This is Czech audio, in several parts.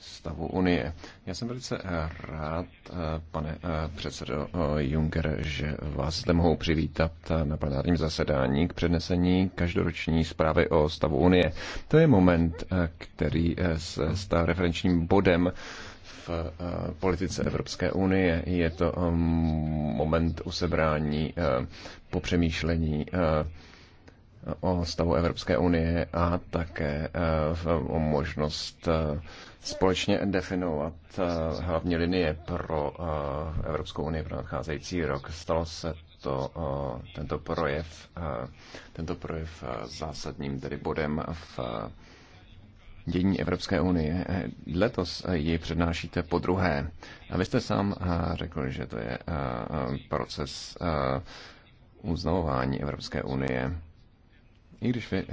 stavu Unie. Já jsem velice eh, rád, eh, pane eh, předsedo Juncker, že vás zde mohou přivítat na plenárním zasedání k přednesení každoroční zprávy o stavu Unie. To je moment, který se stal referenčním bodem v politice Evropské unie. Je to moment usebrání, po přemýšlení o stavu Evropské unie a také o možnost společně definovat eh, hlavní linie pro eh, Evropskou unii pro nadcházející rok. Stalo se to, eh, tento projev, tento projev zásadním tedy bodem v dění Evropské unie. Letos ji přednášíte po druhé. A vy jste sám řekl, že to je proces uznávání Evropské unie. I když vy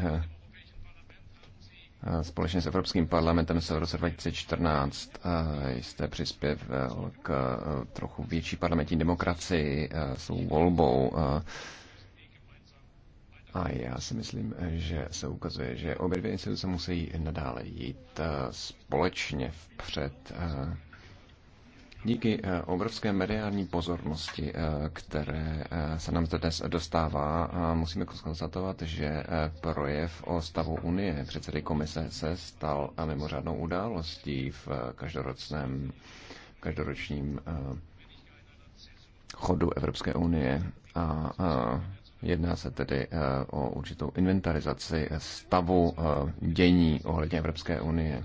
Společně s Evropským parlamentem se v roce 2014 eh, jste přispěl k eh, trochu větší parlamentní demokracii eh, s volbou. A já si myslím, že se ukazuje, že obě dvě instituce musí nadále jít společně vpřed Díky eh, obrovské mediální pozornosti, eh, které eh, se nám zde dnes dostává, musíme konstatovat, že projev o stavu Unie předsedy komise se stal mimořádnou událostí v každoročním, každoročním chodu Evropské unie. A jedná se tedy o určitou inventarizaci stavu dění ohledně Evropské unie.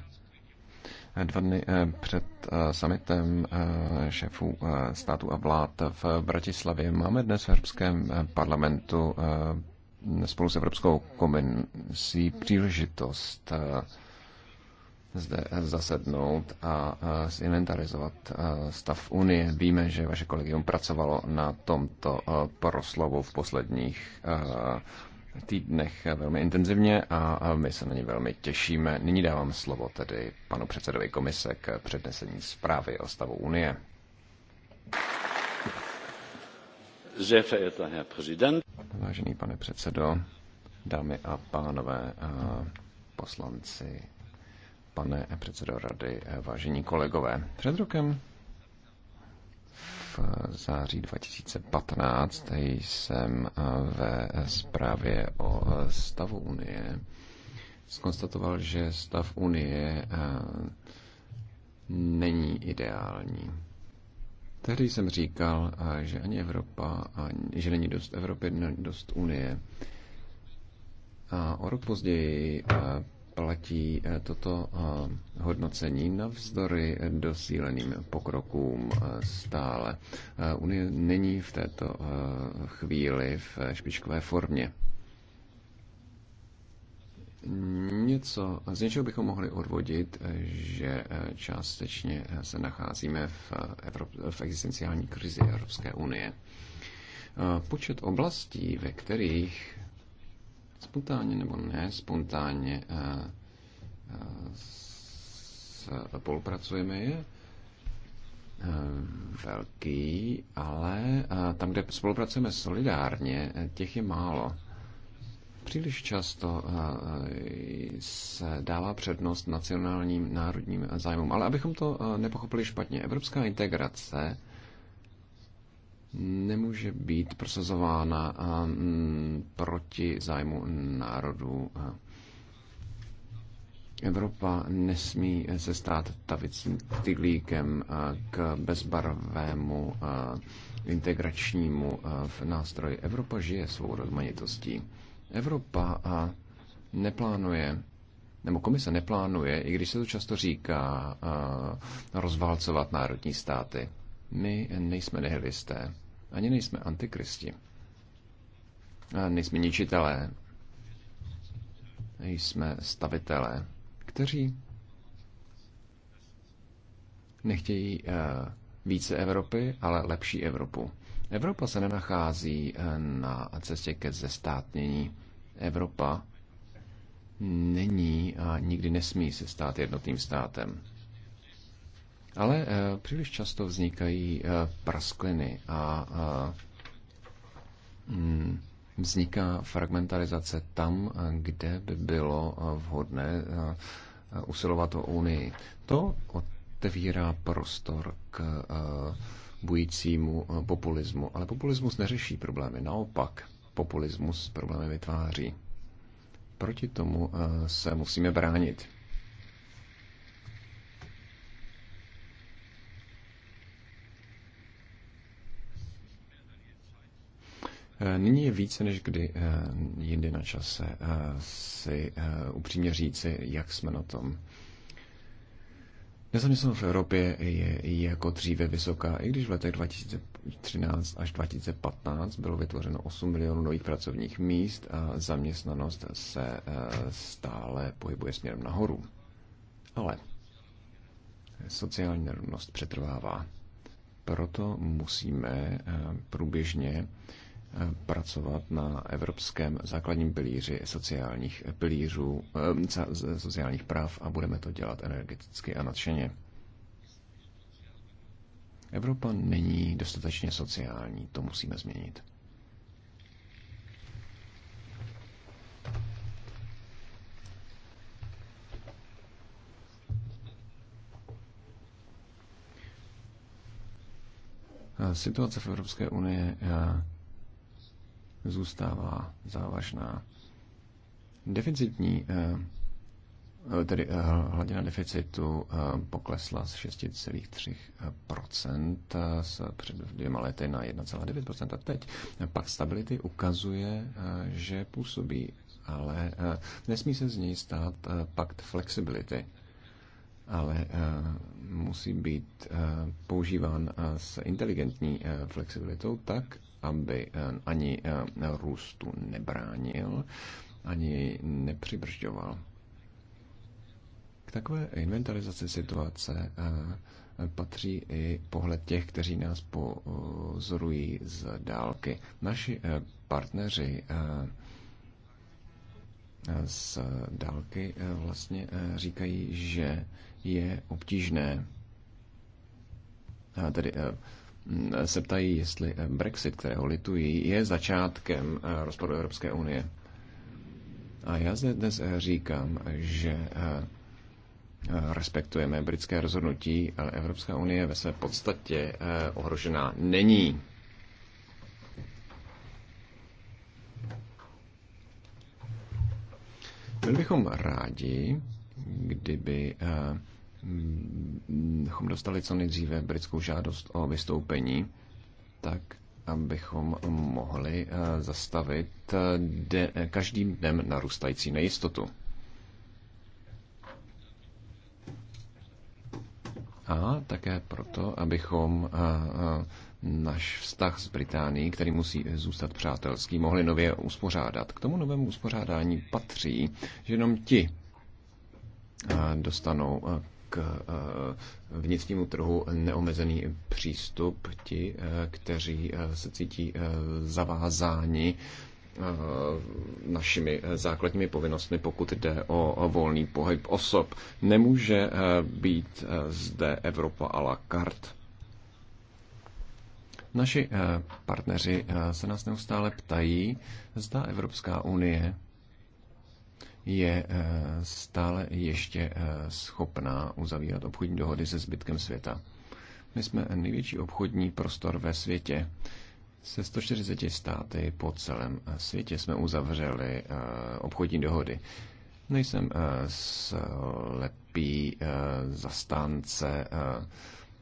Dva dny eh, před eh, summitem eh, šéfů států a vlád v Bratislavě máme dnes v Evropském parlamentu spolu s Evropskou komisí příležitost zde zasednout a zinventarizovat stav Unie. Víme, že vaše kolegium pracovalo na tomto proslovu v posledních týdnech velmi intenzivně a my se na ně velmi těšíme. Nyní dávám slovo tedy panu předsedovi komise k přednesení zprávy o stavu Unie. Vážený pane předsedo, dámy a pánové poslanci, pane předsedo rady, vážení kolegové. Před rokem září 2015 jsem ve zprávě o stavu Unie skonstatoval, že stav Unie eh, není ideální. Tehdy jsem říkal, eh, že ani Evropa, že není dost Evropy, není dost Unie. A o rok později eh, platí eh, toto eh, hodnocení navzdory eh, dosíleným pokrokům stále. Unie není v této chvíli v špičkové formě. Něco, z něčeho bychom mohli odvodit, že částečně se nacházíme v, Evrop- v existenciální krizi Evropské unie. Počet oblastí, ve kterých spontánně nebo ne spontánně eh, eh, spolupracujeme, je eh, velký, ale tam, kde spolupracujeme solidárně, těch je málo. Příliš často se dává přednost nacionálním národním zájmům. Ale abychom to nepochopili špatně, evropská integrace nemůže být prosazována mm, proti zájmu národů. Evropa nesmí se stát tavicím tyglíkem k bezbarvému integračnímu nástroji. Evropa žije svou rozmanitostí. Evropa neplánuje nebo komise neplánuje, i když se to často říká, rozvalcovat národní státy. My nejsme nihilisté, ani nejsme antikristi. A nejsme ničitelé. Jsme stavitelé, kteří nechtějí eh, více Evropy, ale lepší Evropu. Evropa se nenachází eh, na cestě ke zestátnění. Evropa není a nikdy nesmí se stát jednotným státem. Ale eh, příliš často vznikají eh, praskliny a eh, mm, vzniká fragmentarizace tam, kde by bylo vhodné usilovat o Unii. To otevírá prostor k bujícímu populismu. Ale populismus neřeší problémy, naopak populismus problémy vytváří. Proti tomu se musíme bránit. Eh, nyní je více než kdy eh, jindy na čase eh, si upřímně říci, jak jsme na tom. Nezaměstnanost v Evropě je jako dříve vysoká, i když v letech 2013 až 2015 bylo vytvořeno 8 milionů nových pracovních míst a zaměstnanost se stále pohybuje směrem nahoru. Ale sociální nerovnost přetrvává. Proto musíme průběžně pracovat na evropském základním pilíři sociálních pilířů, eh, sociálních práv a budeme to dělat energeticky a nadšeně. Evropa není dostatečně sociální, to musíme změnit. Eh, situace v Evropské unii eh, zůstává závažná. Deficitní, eh, eh, tedy eh, hladina deficitu poklesla z 6,3% z před dvěma lety na 1,9% a teď. Pak stability ukazuje, že působí, ale nesmí se z něj stát pakt flexibility ale musí být používán s inteligentní flexibilitou tak, aby eh, ani eh, růstu nebránil, ani jej nepřibržďoval. K takové inventarizaci situace eh, patří i pohled těch, kteří nás pozorují z dálky. Naši partneři z dálky vlastně říkají, že je obtížné, tedy se ptají, jestli eh, Brexit, kterého litují, je začátkem eh, rozpadu Evropské unie. A já zde dnes eh, říkám, že respektujeme britské rozhodnutí, ale Evropská unie ve své podstatě ohrožená není. Byli bychom rádi, kdyby bychom dostali co nejdříve britskou žádost o vystoupení, tak abychom mohli eh, zastavit eh, de- eh, každým dnem narůstající nejistotu. A také proto, abychom náš vztah s Británií, který musí zůstat přátelský, mohli nově uspořádat. K tomu novému uspořádání patří, že jenom ti dostanou k eh, vnitřnímu trhu neomezený přístup ti, eh, kteří eh, se cítí zavázáni našimi základními povinnostmi, pokud jde o volný pohyb osob. Nemůže být zde Evropa a la carte. Naši partneři se nás neustále ptají, zda Evropská unie je eh, stále ještě eh, schopná uzavírat obchodní dohody se zbytkem světa. My jsme největší obchodní prostor ve světě. Se 140 státy po celém eh, světě jsme uzavřeli obchodní dohody. Nejsem slepý zastánce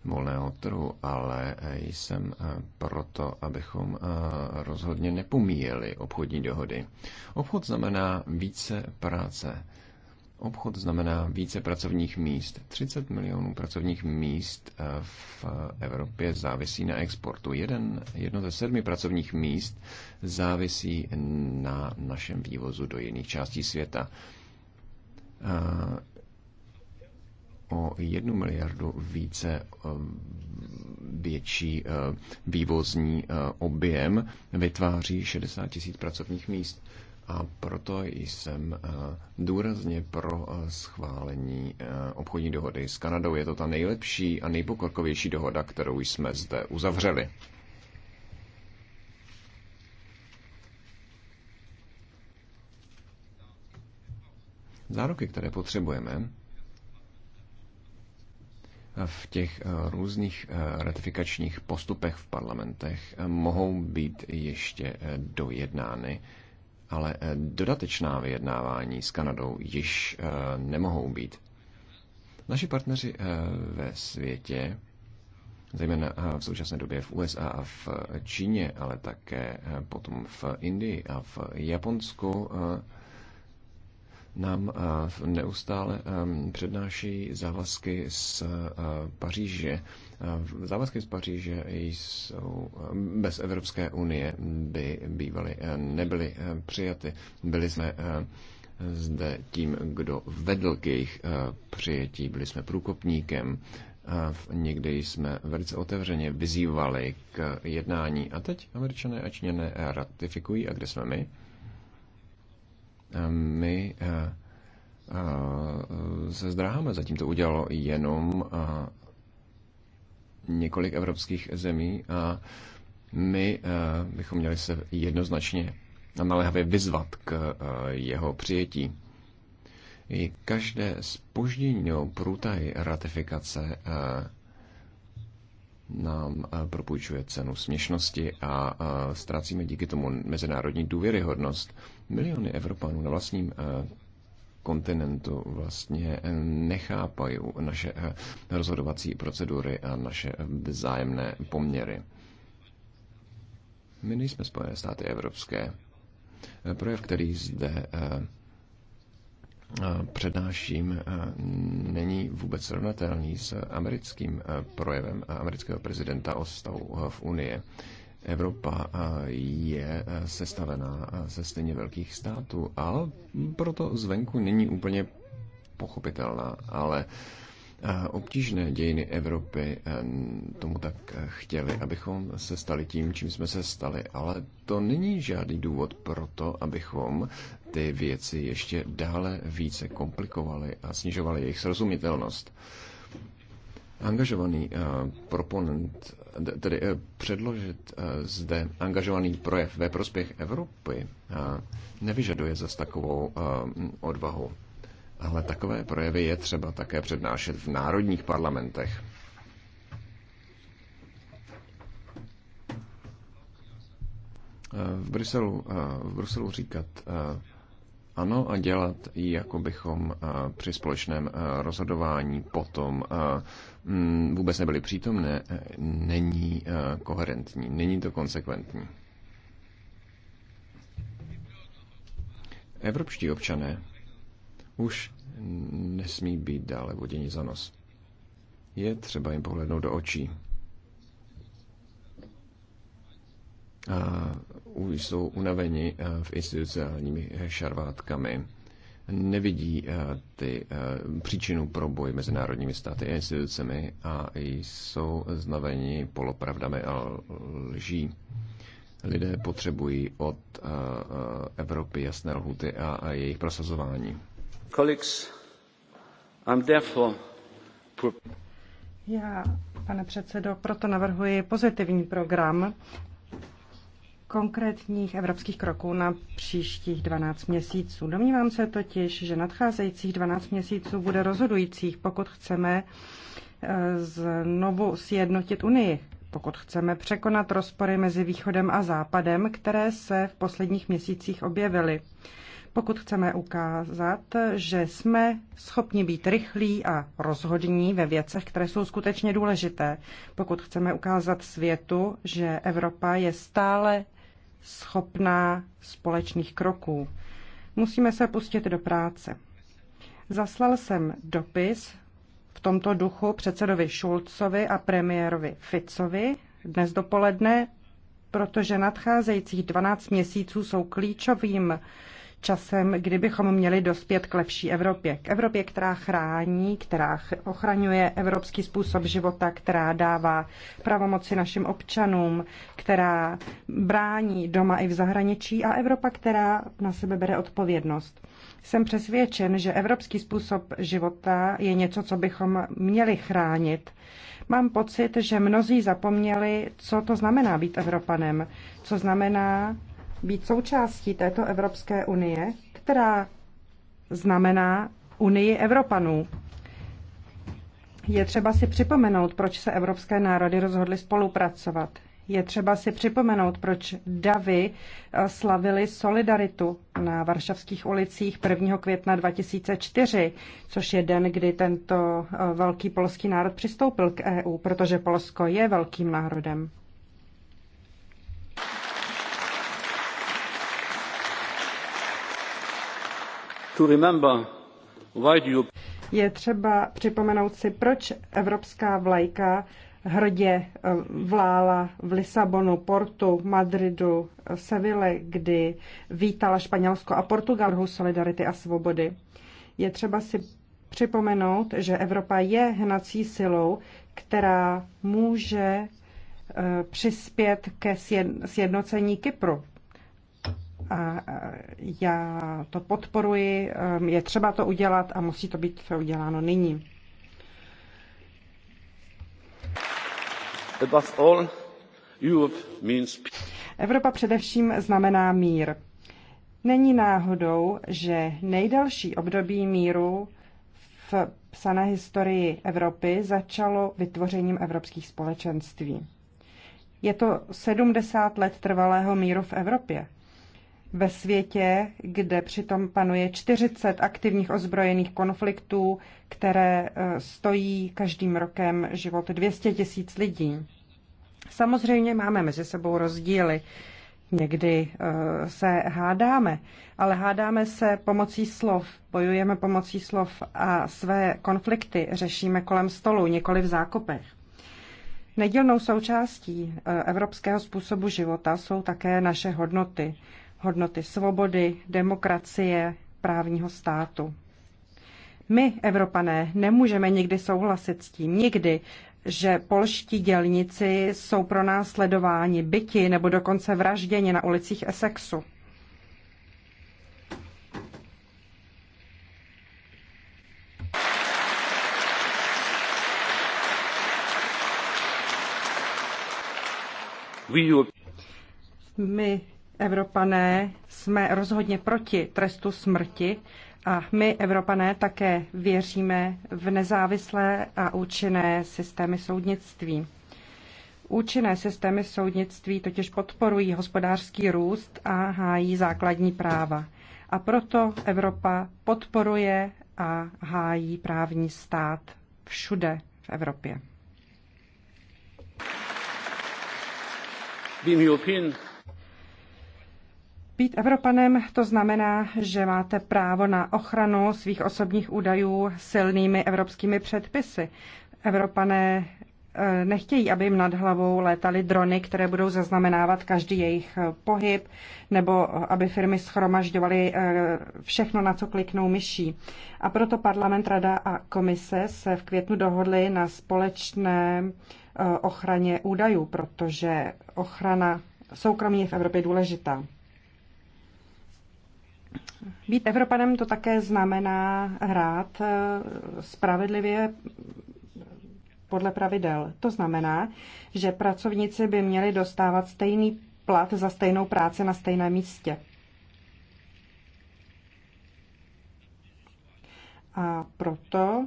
volného trhu, ale jsem eh, proto, abychom eh, rozhodně nepomíjeli obchodní dohody. Obchod znamená více práce. Obchod znamená více pracovních míst. 30 milionů pracovních míst eh, v Evropě závisí na exportu. Jeden, jedno ze sedmi pracovních míst závisí na našem vývozu do jiných částí světa o jednu miliardu více eh, větší eh, vývozní eh, objem vytváří 60 tisíc pracovních míst. A proto jsem důrazně pro schválení obchodní dohody s Kanadou. Je to ta nejlepší a nejpokrokovější dohoda, kterou jsme zde uzavřeli. Záruky, které potřebujeme, v těch eh, různých eh, ratifikačních postupech v parlamentech eh, mohou být ještě dojednány, ale dodatečná vyjednávání s Kanadou již nemohou být. Naši partneři ve světě, zejména v současné době v USA a v Číně, ale také potom v Indii a v Japonsku, nám eh, neustále ehm, přednáší závazky z eh, Paříže. Ehm, závazky z Paříže jsou ehm, bez Evropské unie by bývaly, eh, nebyly přijaty. Byli jsme zde tím, kdo vedl k jejich přijetí. Byli jsme průkopníkem. Někdy jsme velice otevřeně vyzývali k jednání. A teď američané a číňané ratifikují. A kde jsme my? my eh, eh, se zdráháme. Zatím to udělalo jenom eh, několik evropských zemí a my bychom měli se jednoznačně a naléhavě vyzvat k jeho přijetí. I každé spoždění nebo průtahy ratifikace nám eh, propůjčuje cenu směšnosti a eh, ztrácíme díky tomu mezinárodní důvěryhodnost. Miliony Evropanů na vlastním eh, kontinentu vlastně nechápají naše rozhodovací procedury a naše vzájemné poměry. My nejsme Spojené státy evropské. Projev, který zde přednáším, není vůbec srovnatelný s americkým projevem amerického prezidenta o stavu v Unii. Evropa je sestavená ze stejně velkých států, ale proto zvenku není úplně pochopitelná, ale obtížné dějiny Evropy eh, tomu tak eh, chtěli, abychom se stali tím, čím jsme se stali. Ale to není žádný důvod pro to, abychom ty věci ještě dále více komplikovali a snižovali jejich srozumitelnost. Angažovaný eh, proponent, tedy předložit zde angažovaný projev ve prospěch Evropy nevyžaduje zase takovou odvahu. Ale takové projevy je třeba také přednášet v národních parlamentech. Eh, v Bruselu, eh, v Bruselu říkat eh, ano a dělat, jako bychom při společném rozhodování potom mm, vůbec nebyli přítomné, není koherentní, není to konsekventní. Evropští občané už nesmí být dále vodění za nos. Je třeba jim pohlednout do očí. A už jsou unaveni eh, v institucionálními eh, šarvátkami. Nevidí eh, ty příčinu pro boj národními státy a institucemi a jsou znaveni polopravdami a lží lidé potřebují od Evropy jasné lhuty a jejich prosazování. Já, pane předsedo, proto navrhuji pozitivní program konkrétních evropských kroků na příštích 12 měsíců. Domnívám se totiž, že nadcházejících 12 měsíců bude rozhodujících, pokud chceme eh, znovu sjednotit Unii, pokud chceme překonat rozpory mezi Východem a Západem, které se v posledních měsících objevily pokud chceme ukázat, že jsme schopni být rychlí a rozhodní ve věcech, které jsou skutečně důležité, pokud chceme ukázat světu, že Evropa je stále schopná společných kroků. Musíme se pustit do práce. Zaslal jsem dopis v tomto duchu předsedovi Šulcovi a premiérovi Ficovi dnes dopoledne, protože nadcházejících 12 měsíců jsou klíčovým časem, kdybychom měli dospět k lepší Evropě. K Evropě, která chrání, která ochraňuje evropský způsob života, která dává pravomoci našim občanům, která brání doma i v zahraničí a Evropa, která na sebe bere odpovědnost. Jsem přesvědčen, že evropský způsob života je něco, co bychom měli chránit. Mám pocit, že mnozí zapomněli, co to znamená být Evropanem, co znamená být součástí této Evropské unie, která znamená Unii Evropanů. Je třeba si připomenout, proč se evropské národy rozhodly spolupracovat. Je třeba si připomenout, proč Davy eh, slavili solidaritu na varšavských ulicích 1. května 2004, což je den, kdy tento eh, velký polský národ přistoupil k EU, protože Polsko je velkým národem. Je třeba připomenout si, proč evropská vlajka hrdě eh, vlála v Lisabonu, Portu, Madridu, Seville, kdy vítala Španělsko a Portugalhu solidarity a svobody. Je třeba si připomenout, že Evropa je hnací silou, která může eh, přispět ke sjednocení Kypru. A já to podporuji, ehm, je třeba to udělat a musí to být uděláno nyní. Above all, Europe means... Evropa především znamená mír. Není náhodou, že nejdelší období míru v psané historii Evropy začalo vytvořením evropských společenství. Je to 70 let trvalého míru v Evropě ve světě, kde přitom panuje 40 aktivních ozbrojených konfliktů, které e, stojí každým rokem život 200 tisíc lidí. Samozřejmě máme mezi sebou rozdíly. Někdy e, se hádáme, ale hádáme se pomocí slov, bojujeme pomocí slov a své konflikty řešíme kolem stolu, nikoli v zákopech. Nedělnou součástí e, evropského způsobu života jsou také naše hodnoty hodnoty svobody, demokracie, právního státu. My, Evropané, nemůžeme nikdy souhlasit s tím, nikdy, že polští dělníci jsou pro nás sledováni, byti nebo dokonce vražděni na ulicích Essexu. Uh, My Evropané jsme rozhodně proti trestu smrti a my, Evropané, také věříme v nezávislé a účinné systémy soudnictví. Účinné systémy soudnictví totiž podporují hospodářský růst a hájí základní práva. A proto Evropa podporuje a hájí právní stát všude v Evropě. Being European být Evropanem to znamená, že máte právo na ochranu svých osobních údajů silnými evropskými předpisy. Evropané eh, nechtějí, aby jim nad hlavou létaly drony, které budou zaznamenávat každý jejich eh, pohyb, nebo eh, aby firmy schromažďovaly všechno, na co kliknou myší. A proto parlament, rada a komise se v květnu dohodly na společné ochraně údajů, protože ochrana soukromí je v Evropě důležitá. Být Evropanem to také znamená hrát eh, spravedlivě podle pravidel. To znamená, že pracovníci by měli dostávat stejný plat za stejnou práci na stejném místě. A proto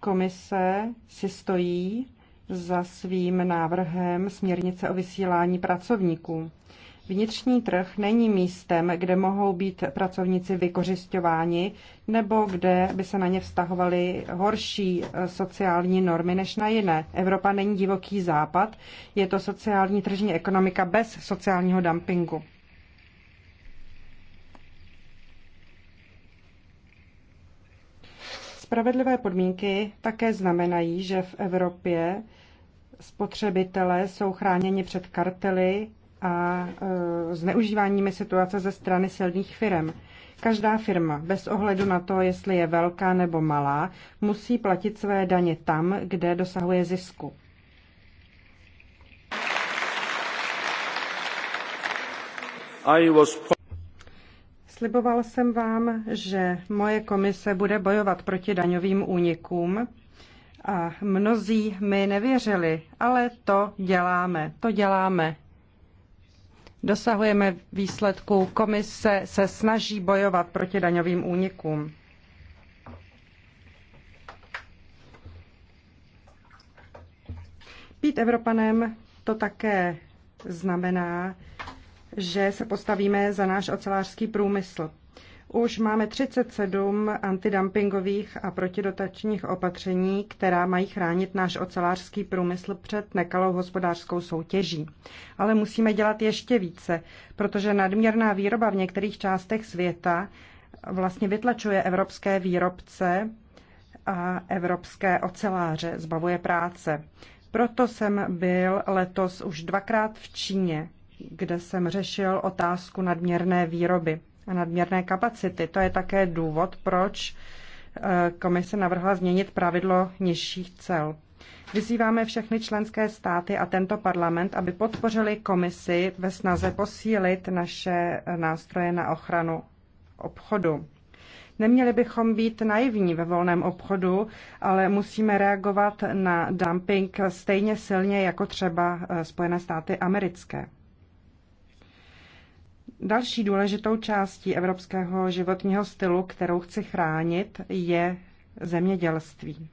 komise si stojí za svým návrhem směrnice o vysílání pracovníků. Vnitřní trh není místem, kde mohou být pracovníci vykořišťováni nebo kde by se na ně vztahovaly horší eh, sociální normy než na jiné. Evropa není divoký západ, je to sociální tržní ekonomika bez sociálního dumpingu. Spravedlivé podmínky také znamenají, že v Evropě spotřebitelé jsou chráněni před kartely, a e, zneužíváními situace ze strany silných firm. Každá firma, bez ohledu na to, jestli je velká nebo malá, musí platit své daně tam, kde dosahuje zisku. Was... Sliboval jsem vám, že moje komise bude bojovat proti daňovým únikům a mnozí mi nevěřili, ale to děláme, to děláme dosahujeme výsledků. Komise se snaží bojovat proti daňovým únikům. Být Evropanem to také znamená, že se postavíme za náš ocelářský průmysl. Už máme 37 antidumpingových a protidotačních opatření, která mají chránit náš ocelářský průmysl před nekalou hospodářskou soutěží. Ale musíme dělat ještě více, protože nadměrná výroba v některých částech světa vlastně vytlačuje evropské výrobce a evropské oceláře, zbavuje práce. Proto jsem byl letos už dvakrát v Číně, kde jsem řešil otázku nadměrné výroby nadměrné kapacity. To je také důvod, proč eh, komise navrhla změnit pravidlo nižších cel. Vyzýváme všechny členské státy a tento parlament, aby podpořili komisi ve snaze posílit naše eh, nástroje na ochranu obchodu. Neměli bychom být naivní ve volném obchodu, ale musíme reagovat na dumping stejně silně jako třeba eh, Spojené státy americké. Další důležitou částí evropského životního stylu, kterou chci chránit, je zemědělství.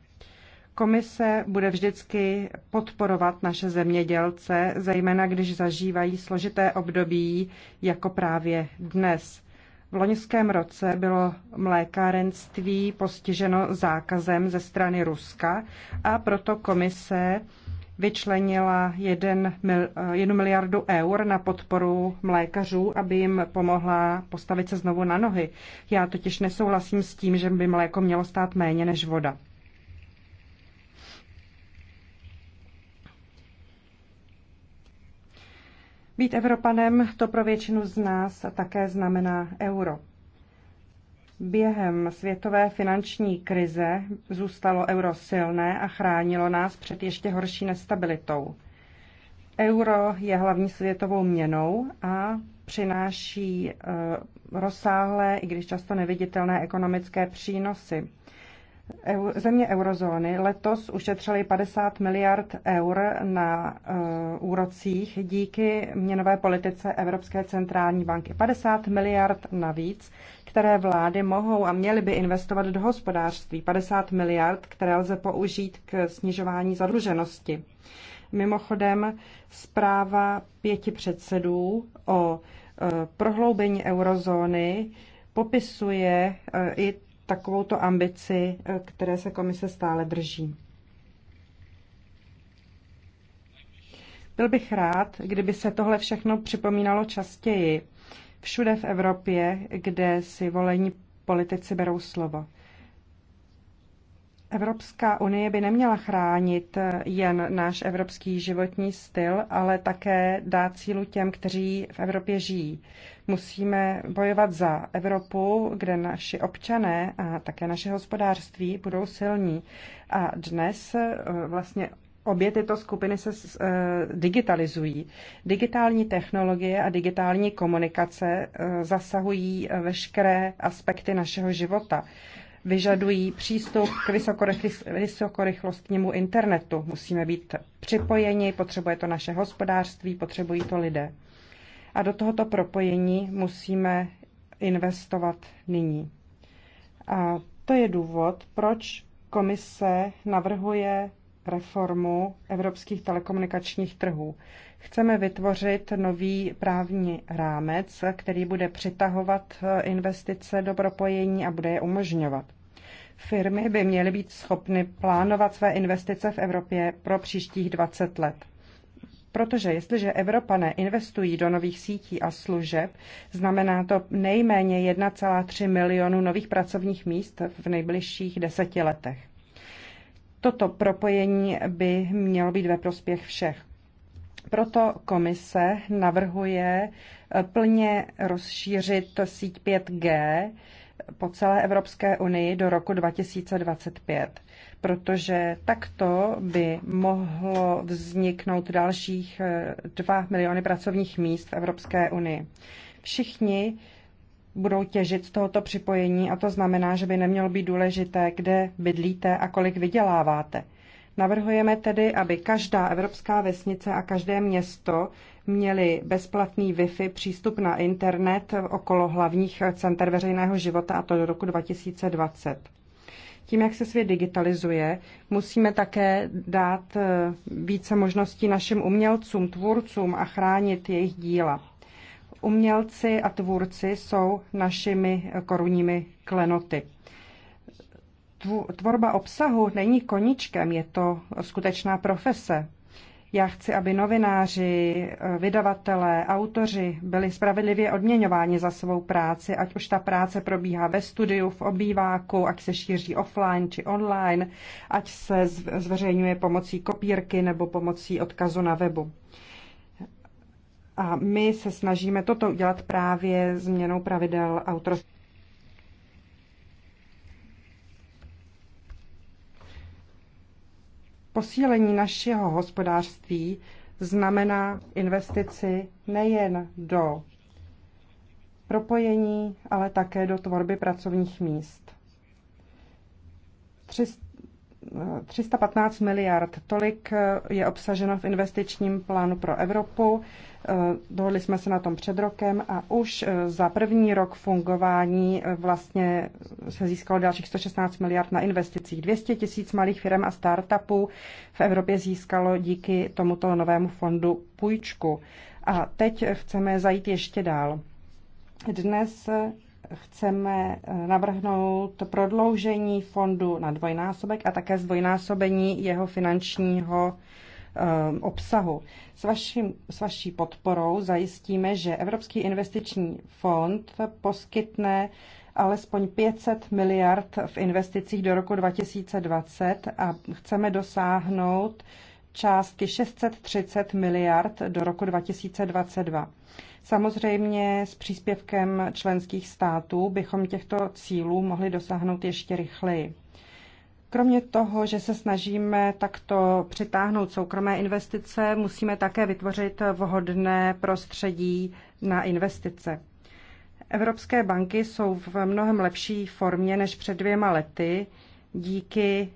Komise bude vždycky podporovat naše zemědělce, zejména když zažívají složité období jako právě dnes. V loňském roce bylo mlékárenství postiženo zákazem ze strany Ruska a proto komise vyčlenila 1 mil, eh, miliardu eur na podporu mlékařů, aby jim pomohla postavit se znovu na nohy. Já totiž nesouhlasím s tím, že by mléko mělo stát méně než voda. Být Evropanem to pro většinu z nás také znamená euro. Během světové finanční krize zůstalo euro silné a chránilo nás před ještě horší nestabilitou. Euro je hlavní světovou měnou a přináší eh, rozsáhlé, i když často neviditelné, ekonomické přínosy. Země eurozóny letos ušetřily 50 miliard eur na uh, úrocích díky měnové politice Evropské centrální banky. 50 miliard navíc Některé vlády mohou a měly by investovat do hospodářství 50 miliard, které lze použít k snižování zadluženosti. Mimochodem, zpráva pěti předsedů o e, prohloubení eurozóny popisuje e, i takovouto ambici, e, které se komise stále drží. Byl bych rád, kdyby se tohle všechno připomínalo častěji všude v Evropě, kde si volení politici berou slovo. Evropská unie by neměla chránit jen náš evropský životní styl, ale také dát sílu těm, kteří v Evropě žijí. Musíme bojovat za Evropu, kde naši občané a také naše hospodářství budou silní. A dnes eh, vlastně obě tyto skupiny se eh, digitalizují. Digitální technologie a digitální komunikace eh, zasahují eh, veškeré aspekty našeho života. Vyžadují přístup k vysokorychlostnímu internetu. Musíme být připojeni, potřebuje to naše hospodářství, potřebují to lidé. A do tohoto propojení musíme investovat nyní. A to je důvod, proč komise navrhuje reformu evropských telekomunikačních trhů. Chceme vytvořit nový právní rámec, který bude přitahovat eh, investice do propojení a bude je umožňovat. Firmy by měly být schopny plánovat své investice v Evropě pro příštích 20 let. Protože jestliže Evropané investují do nových sítí a služeb, znamená to nejméně 1,3 milionu nových pracovních míst v nejbližších deseti letech. Toto propojení by mělo být ve prospěch všech. Proto komise navrhuje eh, plně rozšířit síť 5G po celé Evropské unii do roku 2025, protože takto by mohlo vzniknout dalších 2 eh, miliony pracovních míst v Evropské unii. Všichni budou těžit z tohoto připojení a to znamená, že by nemělo být důležité, kde bydlíte a kolik vyděláváte. Navrhujeme tedy, aby každá evropská vesnice a každé město měli bezplatný Wi-Fi přístup na internet okolo hlavních center veřejného života a to do roku 2020. Tím, jak se svět digitalizuje, musíme také dát eh, více možností našim umělcům, tvůrcům a chránit jejich díla. Umělci a tvůrci jsou našimi korunními klenoty. Tvorba obsahu není koničkem, je to skutečná profese. Já chci, aby novináři, vydavatelé, autoři byli spravedlivě odměňováni za svou práci, ať už ta práce probíhá ve studiu, v obýváku, ať se šíří offline či online, ať se zveřejňuje pomocí kopírky nebo pomocí odkazu na webu. A my se snažíme toto udělat právě změnou pravidel autorství. Posílení našeho hospodářství znamená investici nejen do propojení, ale také do tvorby pracovních míst. 300 315 miliard, tolik eh, je obsaženo v investičním plánu pro Evropu. Eh, dohodli jsme se na tom před rokem a už eh, za první rok fungování vlastně se získalo dalších 116 miliard na investicích. 200 tisíc malých firm a startupů v Evropě získalo díky tomuto novému fondu půjčku. A teď chceme zajít ještě dál. Dnes chceme eh, navrhnout prodloužení fondu na dvojnásobek a také zdvojnásobení jeho finančního eh, obsahu. S, vaším, s vaší podporou zajistíme, že Evropský investiční fond poskytne alespoň 500 miliard v investicích do roku 2020 a chceme dosáhnout částky 630 miliard do roku 2022. Samozřejmě s příspěvkem členských států bychom těchto cílů mohli dosáhnout ještě rychleji. Kromě toho, že se snažíme takto přitáhnout soukromé investice, musíme také vytvořit vhodné prostředí na investice. Evropské banky jsou v mnohem lepší formě než před dvěma lety díky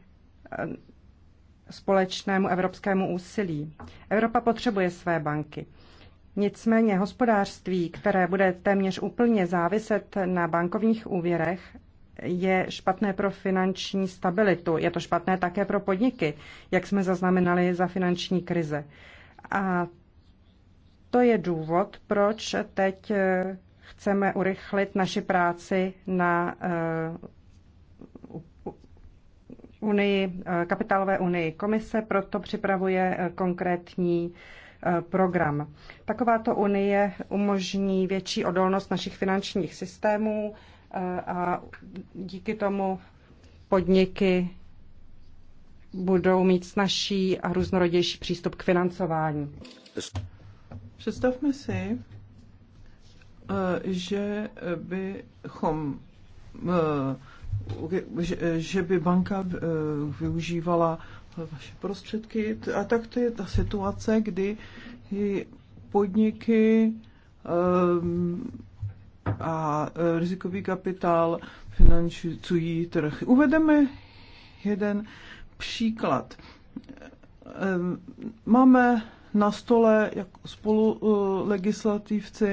společnému evropskému úsilí. Evropa potřebuje své banky. Nicméně hospodářství, které bude téměř úplně záviset na bankovních úvěrech, je špatné pro finanční stabilitu. Je to špatné také pro podniky, jak jsme zaznamenali za finanční krize. A to je důvod, proč teď eh, chceme urychlit naši práci na eh, unii, eh, kapitálové unii. Komise proto připravuje eh, konkrétní eh, program. Takováto unie umožní větší odolnost našich finančních systémů a díky tomu podniky budou mít snažší a různorodější přístup k financování. Představme si, že bychom že by banka eh, využívala vaše prostředky. A tak to je ta situace, kdy podniky ehm, a eh, rizikový kapitál financují trh. Uvedeme jeden příklad. Ehm, máme na stole jak spolu eh, legislativci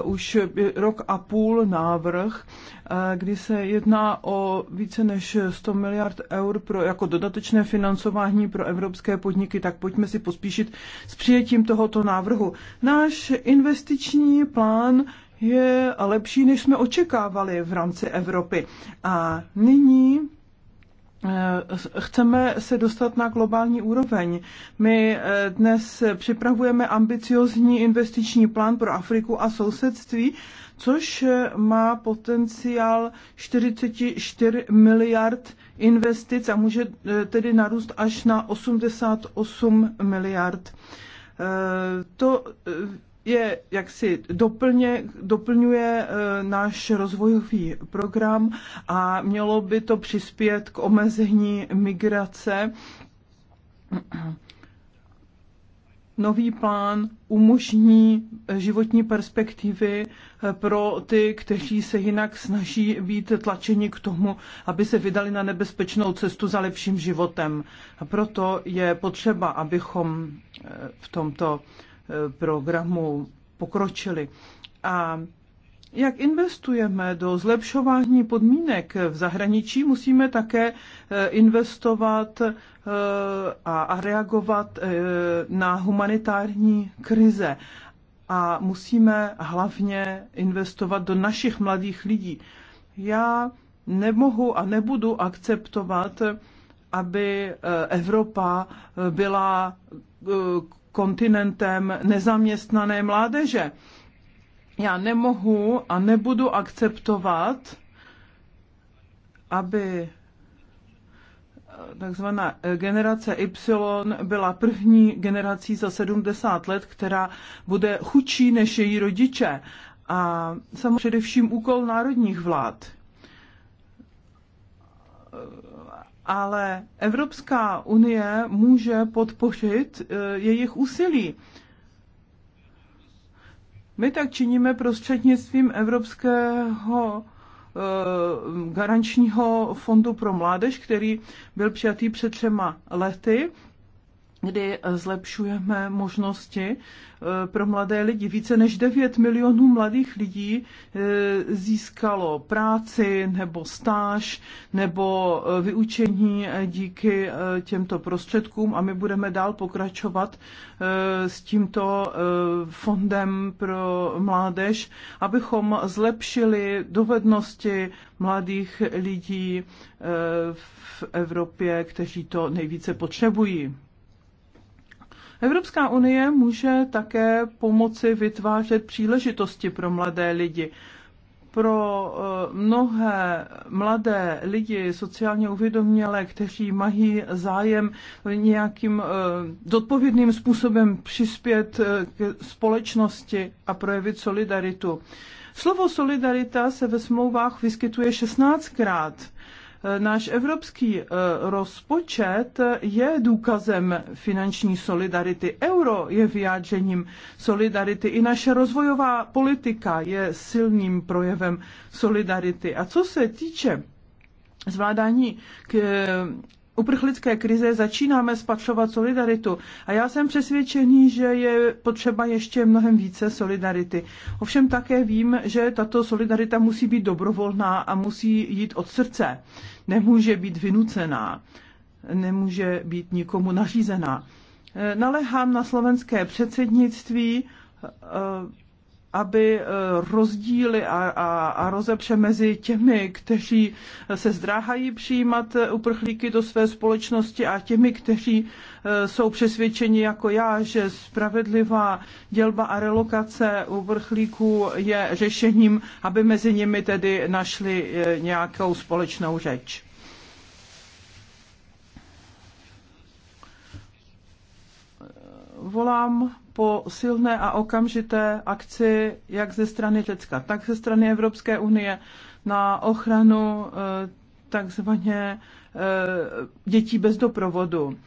eh, už rok a půl návrh, eh, kdy se jedná o více než 100 miliard eur pro, jako dodatečné financování pro evropské podniky, tak pojďme si pospíšit s přijetím tohoto návrhu. Náš investiční plán je lepší, než jsme očekávali v rámci Evropy. A nyní Eh, chceme se dostat na globální úroveň. My eh, dnes připravujeme ambiciozní investiční plán pro Afriku a sousedství, což eh, má potenciál 44 miliard investic a může tedy narůst až na 88 miliard. To je jaksi doplně, doplňuje eh, náš rozvojový program a mělo by to přispět k omezení migrace. Nový plán umožní životní perspektivy eh, pro ty, kteří se jinak snaží být tlačeni k tomu, aby se vydali na nebezpečnou cestu za lepším životem. A proto je potřeba, abychom eh, v tomto programu pokročili. A jak investujeme do zlepšování podmínek v zahraničí, musíme také e, investovat e, a reagovat e, na humanitární krize. A musíme hlavně investovat do našich mladých lidí. Já nemohu a nebudu akceptovat, aby Evropa byla kontinentem nezaměstnané mládeže. Já nemohu a nebudu akceptovat, aby takzvaná generace Y byla první generací za 70 let, která bude chudší než její rodiče. A samozřejmě především úkol národních vlád ale Evropská unie může podpořit eh, jejich úsilí. My tak činíme prostřednictvím Evropského eh, garančního fondu pro mládež, který byl přijatý před třema lety kdy eh, zlepšujeme možnosti eh, pro mladé lidi. Více než 9 milionů mladých lidí eh, získalo práci nebo stáž nebo vyučení díky těmto prostředkům a my budeme dál pokračovat s tímto fondem pro mládež, abychom zlepšili dovednosti mladých lidí v Evropě, kteří to nejvíce potřebují. Evropská unie může také pomoci vytvářet příležitosti pro mladé lidi pro eh, mnohé mladé lidi sociálně uvědomělé, kteří mají zájem nějakým eh, zodpovědným způsobem přispět eh, k společnosti a projevit solidaritu. Slovo solidarita se ve smlouvách vyskytuje 16krát Náš evropský eh, rozpočet je důkazem finanční solidarity. Euro je vyjádřením solidarity. I naše rozvojová politika je silným projevem solidarity. A co se týče zvládání eh, uprchlické krize začínáme spatřovat solidaritu. A já jsem přesvědčený, že je potřeba ještě mnohem více solidarity. Ovšem také vím, že tato solidarita musí být dobrovolná a musí jít od srdce. Nemůže být vynucená, nemůže být nikomu nařízená. E, naléhám na slovenské předsednictví, e, aby eh, rozdíly a, a, a rozepře mezi těmi, kteří se zdráhají přijímat eh, uprchlíky do své společnosti a těmi, kteří eh, jsou přesvědčeni jako já, že spravedlivá dělba a relokace uprchlíků je řešením, aby mezi nimi tedy našli nějakou společnou řeč. Volám po silné a okamžité akci jak ze strany Řecka, tak ze strany Evropské unie na ochranu eh, takzvaně eh, dětí bez doprovodu.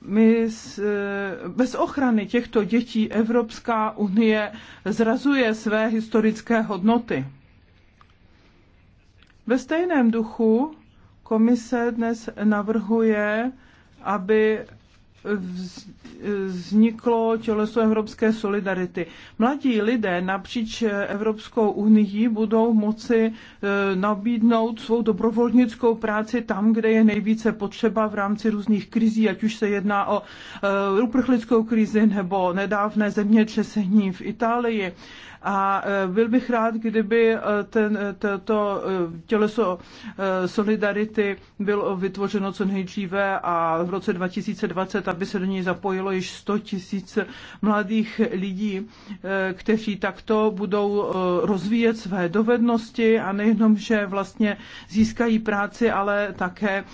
My eh, bez ochrany těchto dětí Evropská unie zrazuje své historické hodnoty. Ve stejném duchu komise dnes navrhuje, aby vzniklo těleso evropské solidarity. Mladí lidé napříč Evropskou unii budou moci e, nabídnout svou dobrovolnickou práci tam, kde je nejvíce potřeba v rámci různých krizí, ať už se jedná o e, uprchlickou krizi nebo nedávné zemětřesení v Itálii. A e, byl bych rád, kdyby e, ten, e, to, to těleso solidarity bylo vytvořeno co nejdříve a v roce 2020, aby se do něj zapojilo již 100 tisíc mladých lidí, kteří takto budou rozvíjet své dovednosti a nejenom, že vlastně získají práci, ale také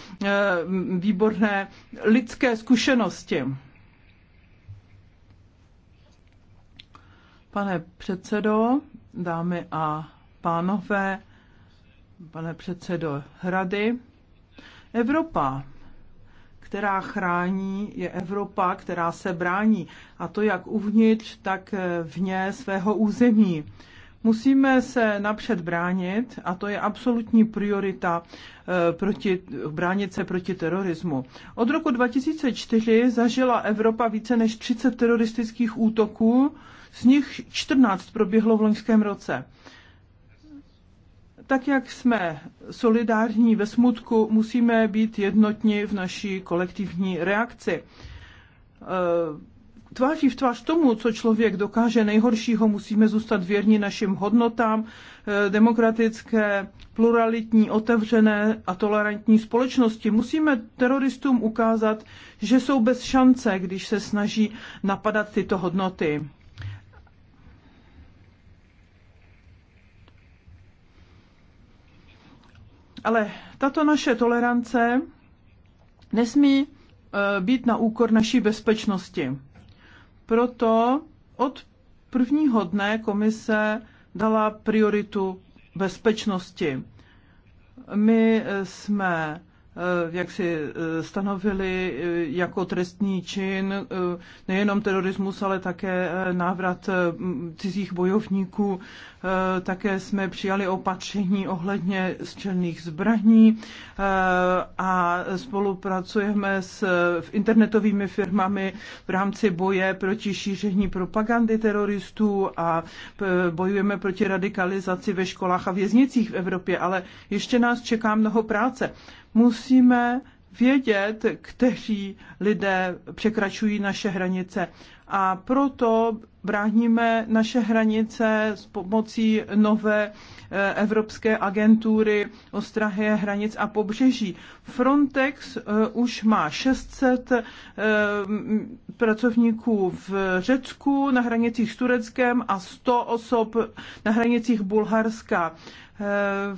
výborné lidské zkušenosti. Pane předsedo, dámy a pánové, pane předsedo hrady, Evropa, která chrání, je Evropa, která se brání, a to jak uvnitř, tak vně svého území. Musíme se napřed bránit, a to je absolutní priorita eh, proti, bránit se proti terorismu. Od roku 2004 zažila Evropa více než 30 teroristických útoků, z nich 14 proběhlo v loňském roce. Tak jak jsme solidární ve smutku, musíme být jednotní v naší kolektivní reakci. E, tváří v tvář tomu, co člověk dokáže nejhoršího, musíme zůstat věrní našim hodnotám, e, demokratické, pluralitní, otevřené a tolerantní společnosti. Musíme teroristům ukázat, že jsou bez šance, když se snaží napadat tyto hodnoty. Ale tato naše tolerance nesmí e, být na úkor naší bezpečnosti. Proto od prvního dne komise dala prioritu bezpečnosti. My e, jsme Eh, jak si eh, stanovili eh, jako trestní čin nejenom terorismus, ale také návrat cizích bojovníků. Také jsme přijali opatření ohledně střelných zbraní a spolupracujeme s internetovými firmami v rámci boje proti šíření propagandy teroristů a bojujeme proti radikalizaci ve školách a věznicích v Evropě, ale ještě nás čeká mnoho práce musíme vědět, kteří lidé překračují naše hranice. A proto bráníme naše hranice s pomocí nové eh, Evropské agentury strahy hranic a pobřeží. Frontex eh, už má 600 eh, pracovníků v Řecku, na hranicích s Tureckem a 100 osob na hranicích Bulharska. Eh,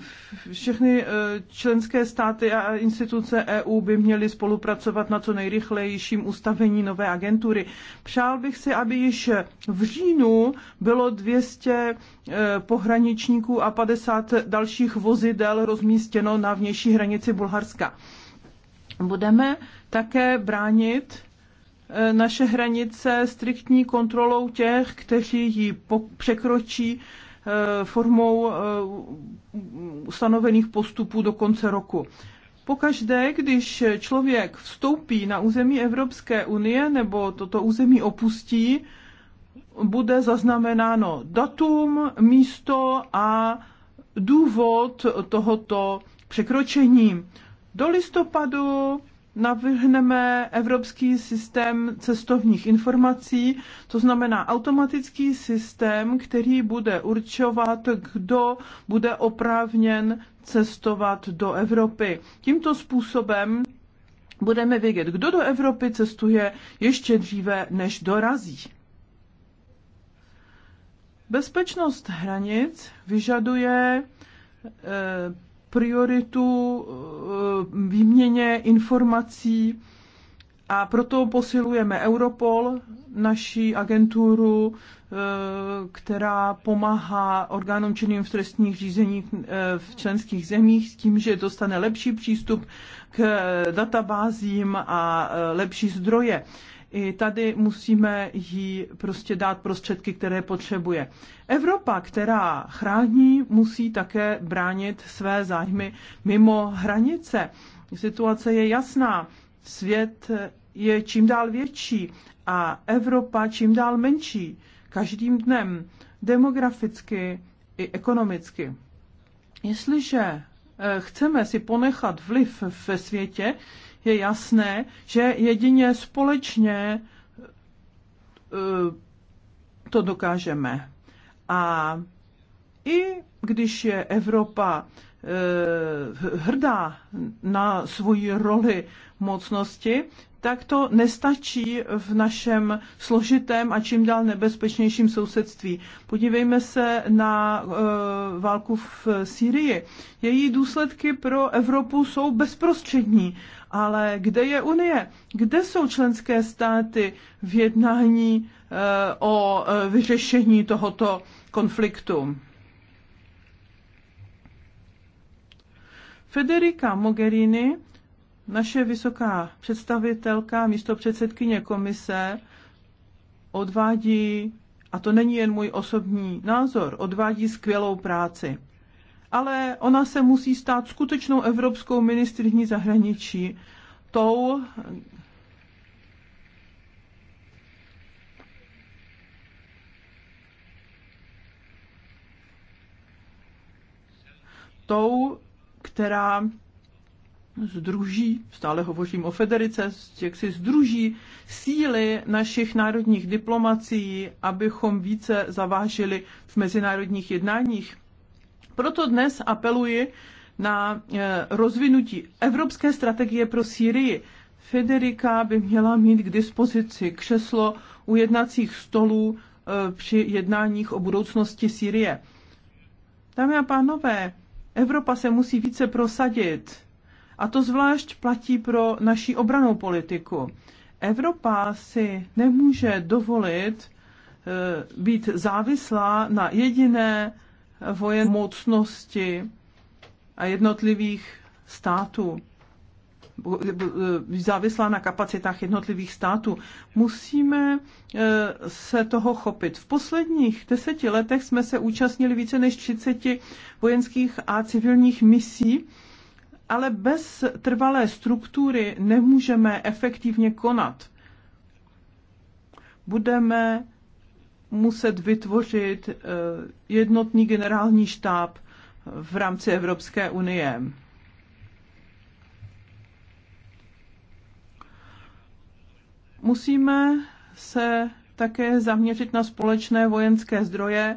všechny eh, členské státy a instituce EU by měly spolupracovat na co nejrychlejším ustavení nové agentury. Přál bych si, aby již v říjnu bylo 200 eh, pohraničníků a 50 dalších vozidel rozmístěno na vnější hranici Bulharska. Budeme také bránit naše hranice striktní kontrolou těch, kteří ji překročí Eh, formou eh, ustanovených postupů do konce roku. Pokaždé, když člověk vstoupí na území Evropské unie nebo toto území opustí, bude zaznamenáno datum, místo a důvod tohoto překročení. Do listopadu navrhneme evropský systém cestovních informací, to znamená automatický systém, který bude určovat, kdo bude oprávněn cestovat do Evropy. Tímto způsobem budeme vědět, kdo do Evropy cestuje ještě dříve, než dorazí. Bezpečnost hranic vyžaduje eh, prioritu eh, výměně informací a proto posilujeme Europol, naší agenturu, eh, která pomáhá orgánům činným v trestních řízeních eh, v členských zemích s tím, že dostane lepší přístup k databázím a lepší zdroje. I tady musíme jí prostě dát prostředky, které potřebuje. Evropa, která chrání, musí také bránit své zájmy mimo hranice. Situace je jasná. Svět je čím dál větší a Evropa čím dál menší. Každým dnem demograficky i ekonomicky. Jestliže eh, chceme si ponechat vliv ve světě, je jasné, že jedině společně eh, to dokážeme. A i když je Evropa eh, hrdá na svoji roli mocnosti, tak to nestačí v našem složitém a čím dál nebezpečnějším sousedství. Podívejme se na e, válku v Sýrii. Její důsledky pro Evropu jsou bezprostřední ale kde je Unie? Kde jsou členské státy v jednání eh, o eh, vyřešení tohoto konfliktu? Federica Mogherini, naše vysoká představitelka, místo předsedkyně komise, odvádí, a to není jen můj osobní názor, odvádí skvělou práci ale ona se musí stát skutečnou evropskou ministrní zahraničí. Tou, tou, která združí, stále hovořím o federice, jak si združí síly našich národních diplomacií, abychom více zavážili v mezinárodních jednáních. Proto dnes apeluji na eh, rozvinutí evropské strategie pro Sýrii. Federika by měla mít k dispozici křeslo u jednacích stolů eh, při jednáních o budoucnosti Sýrie. Dámy a pánové, Evropa se musí více prosadit. A to zvlášť platí pro naši obranou politiku. Evropa si nemůže dovolit eh, být závislá na jediné vojen mocnosti a jednotlivých států závislá na kapacitách jednotlivých států. Musíme e, se toho chopit. V posledních deseti letech jsme se účastnili více než 30 vojenských a civilních misí, ale bez trvalé struktury nemůžeme efektivně konat. Budeme muset vytvořit eh, jednotný generální štáb v rámci Evropské unie. Musíme se také zaměřit na společné vojenské zdroje,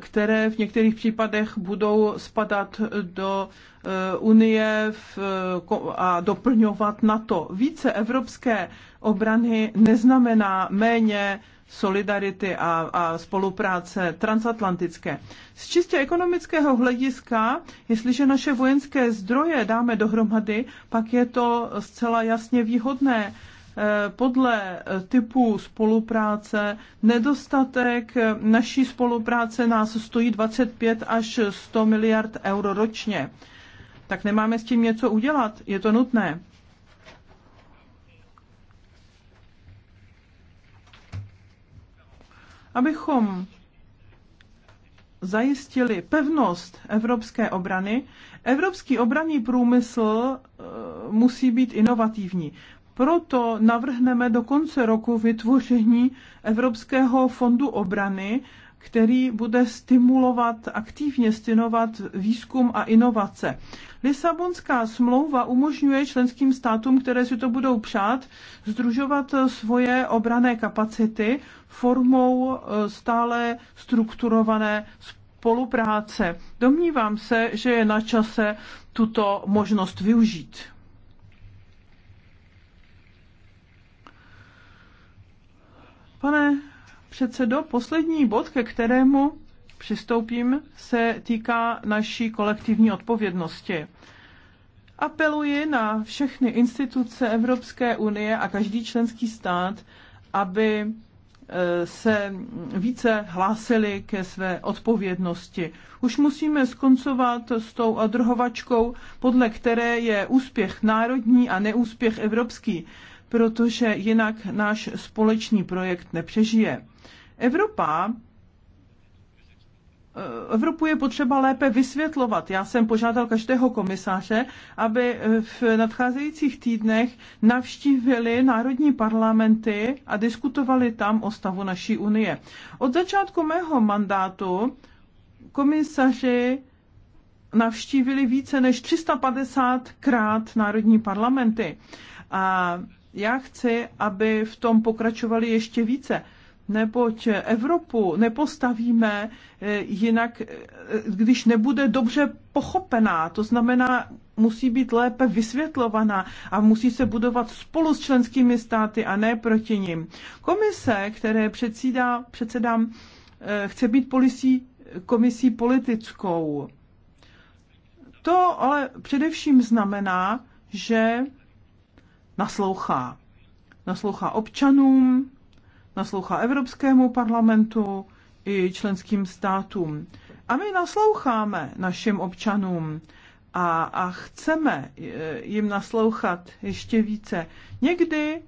které v některých případech budou spadat do eh, Unie v, eh, a doplňovat NATO. Více evropské obrany neznamená méně solidarity a, a spolupráce transatlantické. Z čistě ekonomického hlediska, jestliže naše vojenské zdroje dáme dohromady, pak je to zcela jasně výhodné podle typu spolupráce. Nedostatek naší spolupráce nás stojí 25 až 100 miliard euro ročně. Tak nemáme s tím něco udělat, je to nutné. Abychom zajistili pevnost evropské obrany, evropský obranný průmysl eh, musí být inovativní. Proto navrhneme do konce roku vytvoření Evropského fondu obrany, který bude stimulovat, aktivně stimulovat výzkum a inovace. Lisabonská smlouva umožňuje členským státům, které si to budou přát, združovat svoje obrané kapacity formou e, stále strukturované spolupráce. Domnívám se, že je na čase tuto možnost využít. Pane předsedo, poslední bod, ke kterému přistoupím, se týká naší kolektivní odpovědnosti. Apeluji na všechny instituce Evropské unie a každý členský stát, aby e, se více hlásili ke své odpovědnosti. Už musíme skoncovat s tou adrhovačkou, podle které je úspěch národní a neúspěch evropský protože jinak náš společný projekt nepřežije. Evropa eh, Evropu je potřeba lépe vysvětlovat. Já jsem požádal každého komisaře, aby eh, v nadcházejících týdnech navštívili národní parlamenty a diskutovali tam o stavu naší unie. Od začátku mého mandátu komisaři navštívili více než 350krát národní parlamenty. A já chci, aby v tom pokračovali ještě více neboť Evropu nepostavíme eh, jinak, eh, když nebude dobře pochopená. To znamená, musí být lépe vysvětlovaná a musí se budovat spolu s členskými státy a ne proti nim. Komise, které předsídá, předsedám, eh, chce být policí, komisí politickou. To ale především znamená, že naslouchá. Naslouchá občanům, naslouchá Evropskému parlamentu i členským státům. A my nasloucháme našim občanům a, a chceme eh, jim naslouchat ještě více. Někdy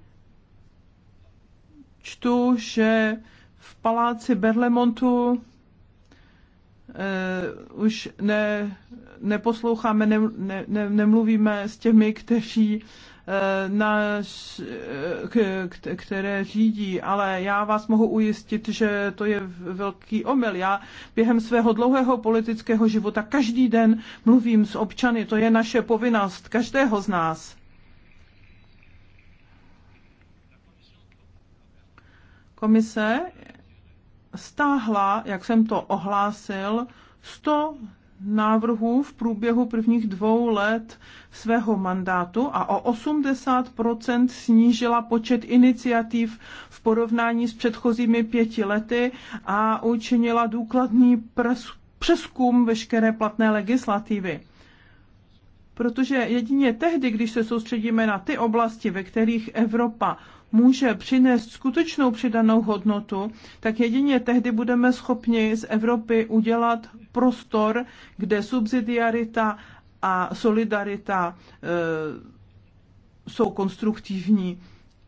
čtu, že v paláci Berlemontu uh, už ne, neposloucháme, ne, ne, nemluvíme s těmi, kteří Eh, nás, eh, k, k, které řídí, ale já vás mohu ujistit, že to je velký omyl. Já během svého dlouhého politického života každý den mluvím s občany, to je naše povinnost, každého z nás. Komise stáhla, jak jsem to ohlásil, 100 návrhů v průběhu prvních dvou let svého mandátu a o 80 snížila počet iniciativ v porovnání s předchozími pěti lety a učinila důkladný přeskum veškeré platné legislativy protože jedině tehdy, když se soustředíme na ty oblasti, ve kterých Evropa může přinést skutečnou přidanou hodnotu, tak jedině tehdy budeme schopni z Evropy udělat prostor, kde subsidiarita a solidarita e, jsou konstruktivní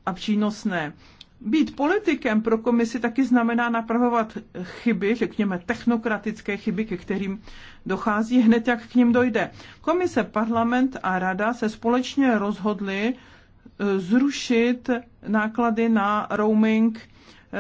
a přínosné. Být politikem pro komisi taky znamená napravovat chyby, řekněme technokratické chyby, ke kterým dochází hned, jak k ním dojde. Komise, parlament a rada se společně rozhodly zrušit náklady na roaming eh,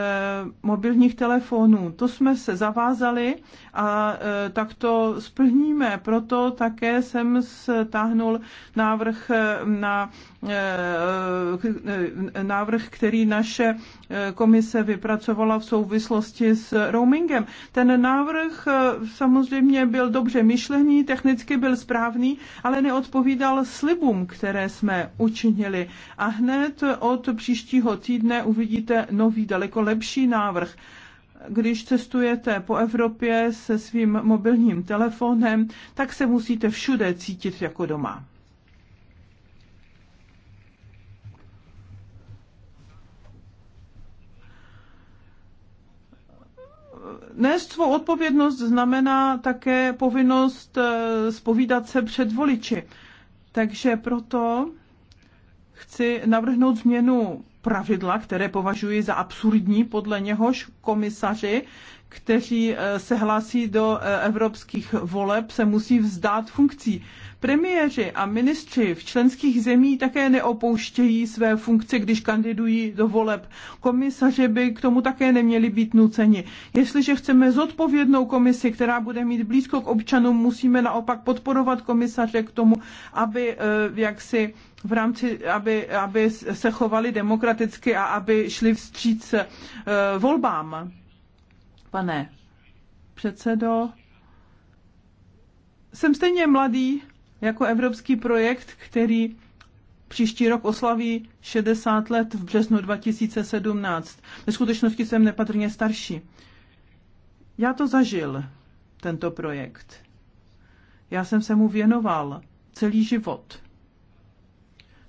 mobilních telefonů. To jsme se zavázali a eh, tak to splníme. Proto také jsem stáhnul návrh eh, na Eh, návrh, který naše eh, komise vypracovala v souvislosti s roamingem. Ten návrh eh, samozřejmě byl dobře myšlený, technicky byl správný, ale neodpovídal slibům, které jsme učinili. A hned od příštího týdne uvidíte nový, daleko lepší návrh když cestujete po Evropě se svým mobilním telefonem, tak se musíte všude cítit jako doma. nést svou odpovědnost znamená také povinnost spovídat eh, se před voliči. Takže proto chci navrhnout změnu pravidla, které považuji za absurdní podle něhož komisaři, kteří eh, se hlásí do eh, evropských voleb, se musí vzdát funkcí. Premiéři a ministři v členských zemí také neopouštějí své funkce, když kandidují do voleb. Komisaři by k tomu také neměli být nuceni. Jestliže chceme zodpovědnou komisi, která bude mít blízko k občanům, musíme naopak podporovat komisaře k tomu, aby eh, jaksi v rámci, aby, aby se chovali demokraticky a aby šli vstříc volbám pane předsedo. Jsem stejně mladý jako evropský projekt, který příští rok oslaví 60 let v březnu 2017. Ve skutečnosti jsem nepatrně starší. Já to zažil, tento projekt. Já jsem se mu věnoval celý život.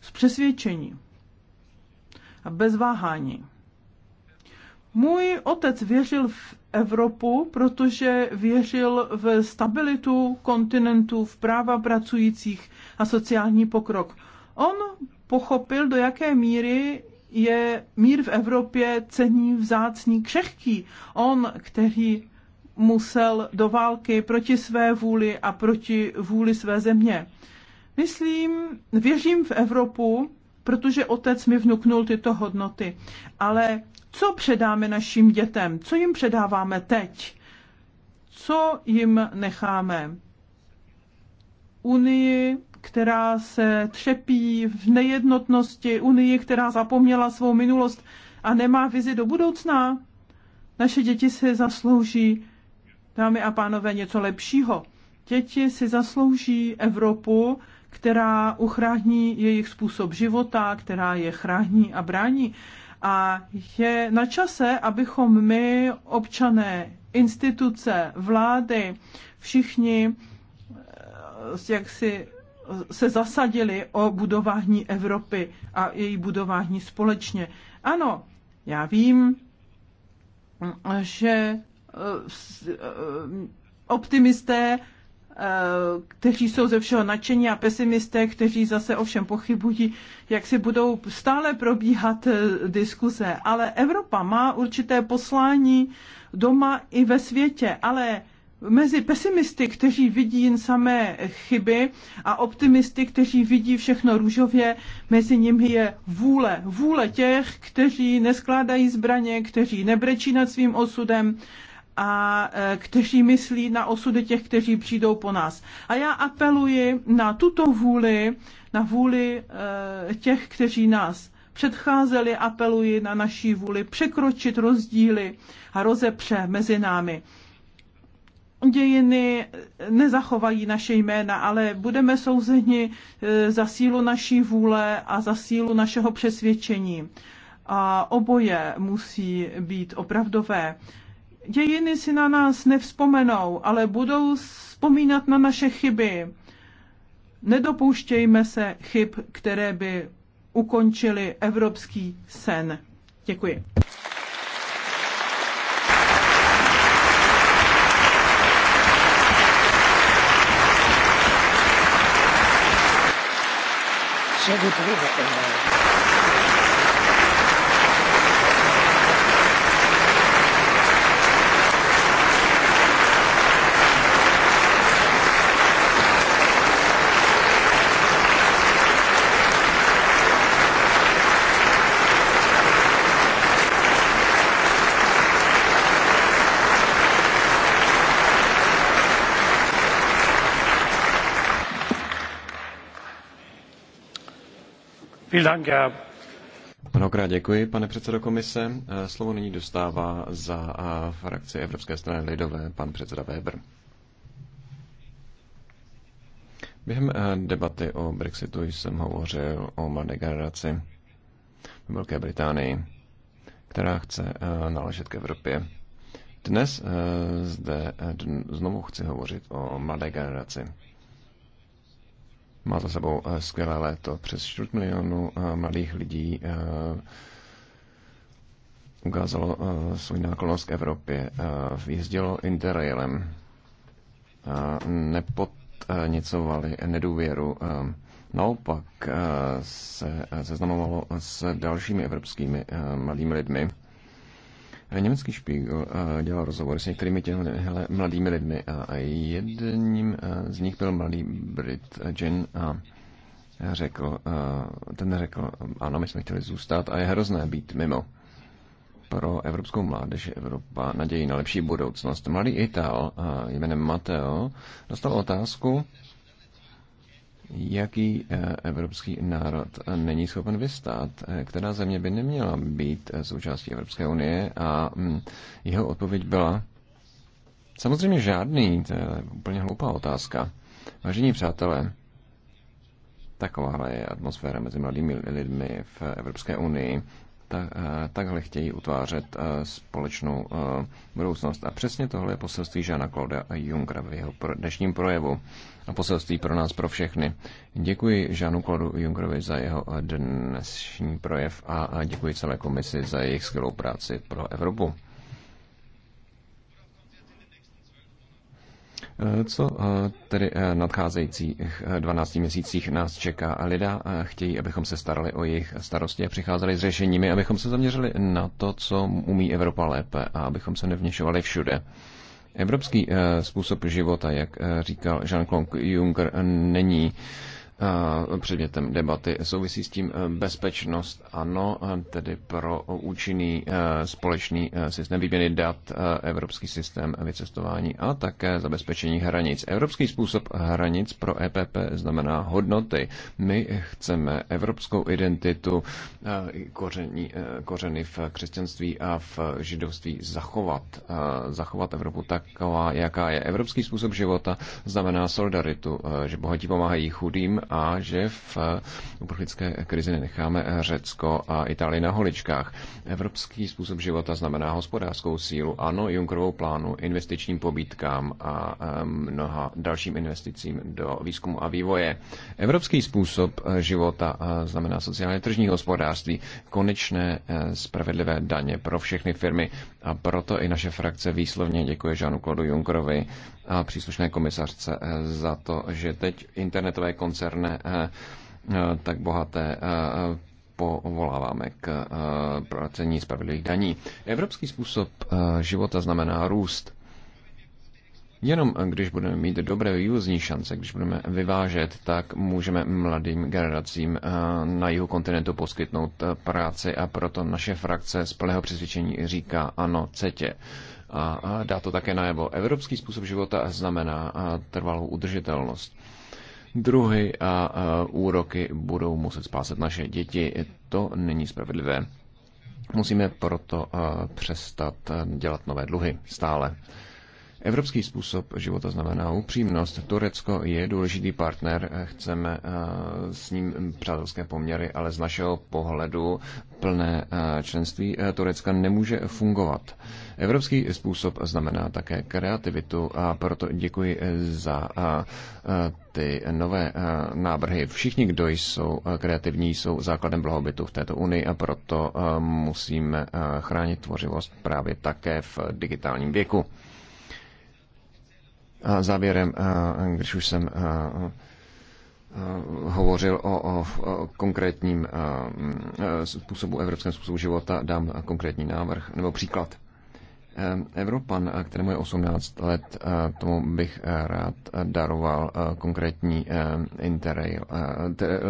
S přesvědčením a bez váhání. Můj otec věřil v Evropu, protože věřil v stabilitu kontinentu, v práva pracujících a sociální pokrok. On pochopil, do jaké míry je mír v Evropě cení vzácný křehký. On, který musel do války proti své vůli a proti vůli své země. Myslím, věřím v Evropu, protože otec mi vnuknul tyto hodnoty. Ale co předáme našim dětem? Co jim předáváme teď? Co jim necháme? Unii, která se třepí v nejednotnosti, Unii, která zapomněla svou minulost a nemá vizi do budoucna. Naše děti si zaslouží, dámy a pánové, něco lepšího. Děti si zaslouží Evropu, která uchrání jejich způsob života, která je chrání a brání. A je na čase, abychom my, občané, instituce, vlády, všichni eh, jak si eh, se zasadili o budování Evropy a její budování společně. Ano, já vím, mm, že eh, optimisté Eh, kteří jsou ze všeho nadšení a pesimisté, kteří zase ovšem pochybují, jak si budou stále probíhat eh, diskuse. Ale Evropa má určité poslání doma i ve světě, ale mezi pesimisty, kteří vidí jen samé chyby a optimisty, kteří vidí všechno růžově, mezi nimi je vůle. Vůle těch, kteří neskládají zbraně, kteří nebrečí nad svým osudem a e, kteří myslí na osudy těch, kteří přijdou po nás. A já apeluji na tuto vůli, na vůli e, těch, kteří nás předcházeli, apeluji na naší vůli překročit rozdíly a rozepře mezi námi. Dějiny nezachovají naše jména, ale budeme souzeni e, za sílu naší vůle a za sílu našeho přesvědčení. A oboje musí být opravdové. Dějiny si na nás nevzpomenou, ale budou vzpomínat na naše chyby. Nedopouštějme se chyb, které by ukončily evropský sen. Děkuji. Sehr Mnohokrát děkuji, pane předsedo komise. Eh, slovo nyní dostává za eh, frakci Evropské strany Lidové pan předseda Weber. Během eh, debaty o Brexitu jsem hovořil o mladé generaci v Velké Británii, která chce náležet k Evropě. Dnes zde znovu chci hovořit o mladé generaci má za sebou eh, skvělé léto. Přes čtvrt milionu eh, mladých lidí eh, ukázalo svůj náklonost k Evropě. Jezdilo interrailem. Nepodnicovali nedůvěru. Naopak se seznamovalo s dalšími evropskými mladými lidmi Německý Spiegel eh, dělal rozhovor s některými těhle mladými lidmi a jedním eh, z nich byl mladý Brit Jen a řekl, eh, ten řekl, ano, my jsme chtěli zůstat a je hrozné být mimo. Pro evropskou mládež Evropa naději na lepší budoucnost. Mladý Ital jménem Mateo dostal otázku, jaký eh, evropský národ není schopen vystát, eh, která země by neměla být eh, součástí Evropské unie a hm, jeho odpověď byla samozřejmě žádný, to je úplně hloupá otázka. Vážení přátelé, takováhle je atmosféra mezi mladými lidmi v Evropské unii. Tak, takhle chtějí utvářet společnou budoucnost. A přesně tohle je poselství Žána Klauda Junckera v jeho dnešním projevu a poselství pro nás, pro všechny. Děkuji Žánu Klodu Junkerovi za jeho dnešní projev a děkuji celé komisi za jejich skvělou práci pro Evropu. Co tedy nadcházejících 12 měsících nás čeká? Lidé chtějí, abychom se starali o jejich starosti a přicházeli s řešeními, abychom se zaměřili na to, co umí Evropa lépe a abychom se nevněšovali všude. Evropský eh, způsob života, jak eh, říkal Jean-Claude Juncker, není Eh, předmětem debaty. Souvisí s tím eh, bezpečnost, ano, eh, tedy pro účinný společný systém výměny dat, evropský systém vycestování a také zabezpečení hranic. Evropský způsob hranic pro EPP znamená hodnoty. My chceme evropskou identitu koření, kořeny v křesťanství a v židovství zachovat. Zachovat Evropu taková, jaká je. Evropský způsob života znamená solidaritu, že bohatí pomáhají chudým a že v eh, uprchlické krizi nenecháme eh, Řecko a Itálii na holičkách. Evropský způsob života znamená hospodářskou sílu, ano, Junkerovou plánu, investičním pobítkám a eh, mnoha dalším investicím do výzkumu a vývoje. Evropský způsob života znamená sociálně tržní hospodářství, konečné spravedlivé daně pro všechny firmy a proto i naše frakce výslovně děkuje Žánu Klodu Junkerovi a příslušné komisařce eh, za to, že teď internetové koncerny eh, eh, tak bohaté povoláváme k pracení spravedlivých daní. Evropský způsob života znamená růst. Jenom když budeme mít dobré vývozní šance, když budeme vyvážet, tak můžeme mladým generacím na jihu kontinentu poskytnout práci a proto naše frakce z plného přesvědčení říká ano CETě a dá to také najevo. Evropský způsob života znamená trvalou udržitelnost druhy a úroky budou muset spásat naše děti. To není spravedlivé. Musíme proto přestat dělat nové dluhy stále. Evropský způsob života znamená upřímnost. Turecko je důležitý partner, chceme s ním přátelské poměry, ale z našeho pohledu plné členství Turecka nemůže fungovat Evropský způsob znamená také kreativitu a proto děkuji za ty nové návrhy. Všichni, kdo jsou kreativní, jsou základem blahobytu v této unii a proto musíme chránit tvořivost právě také v digitálním věku. A závěrem, když už jsem hovořil o, o, o konkrétním způsobu, evropském způsobu života, dám konkrétní návrh nebo příklad. Evropan, eh, kterému je 18 let, eh, tomu bych eh, rád daroval konkrétní interrail,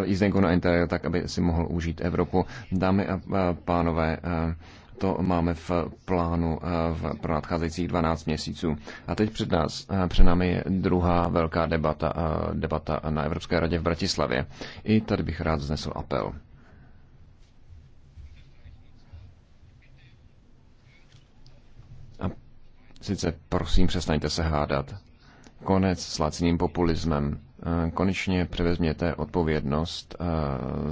jízdenku na interrail, tak aby si mohl užít Evropu. Dámy a pánové, to máme v plánu v, pro nadcházejících 12 měsíců. A teď před, nás, před námi je druhá velká debata, debata na Evropské radě v Bratislavě. I tady bych rád znesl apel. sice prosím přestaňte se hádat. Konec s laciným populismem. Eh, konečně převezměte odpovědnost eh,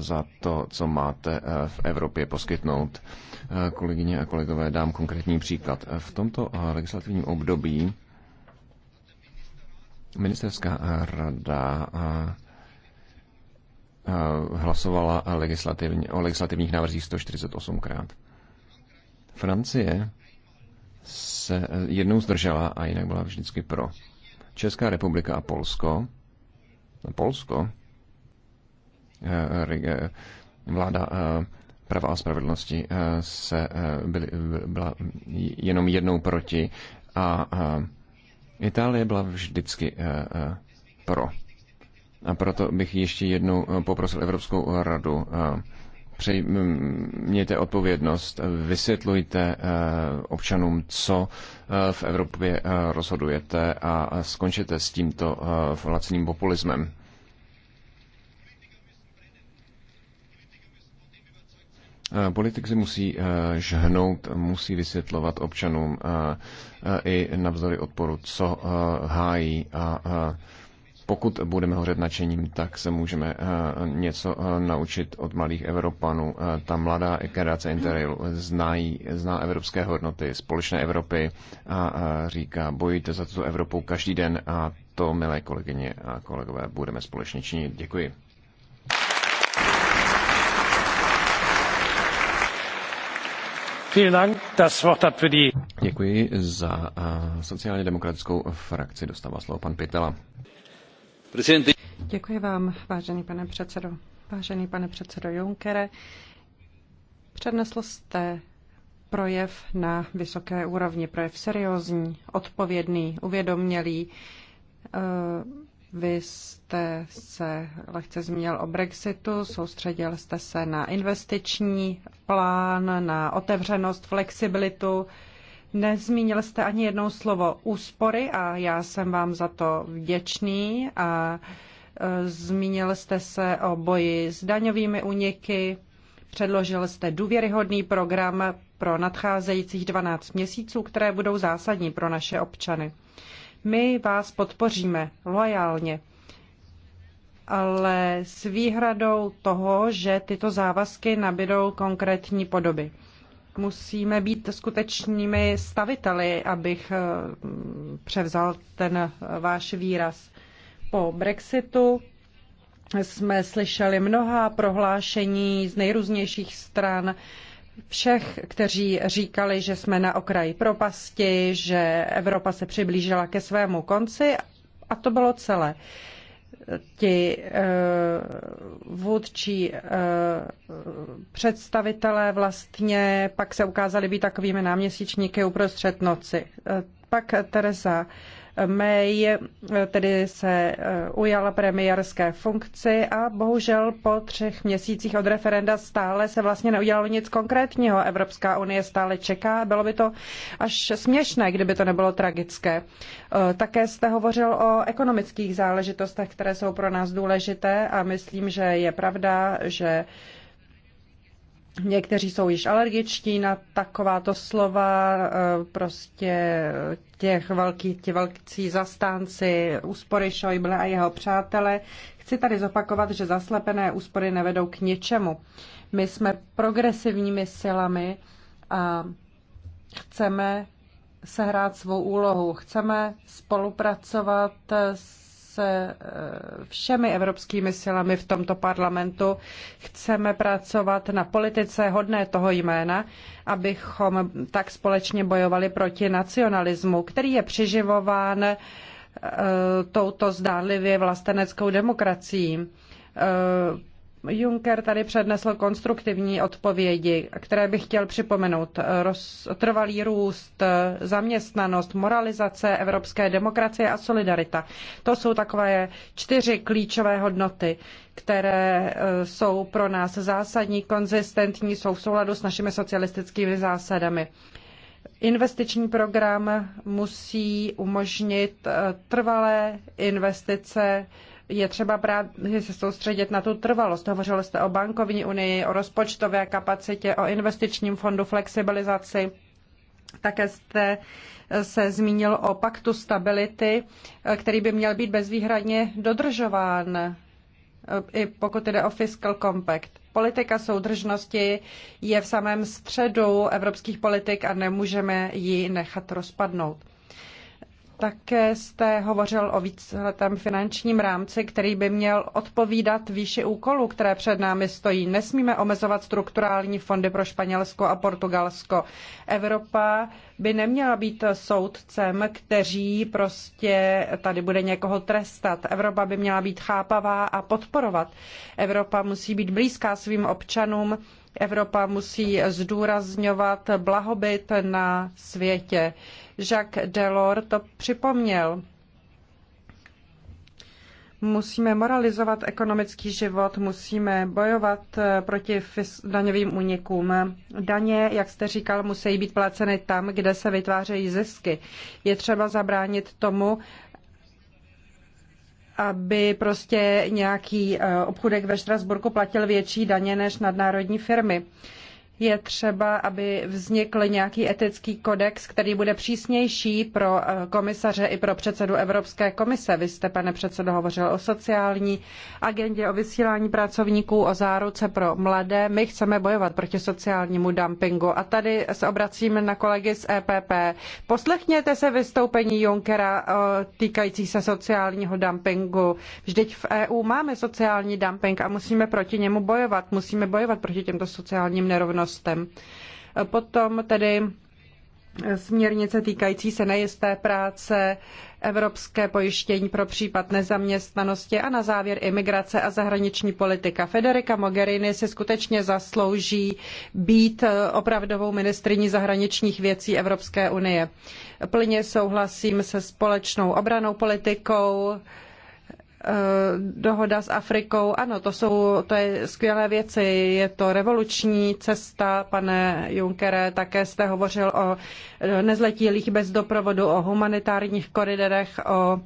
za to, co máte eh, v Evropě poskytnout. Kolegyně a kolegové, dám konkrétní příklad. V tomto legislativním období ministerská rada hlasovala legislativně, o legislativních návrzích 148krát. Francie se eh, jednou zdržela a jinak byla vždycky pro. Česká republika a Polsko. No, Polsko. Eh, eh, vláda Pravá a spravedlnosti se byly, byla jenom jednou proti a Itálie byla vždycky pro. A proto bych ještě jednou poprosil Evropskou radu, mějte odpovědnost, vysvětlujte eh, občanům, co eh, v Evropě eh, rozhodujete a skončete s tímto lacným populismem. Politik si musí žhnout, musí vysvětlovat občanům i navzdory odporu, co hájí a pokud budeme hořet nadšením, tak se můžeme eh, něco eh, naučit od malých Evropanů. Eh, ta mladá generace Interrail znají, zná evropské hodnoty, společné Evropy a říká, bojujte za tu Evropu každý den a to, milé kolegyně a kolegové, budeme společně činit. Děkuji. Děkuji za sociálně demokratickou frakci. Dostává slovo pan Pitela. Děkuji vám, vážený pane předsedo. Vážený pane předsedo Junckere, přednesl jste projev na vysoké úrovni, projev seriózní, odpovědný, uvědomělý. Eh, vy jste se lehce zmínil o Brexitu, soustředil jste se na investiční plán, na otevřenost, flexibilitu, Nezmínil jste ani jednou slovo úspory a já jsem vám za to vděčný. A e, zmínil jste se o boji s daňovými úniky, předložil jste důvěryhodný program pro nadcházejících 12 měsíců, které budou zásadní pro naše občany. My vás podpoříme lojálně, ale s výhradou toho, že tyto závazky nabídou konkrétní podoby musíme být skutečnými staviteli, abych eh, převzal ten eh, váš výraz. Po Brexitu jsme slyšeli mnoha prohlášení z nejrůznějších stran, všech, kteří říkali, že jsme na okraji propasti, že Evropa se přiblížila ke svému konci a to bylo celé ti eh, vůdčí eh, představitelé vlastně pak se ukázali být takovými náměsíčníky uprostřed noci. Eh, pak Teresa May eh, tedy se eh, ujala premiérské funkci a bohužel po třech měsících od referenda stále se vlastně neudělalo nic konkrétního. Evropská unie stále čeká. Bylo by to až směšné, kdyby to nebylo tragické. Eh, také jste hovořil o ekonomických záležitostech, které jsou pro nás důležité a myslím, že je pravda, že Někteří jsou již alergičtí na takováto slova, e, prostě těch velký, ti velcí zastánci úspory Schäuble a jeho přátelé. Chci tady zopakovat, že zaslepené úspory nevedou k ničemu. My jsme progresivními silami a chceme sehrát svou úlohu. Chceme spolupracovat s se eh, všemi evropskými silami v tomto parlamentu. Chceme pracovat na politice hodné toho jména, abychom tak společně bojovali proti nacionalismu, který je přeživován eh, touto zdánlivě vlasteneckou demokracií eh, Juncker tady přednesl konstruktivní odpovědi, které bych chtěl připomenout. Roz, trvalý růst, zaměstnanost, moralizace, evropské demokracie a solidarita. To jsou takové čtyři klíčové hodnoty, které eh, jsou pro nás zásadní, konzistentní, jsou v souladu s našimi socialistickými zásadami. Investiční program musí umožnit eh, trvalé investice je třeba brát, se soustředit na tu trvalost. Hovořil jste o bankovní unii, o rozpočtové kapacitě, o investičním fondu, flexibilizaci. Také jste se zmínil o paktu stability, který by měl být bezvýhradně dodržován, i pokud jde o fiscal compact. Politika soudržnosti je v samém středu evropských politik a nemůžeme ji nechat rozpadnout. Také jste hovořil o víceletém finančním rámci, který by měl odpovídat výši úkolů, které před námi stojí. Nesmíme omezovat strukturální fondy pro Španělsko a Portugalsko. Evropa by neměla být soudcem, kteří prostě tady bude někoho trestat. Evropa by měla být chápavá a podporovat. Evropa musí být blízká svým občanům. Evropa musí zdůrazňovat blahobyt na světě Jacques Delors to připomněl. Musíme moralizovat ekonomický život, musíme bojovat eh, proti daňovým únikům. Daně, jak jste říkal, musí být placeny tam, kde se vytvářejí zisky. Je třeba zabránit tomu, aby prostě nějaký eh, obchudek ve Štrasburku platil větší daně než nadnárodní firmy je třeba, aby vznikl nějaký etický kodex, který bude přísnější pro eh, komisaře i pro předsedu Evropské komise. Vy jste, pane předsedo, hovořil o sociální agendě, o vysílání pracovníků, o záruce pro mladé. My chceme bojovat proti sociálnímu dumpingu. A tady se obracím na kolegy z EPP. Poslechněte se vystoupení Junckera eh, týkající se sociálního dumpingu. Vždyť v EU máme sociální dumping a musíme proti němu bojovat. Musíme bojovat proti těmto sociálním nerovnostem povinnostem. Potom tedy směrnice týkající se nejisté práce, evropské pojištění pro případ nezaměstnanosti a na závěr imigrace a zahraniční politika. Federica Mogherini si skutečně zaslouží být opravdovou ministriní zahraničních věcí Evropské unie. Plně souhlasím se společnou obranou politikou, Eh, dohoda s Afrikou, ano, to jsou, to je skvělé věci, je to revoluční cesta, pane Junkere, také jste hovořil o eh, nezletilých bez doprovodu, o humanitárních koridorech, o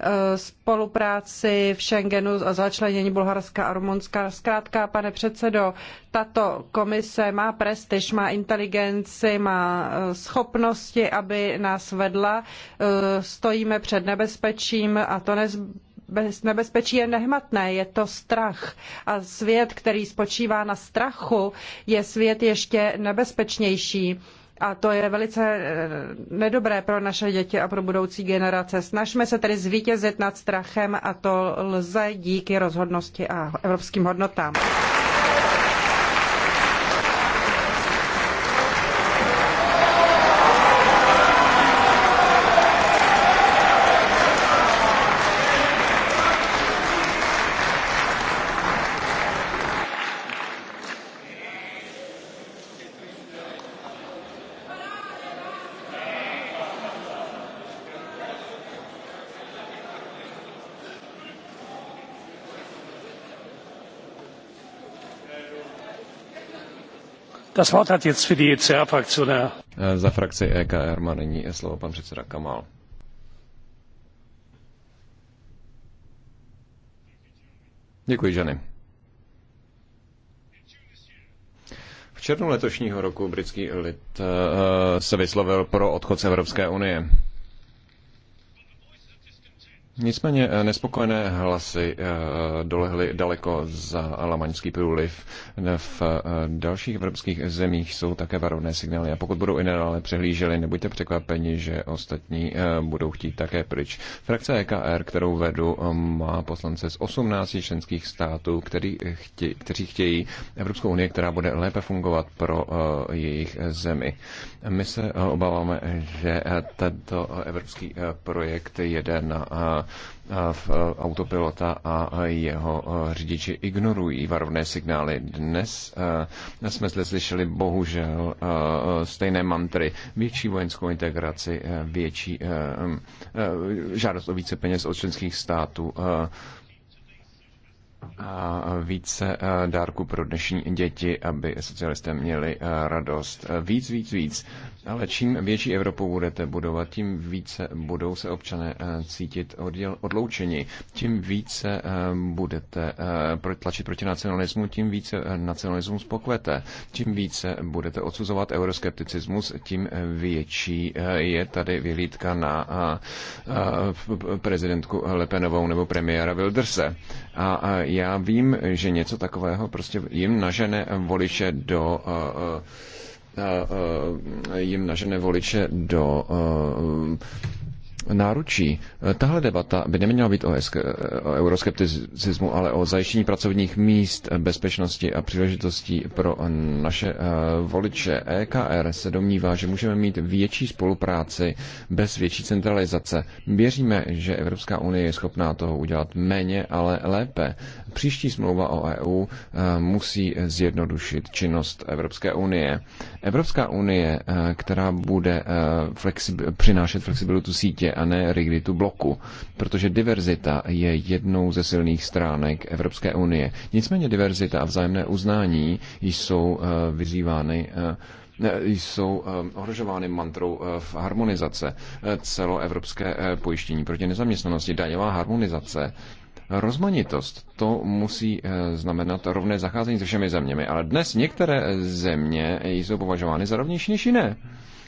eh, spolupráci v Schengenu, o začlenění Bulharska a Rumunska. Zkrátka, pane předsedo, tato komise má prestiž, má inteligenci, má schopnosti, aby nás vedla. Stojíme před nebezpečím a to nezbytně nebezpečí je nehmatné, je to strach. A svět, který spočívá na strachu, je svět ještě nebezpečnější. A to je velice eh, nedobré pro naše děti a pro budoucí generace. Snažme se tedy zvítězit nad strachem a to lze díky rozhodnosti a evropským hodnotám. E eh, za frakci EKR má nyní slovo pan předseda Kamal. Děkuji, Žany. V červnu letošního roku britský lid eh, se vyslovil pro odchod z Evropské unie. Nicméně eh, nespokojené hlasy eh, dolehly daleko za lamaňský průliv. V eh, dalších evropských zemích jsou také varovné signály a pokud budou i nadále přehlíželi, nebuďte překvapeni, že ostatní budou chtít také pryč. Frakce EKR, kterou vedu, má poslance z 18 členských států, který chtě, kteří chtějí Evropskou unii, která bude lépe fungovat pro jejich zemi. My se obáváme, že tento evropský projekt jede na v autopilota a jeho řidiči ignorují varovné signály. Dnes jsme zde slyšeli bohužel stejné mantry. Větší vojenskou integraci, větší žádost o více peněz od členských států, a více dárků pro dnešní děti, aby socialisté měli radost. Víc, víc, víc. Ale čím větší Evropu budete budovat, tím více budou se občané cítit odděl, odloučeni. Tím více budete tlačit proti nacionalismu, tím více nacionalismus pokvete. Tím více budete odsuzovat euroskepticismus, tím větší je tady vyhlídka na prezidentku Lepenovou nebo premiéra Wilderse. A já vím, že něco takového prostě jim nažene voliče do eh, eh, eh, jim nažene voliče do náručí. Eh, tahle debata by neměla být o, esk- eh, o euroskepticismu, ale o zajištění pracovních míst, bezpečnosti a příležitostí pro naše eh, voliče. EKR se domnívá, že můžeme mít větší spolupráci bez větší centralizace. Věříme, že Evropská unie je schopná toho udělat méně, ale lépe. Příští smlouva o EU musí zjednodušit činnost Evropské unie. Evropská unie, která bude flexib- přinášet flexibilitu sítě, a ne rigiditu bloku, protože diverzita je jednou ze silných stránek Evropské unie. Nicméně diverzita a vzájemné uznání jsou eh, vyzývány eh, eh, jsou ohrožovány mantrou v harmonizace celoevropské pojištění proti nezaměstnanosti, daňová harmonizace rozmanitost, to musí znamenat rovné zacházení se všemi zeměmi, ale dnes některé země jsou považovány za rovnější než jiné.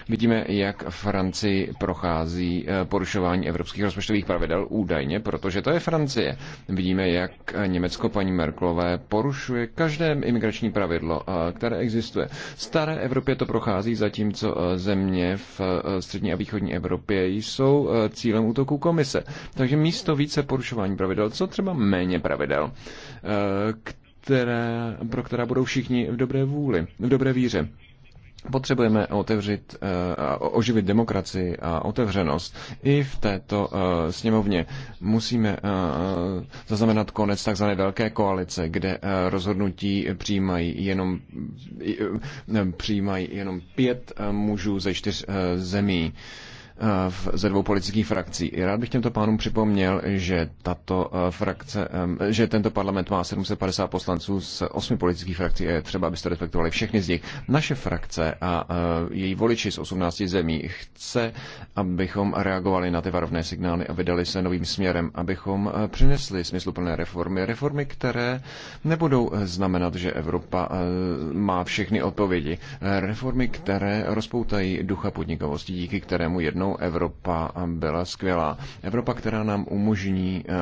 Vidíme, jak Francii prochází eh, porušování evropských rozpočtových pravidel údajně, protože to je Francie. Vidíme, jak Německo paní Merklové porušuje každé imigrační pravidlo, eh, které existuje. V staré Evropě to prochází, zatímco eh, země v střední a východní Evropě jsou cílem útoku komise. Takže místo více porušování pravidel, co třeba méně pravidel, které, pro která budou všichni v dobré vůli, v dobré víře. Potřebujeme otevřít, eh, oživit demokracii a otevřenost. I v této eh, sněmovně musíme eh, zaznamenat konec takzvané velké koalice, kde rozhodnutí přijímají jenom, přijímají jenom pět mužů ze čtyř zemí. Eh, ze dvou politických frakcí. Rád bych těmto pánům připomněl, že, tato eh, frakce, že tento parlament má 750 poslanců z osmi politických frakcí a je třeba, abyste respektovali všechny z nich. Naše frakce a eh, její voliči z 18 zemí chce, abychom reagovali na ty varovné signály a vydali se novým směrem, abychom přinesli smysluplné reformy. Reformy, které nebudou znamenat, že Evropa má všechny odpovědi. Reformy, které rozpoutají ducha podnikavosti, díky kterému jednou jednou Evropa byla skvělá. Evropa, která nám umožní eh,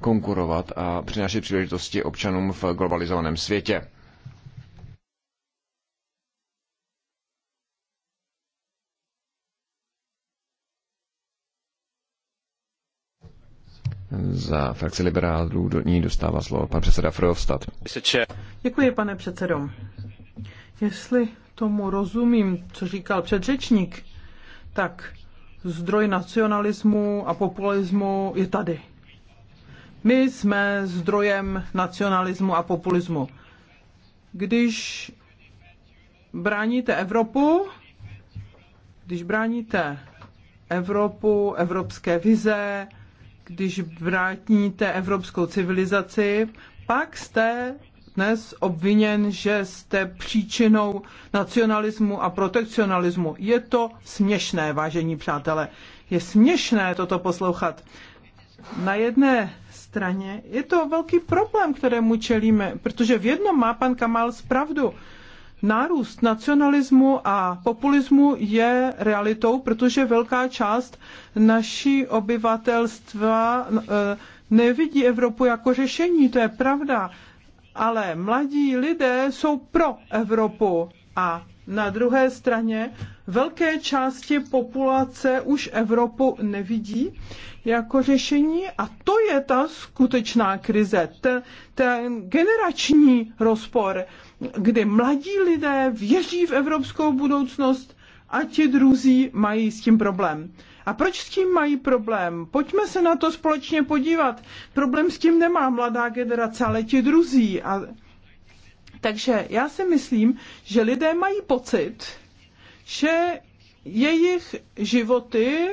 konkurovat a přinášet příležitosti občanům v globalizovaném světě. Za frakci liberálů do ní dostává slovo pan předseda Frojovstad. Děkuji, pane předsedo. Jestli tomu rozumím, co říkal předřečník, tak zdroj nacionalismu a populismu je tady. My jsme zdrojem nacionalismu a populismu. Když bráníte Evropu, když bráníte Evropu, evropské vize, když vrátíte evropskou civilizaci, pak jste dnes obviněn, že jste příčinou nacionalismu a protekcionalismu. Je to směšné, vážení přátelé. Je směšné toto poslouchat. Na jedné straně je to velký problém, kterému čelíme, protože v jednom má pan Kamal zpravdu. Nárůst nacionalismu a populismu je realitou, protože velká část naší obyvatelstva eh, nevidí Evropu jako řešení, to je pravda ale mladí lidé jsou pro Evropu a na druhé straně velké části populace už Evropu nevidí jako řešení a to je ta skutečná krize, ten, ten generační rozpor, kdy mladí lidé věří v evropskou budoucnost a ti druzí mají s tím problém. A proč s tím mají problém? Pojďme se na to společně podívat. Problém s tím nemá mladá generace, ale ti druzí. A... Takže já si myslím, že lidé mají pocit, že jejich životy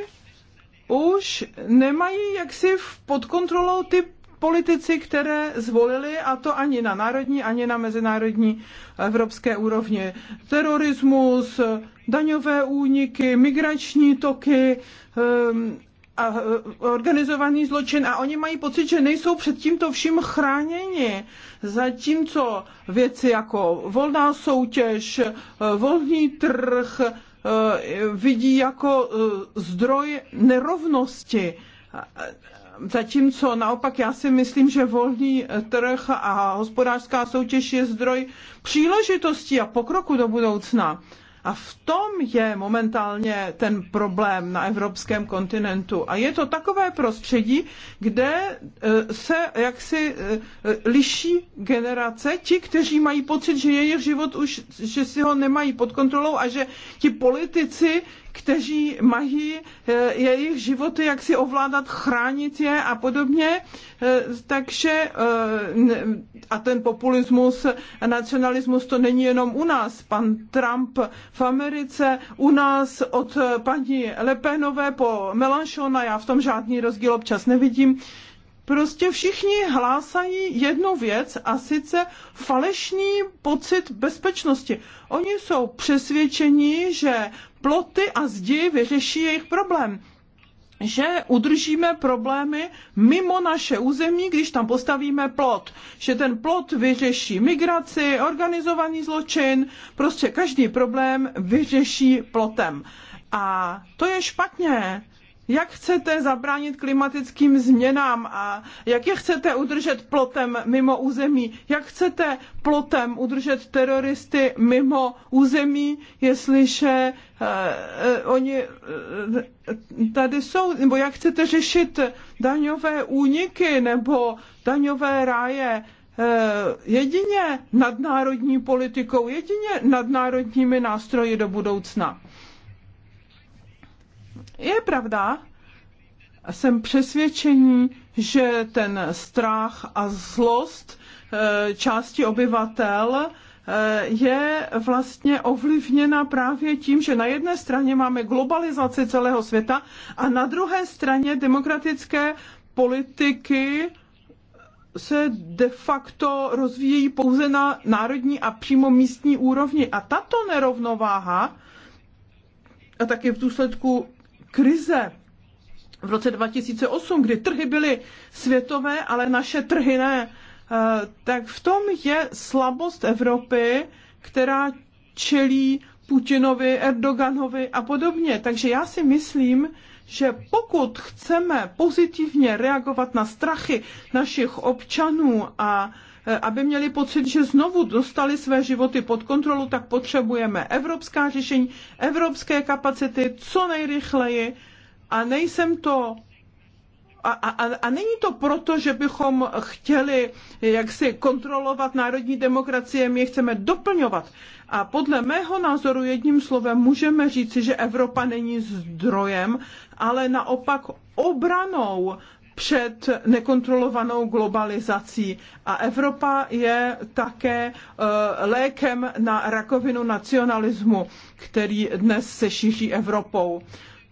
už nemají jaksi pod kontrolou ty politici, které zvolili, a to ani na národní, ani na mezinárodní evropské úrovni. Terorismus, daňové úniky, migrační toky, ehm, a e, organizovaný zločin a oni mají pocit, že nejsou před tímto vším chráněni. Zatímco věci jako volná soutěž, e, volný trh e, vidí jako zdroj nerovnosti Zatímco naopak já si myslím, že volný trh a hospodářská soutěž je zdroj příležitostí a pokroku do budoucna. A v tom je momentálně ten problém na evropském kontinentu. A je to takové prostředí, kde e, se jaksi e, e, liší generace, ti, kteří mají pocit, že jejich život už, že si ho nemají pod kontrolou a že ti politici kteří mají eh, jejich životy, jak si ovládat, chránit je a podobně. Eh, takže eh, a ten populismus, nacionalismus, to není jenom u nás. Pan Trump v Americe, u nás od paní Lepenové po Melanchona, já v tom žádný rozdíl občas nevidím prostě všichni hlásají jednu věc a sice falešný pocit bezpečnosti. Oni jsou přesvědčeni, že ploty a zdi vyřeší jejich problém že udržíme problémy mimo naše území, když tam postavíme plot. Že ten plot vyřeší migraci, organizovaný zločin, prostě každý problém vyřeší plotem. A to je špatně jak chcete zabránit klimatickým změnám a jak je chcete udržet plotem mimo území, jak chcete plotem udržet teroristy mimo území, jestliže uh, oni uh, tady jsou, nebo jak chcete řešit daňové úniky nebo daňové ráje jedině nadnárodní politikou, jedině nadnárodními nástroji do budoucna. Je pravda, jsem přesvědčení, že ten strach a zlost eh, části obyvatel eh, je vlastně ovlivněna právě tím, že na jedné straně máme globalizaci celého světa a na druhé straně demokratické politiky se de facto rozvíjí pouze na národní a přímo místní úrovni. A tato nerovnováha, a taky v důsledku krize v roce 2008, kdy trhy byly světové, ale naše trhy ne, eh, tak v tom je slabost Evropy, která čelí Putinovi, Erdoganovi a podobně. Takže já si myslím, že pokud chceme pozitivně reagovat na strachy našich občanů a Eh, aby měli pocit, že znovu dostali své životy pod kontrolu, tak potřebujeme evropská řešení, evropské kapacity, co nejrychleji. A nejsem to a, a, a není to proto, že bychom chtěli eh, jaksi kontrolovat národní demokracie, my je chceme doplňovat. A podle mého názoru jedním slovem můžeme říci, že Evropa není zdrojem, ale naopak obranou před nekontrolovanou globalizací. A Evropa je také eh, lékem na rakovinu nacionalismu, který dnes se šíří Evropou.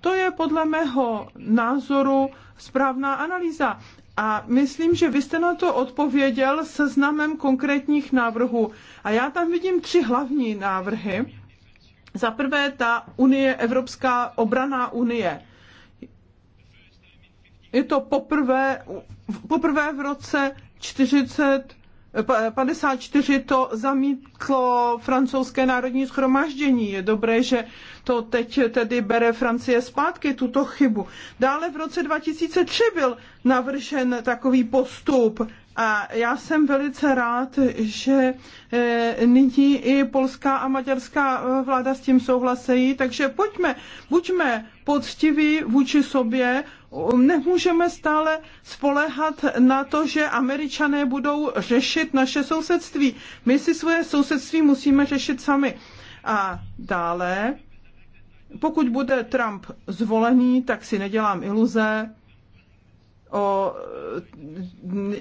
To je podle mého názoru správná analýza. A myslím, že vy jste na to odpověděl seznamem konkrétních návrhů. A já tam vidím tři hlavní návrhy. Za prvé ta unie, Evropská obraná unie je to poprvé, poprvé v roce 40 54 to zamítlo francouzské národní schromaždění. Je dobré, že to teď tedy bere Francie zpátky, tuto chybu. Dále v roce 2003 byl navržen takový postup a já jsem velice rád, že e, nyní i polská a maďarská e, vláda s tím souhlasejí, takže pojďme, buďme poctiví vůči sobě nemůžeme stále spolehat na to, že američané budou řešit naše sousedství. My si svoje sousedství musíme řešit sami. A dále, pokud bude Trump zvolený, tak si nedělám iluze o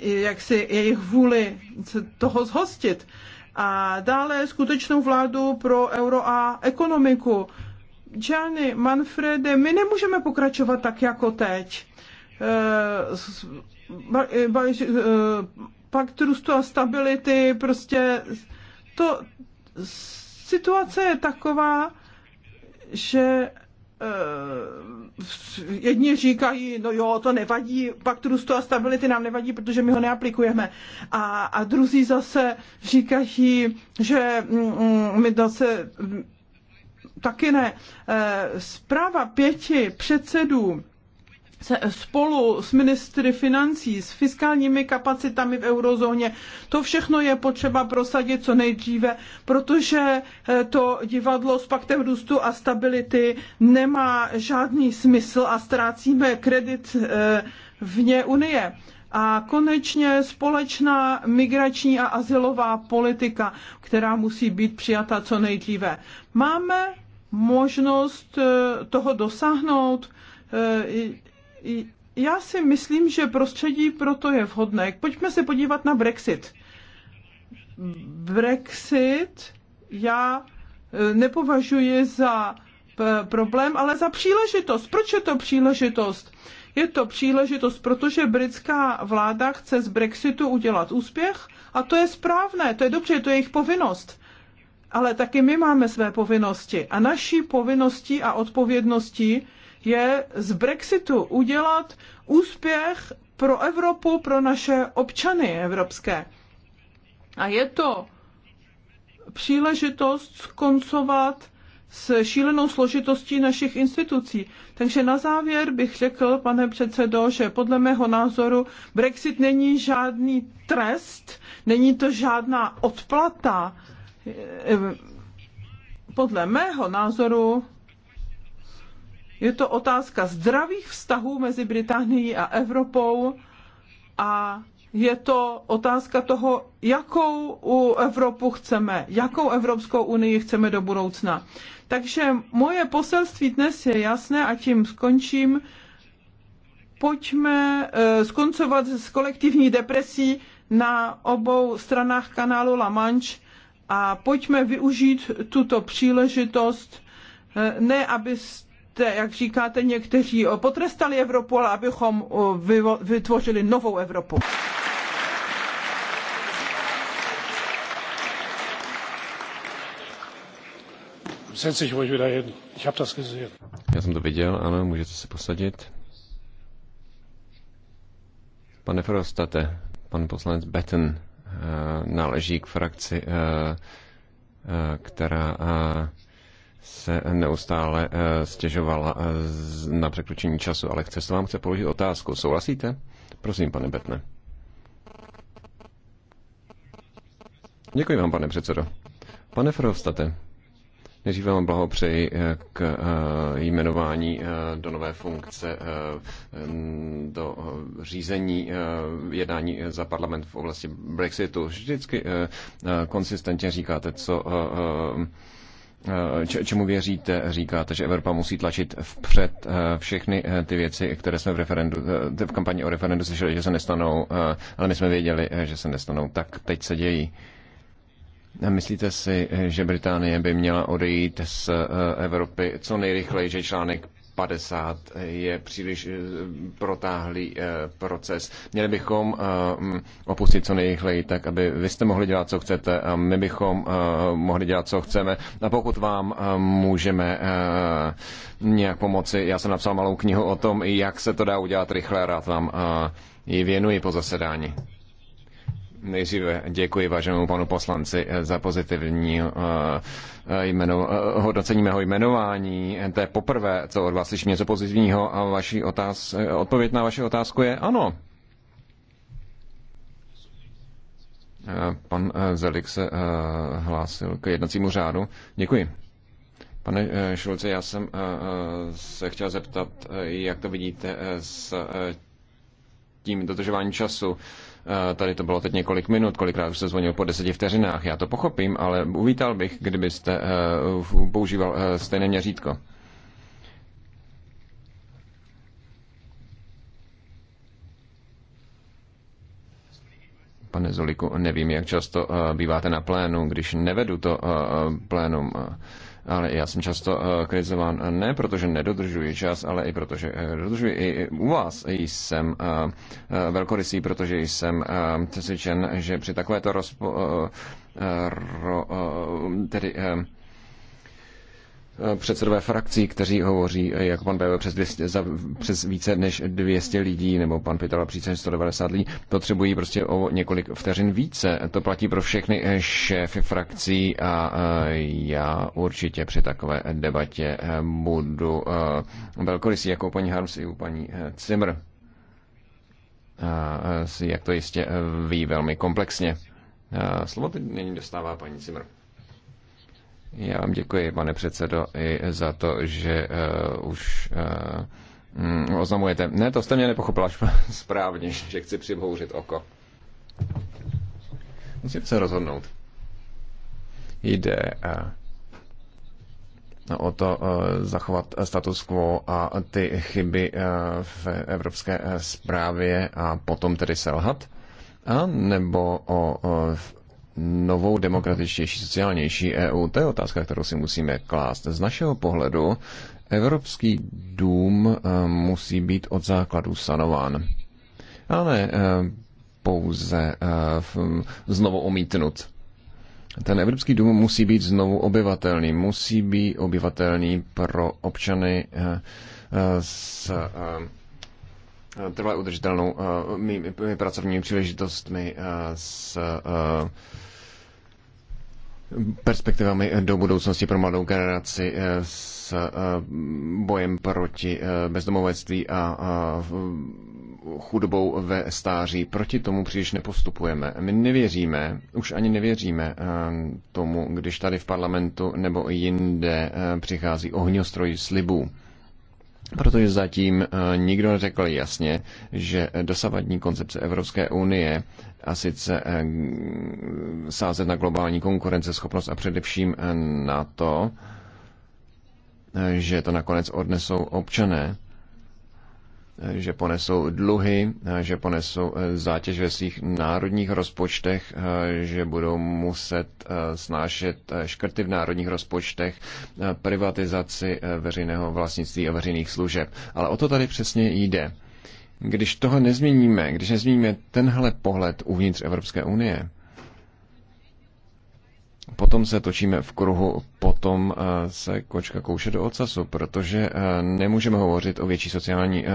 jak si jejich vůli toho zhostit. A dále skutečnou vládu pro euro a ekonomiku Gianni Manfrede, my nemůžeme pokračovat tak jako teď. Eh, eh, eh, pakt růstu a stability, prostě to situace je taková, že jedni říkají, no jo, to nevadí, pakt růstu a stability nám nevadí, protože my ho neaplikujeme. A, a druzí zase říkají, že mm, mm, my zase taky ne. Eh, zpráva pěti předsedů se, spolu s ministry financí, s fiskálními kapacitami v eurozóně. To všechno je potřeba prosadit co nejdříve, protože eh, to divadlo s paktem růstu a stability nemá žádný smysl a ztrácíme kredit eh, vně Unie a konečně společná migrační a asilová politika, která musí být přijata co nejdříve. Máme možnost eh, toho dosáhnout. Eh, já si myslím, že prostředí proto je vhodné. Pojďme se podívat na Brexit. Brexit já eh, nepovažuji za problém, ale za příležitost. Proč je to příležitost? Je to příležitost, protože britská vláda chce z Brexitu udělat úspěch a to je správné, to je dobře, to je jejich povinnost ale taky my máme své povinnosti. A naší povinností a odpovědností je z Brexitu udělat úspěch pro Evropu, pro naše občany evropské. A je to příležitost skoncovat s šílenou složitostí našich institucí. Takže na závěr bych řekl, pane předsedo, že podle mého názoru Brexit není žádný trest, není to žádná odplata, podle mého názoru je to otázka zdravých vztahů mezi Británií a Evropou a je to otázka toho, jakou u Evropu chceme, jakou Evropskou unii chceme do budoucna. Takže moje poselství dnes je jasné a tím skončím. Pojďme eh, skoncovat s kolektivní depresí na obou stranách kanálu La Manche a pojďme využít tuto příležitost, eh, ne abyste, jak říkáte někteří, eh, potrestali Evropu, ale abychom eh, vytvořili novou Evropu. Já jsem to viděl, ano, můžete se posadit. Pane Frostate, pan poslanec Betten Eh, náleží k frakci, eh, eh, která se neustále stěžovala na překročení času, ale chce se vám chce položit otázku. Souhlasíte? Prosím, pane Betne. Děkuji vám, pane předsedo. Pane Frostate, Nejdřív vám blahopřeji eh, k eh, jmenování eh, do nové funkce, mm, do řízení jednání za parlament v oblasti Brexitu. Vždycky konsistentně říkáte, co čemu věříte, říkáte, že Evropa musí tlačit vpřed všechny ty věci, které jsme v, referendu, v kampani o referendu slyšeli, že se nestanou, ale my jsme věděli, že se nestanou, tak teď se dějí. Myslíte si, že Británie by měla odejít z eh, Evropy co nejrychleji, že článek 50 je příliš eh, protáhlý eh, proces. Měli bychom mm, opustit co nejrychleji, tak aby vy jste mohli dělat, co chcete a my bychom mohli dělat, co chceme. A pokud vám můžeme nějak pomoci, já jsem napsal malou knihu o tom, jak se to dá udělat rychle, rád vám ji věnuji po zasedání. Nejdříve děkuji váženému panu poslanci eh, za pozitivní eh, eh, jmeno, hodnocení mého jmenování. To je poprvé, co od vás slyším něco pozitivního a vaší otáz, odpověď na vaši otázku je ano. Pan Zelik se hlásil k jednacímu řádu. Děkuji. Pane Šulce, já jsem se chtěl zeptat, jak to vidíte s tím dodržováním času. Eh, tady to bylo teď několik minut, kolikrát už se zvonil po deseti vteřinách. Já to pochopím, ale uvítal bych, kdybyste eh, používal eh, stejné měřítko. Pane Zoliku, nevím, jak často býváte na plénu, když nevedu to plénum ale já jsem často eh, kritizován eh, ne protože nedodržuji čas, ale i protože eh, dodržuji i u vás jsem velkorysý, protože jsem přesvědčen, že při takovéto rozpo, ro, tedy předsedové frakcí, kteří hovoří, jako pan Bebe, přes, 200, za, přes více než 200 lidí, nebo pan Pitala přece 190 lidí, potřebují prostě o několik vteřin více. To platí pro všechny šéfy frakcí a já určitě při takové debatě eh, budu eh, velkorysý, jako paní Harms i u paní eh, A, Jak to jistě ví velmi komplexně. Slovo teď není dostává paní Cimr. Já vám děkuji, pane předsedo, i za to, že uh, už uh, oznamujete. Ne, to jste mě nepochopila správně, že chci přibouřit oko. Musím se rozhodnout. Jde uh, o to zachovat status quo a ty chyby v evropské správě a potom tedy selhat? A nebo o, o novou, demokratičtější, sociálnější EU? To je otázka, kterou si musíme klást. Z našeho pohledu Evropský dům eh, musí být od základu sanován. Ale eh, pouze eh, znovu omítnut. Ten Evropský dům musí být znovu obyvatelný, musí být obyvatelný pro občany s trvale udržitelnou eh, mými pracovními příležitostmi eh, s eh, perspektivami do budoucnosti pro mladou generaci s bojem proti bezdomovectví a chudobou ve stáří. Proti tomu příliš nepostupujeme. My nevěříme, už ani nevěříme tomu, když tady v parlamentu nebo jinde přichází ohňostroj slibů protože zatím eh, nikdo neřekl jasně, že dosavadní koncepce Evropské unie a sice eh, sázet na globální konkurenceschopnost a především eh, na to, že to nakonec odnesou občané, že ponesou dluhy, že ponesou eh, zátěž ve svých národních rozpočtech, eh, že budou muset eh, snášet škrty v národních rozpočtech, privatizaci veřejného vlastnictví a veřejných služeb. Ale o to tady přesně jde. Když toho nezměníme, když nezměníme tenhle pohled uvnitř Evropské unie, potom se točíme v kruhu, potom eh, se kočka kouše do ocasu, protože eh, nemůžeme hovořit o větší sociální eh,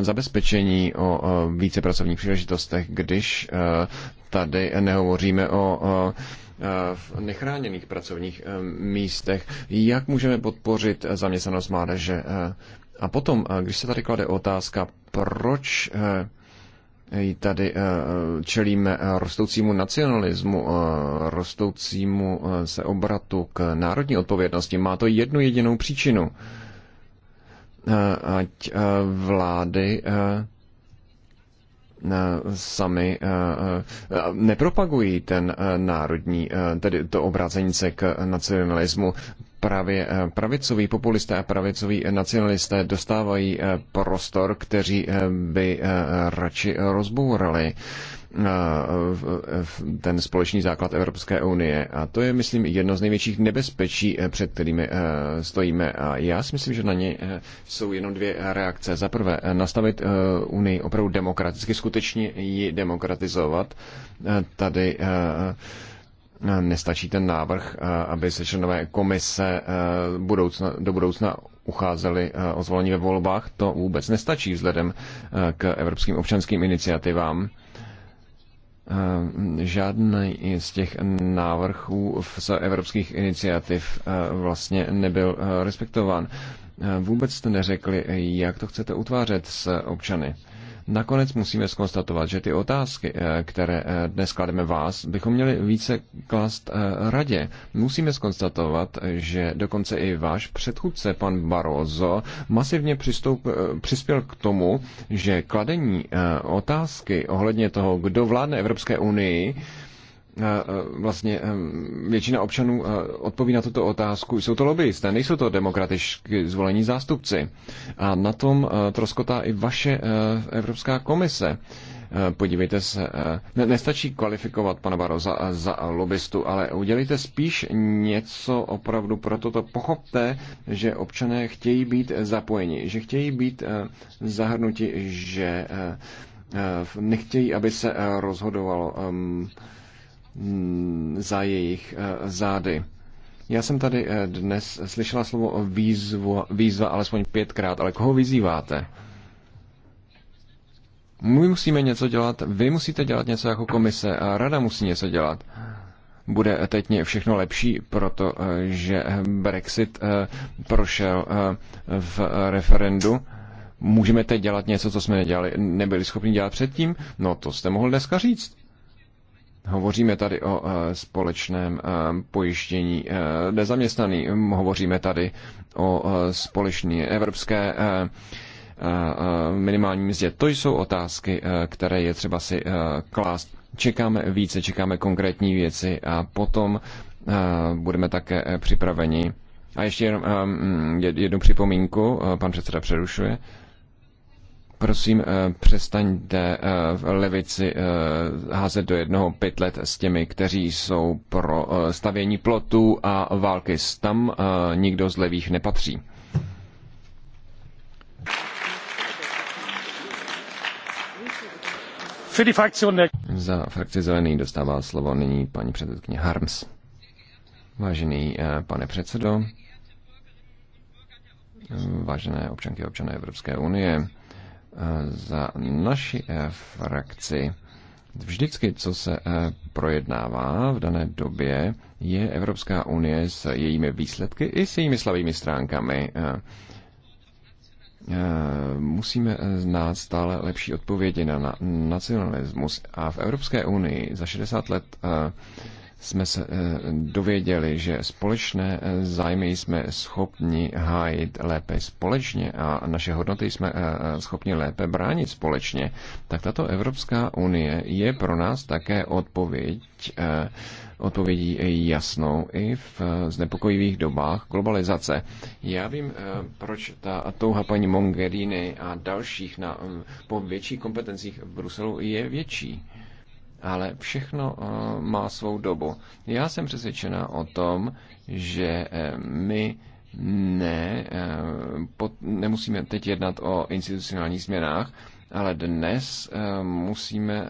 zabezpečení, o více pracovních příležitostech, když tady nehovoříme o v nechráněných pracovních místech, jak můžeme podpořit zaměstnanost mládeže. A potom, když se tady klade otázka, proč tady eh, čelíme eh, rostoucímu nacionalismu, eh, rostoucímu se obratu k národní odpovědnosti. Má to jednu jedinou příčinu. Ať vlády sami nepropagují ten národní, tedy to obrácení se k nacionalismu právě eh, pravicoví populisté a pravicoví nacionalisté dostávají eh, prostor, kteří eh, by radši rozbourali ten společný základ Evropské unie. A to je, myslím, jedno z největších nebezpečí, před kterými stojíme. A já si myslím, že na ně jsou jenom dvě reakce. Za prvé, nastavit unii opravdu demokraticky, skutečně ji demokratizovat. Tady nestačí ten návrh, eh, aby se členové komise eh, budoucna, do budoucna ucházeli eh, o zvolení ve volbách. To vůbec nestačí vzhledem k evropským občanským iniciativám. Žádný z těch návrhů z evropských iniciativ vlastně nebyl respektován. Vůbec jste neřekli, jak to chcete utvářet s občany. Nakonec musíme skonstatovat, že ty otázky, eh, které eh, dnes klademe vás, bychom měli více klást eh, radě. Musíme skonstatovat, že dokonce i váš předchůdce, pan Barroso, masivně přistoup, přispěl k tomu, že kladení otázky ohledně toho, kdo vládne Evropské unii, vlastně většina občanů odpoví na tuto otázku. Jsou to lobbyisté, nejsou to demokraticky zvolení zástupci. A na tom troskotá i vaše Evropská komise. Podívejte se, ne, nestačí kvalifikovat pana Baroza za lobbystu, ale udělejte spíš něco opravdu pro toto. Pochopte, že občané chtějí být zapojeni, že chtějí být zahrnuti, že nechtějí, aby se rozhodovalo um, Mm, za jejich eh, zády. Já jsem tady eh, dnes slyšela slovo výzvu, výzva alespoň pětkrát, ale koho vyzýváte? My musíme něco dělat, vy musíte dělat něco jako komise a rada musí něco dělat. Bude teď všechno lepší, protože eh, Brexit prošel v referendu. Můžeme teď dělat něco, co jsme nedělali, nebyli schopni dělat předtím? No to jste mohl dneska říct. Hovoříme tady o eh, společném eh, pojištění eh, nezaměstnaný, hovoříme tady o společné evropské minimální mzdě. To jsou otázky, které je třeba si klást. Čekáme více, čekáme konkrétní věci a potom budeme také připraveni. A ještě jenom jednu připomínku, pan předseda přerušuje prosím, eh, přestaňte eh, v levici eh, házet do jednoho pytlet s těmi, kteří jsou pro stavění plotů a války. Tam nikdo z levých nepatří. Za frakci zelený dostává slovo nyní paní předsedkyně Harms. Vážený pane předsedo, vážené občanky a občané Evropské unie, za naši eh, frakci vždycky, co se eh, projednává v dané době, je Evropská unie s jejími výsledky i s jejími slavými stránkami. Eh, musíme znát stále lepší odpovědi na nacionalismus a v Evropské unii za 60 let jsme se eh, dověděli, že společné eh, zájmy jsme schopni hájit lépe společně a naše hodnoty jsme eh, schopni lépe bránit společně, tak tato Evropská unie je pro nás také odpověď, odpovědí jasnou i v znepokojivých dobách globalizace. Já vím, proč ta touha paní Mongerini a dalších na, mm, po větších kompetencích v Bruselu je větší ale všechno eh, má svou dobu. Já jsem přesvědčena o tom, že eh, my ne, eh, pod, nemusíme teď jednat o institucionálních změnách, ale dnes musíme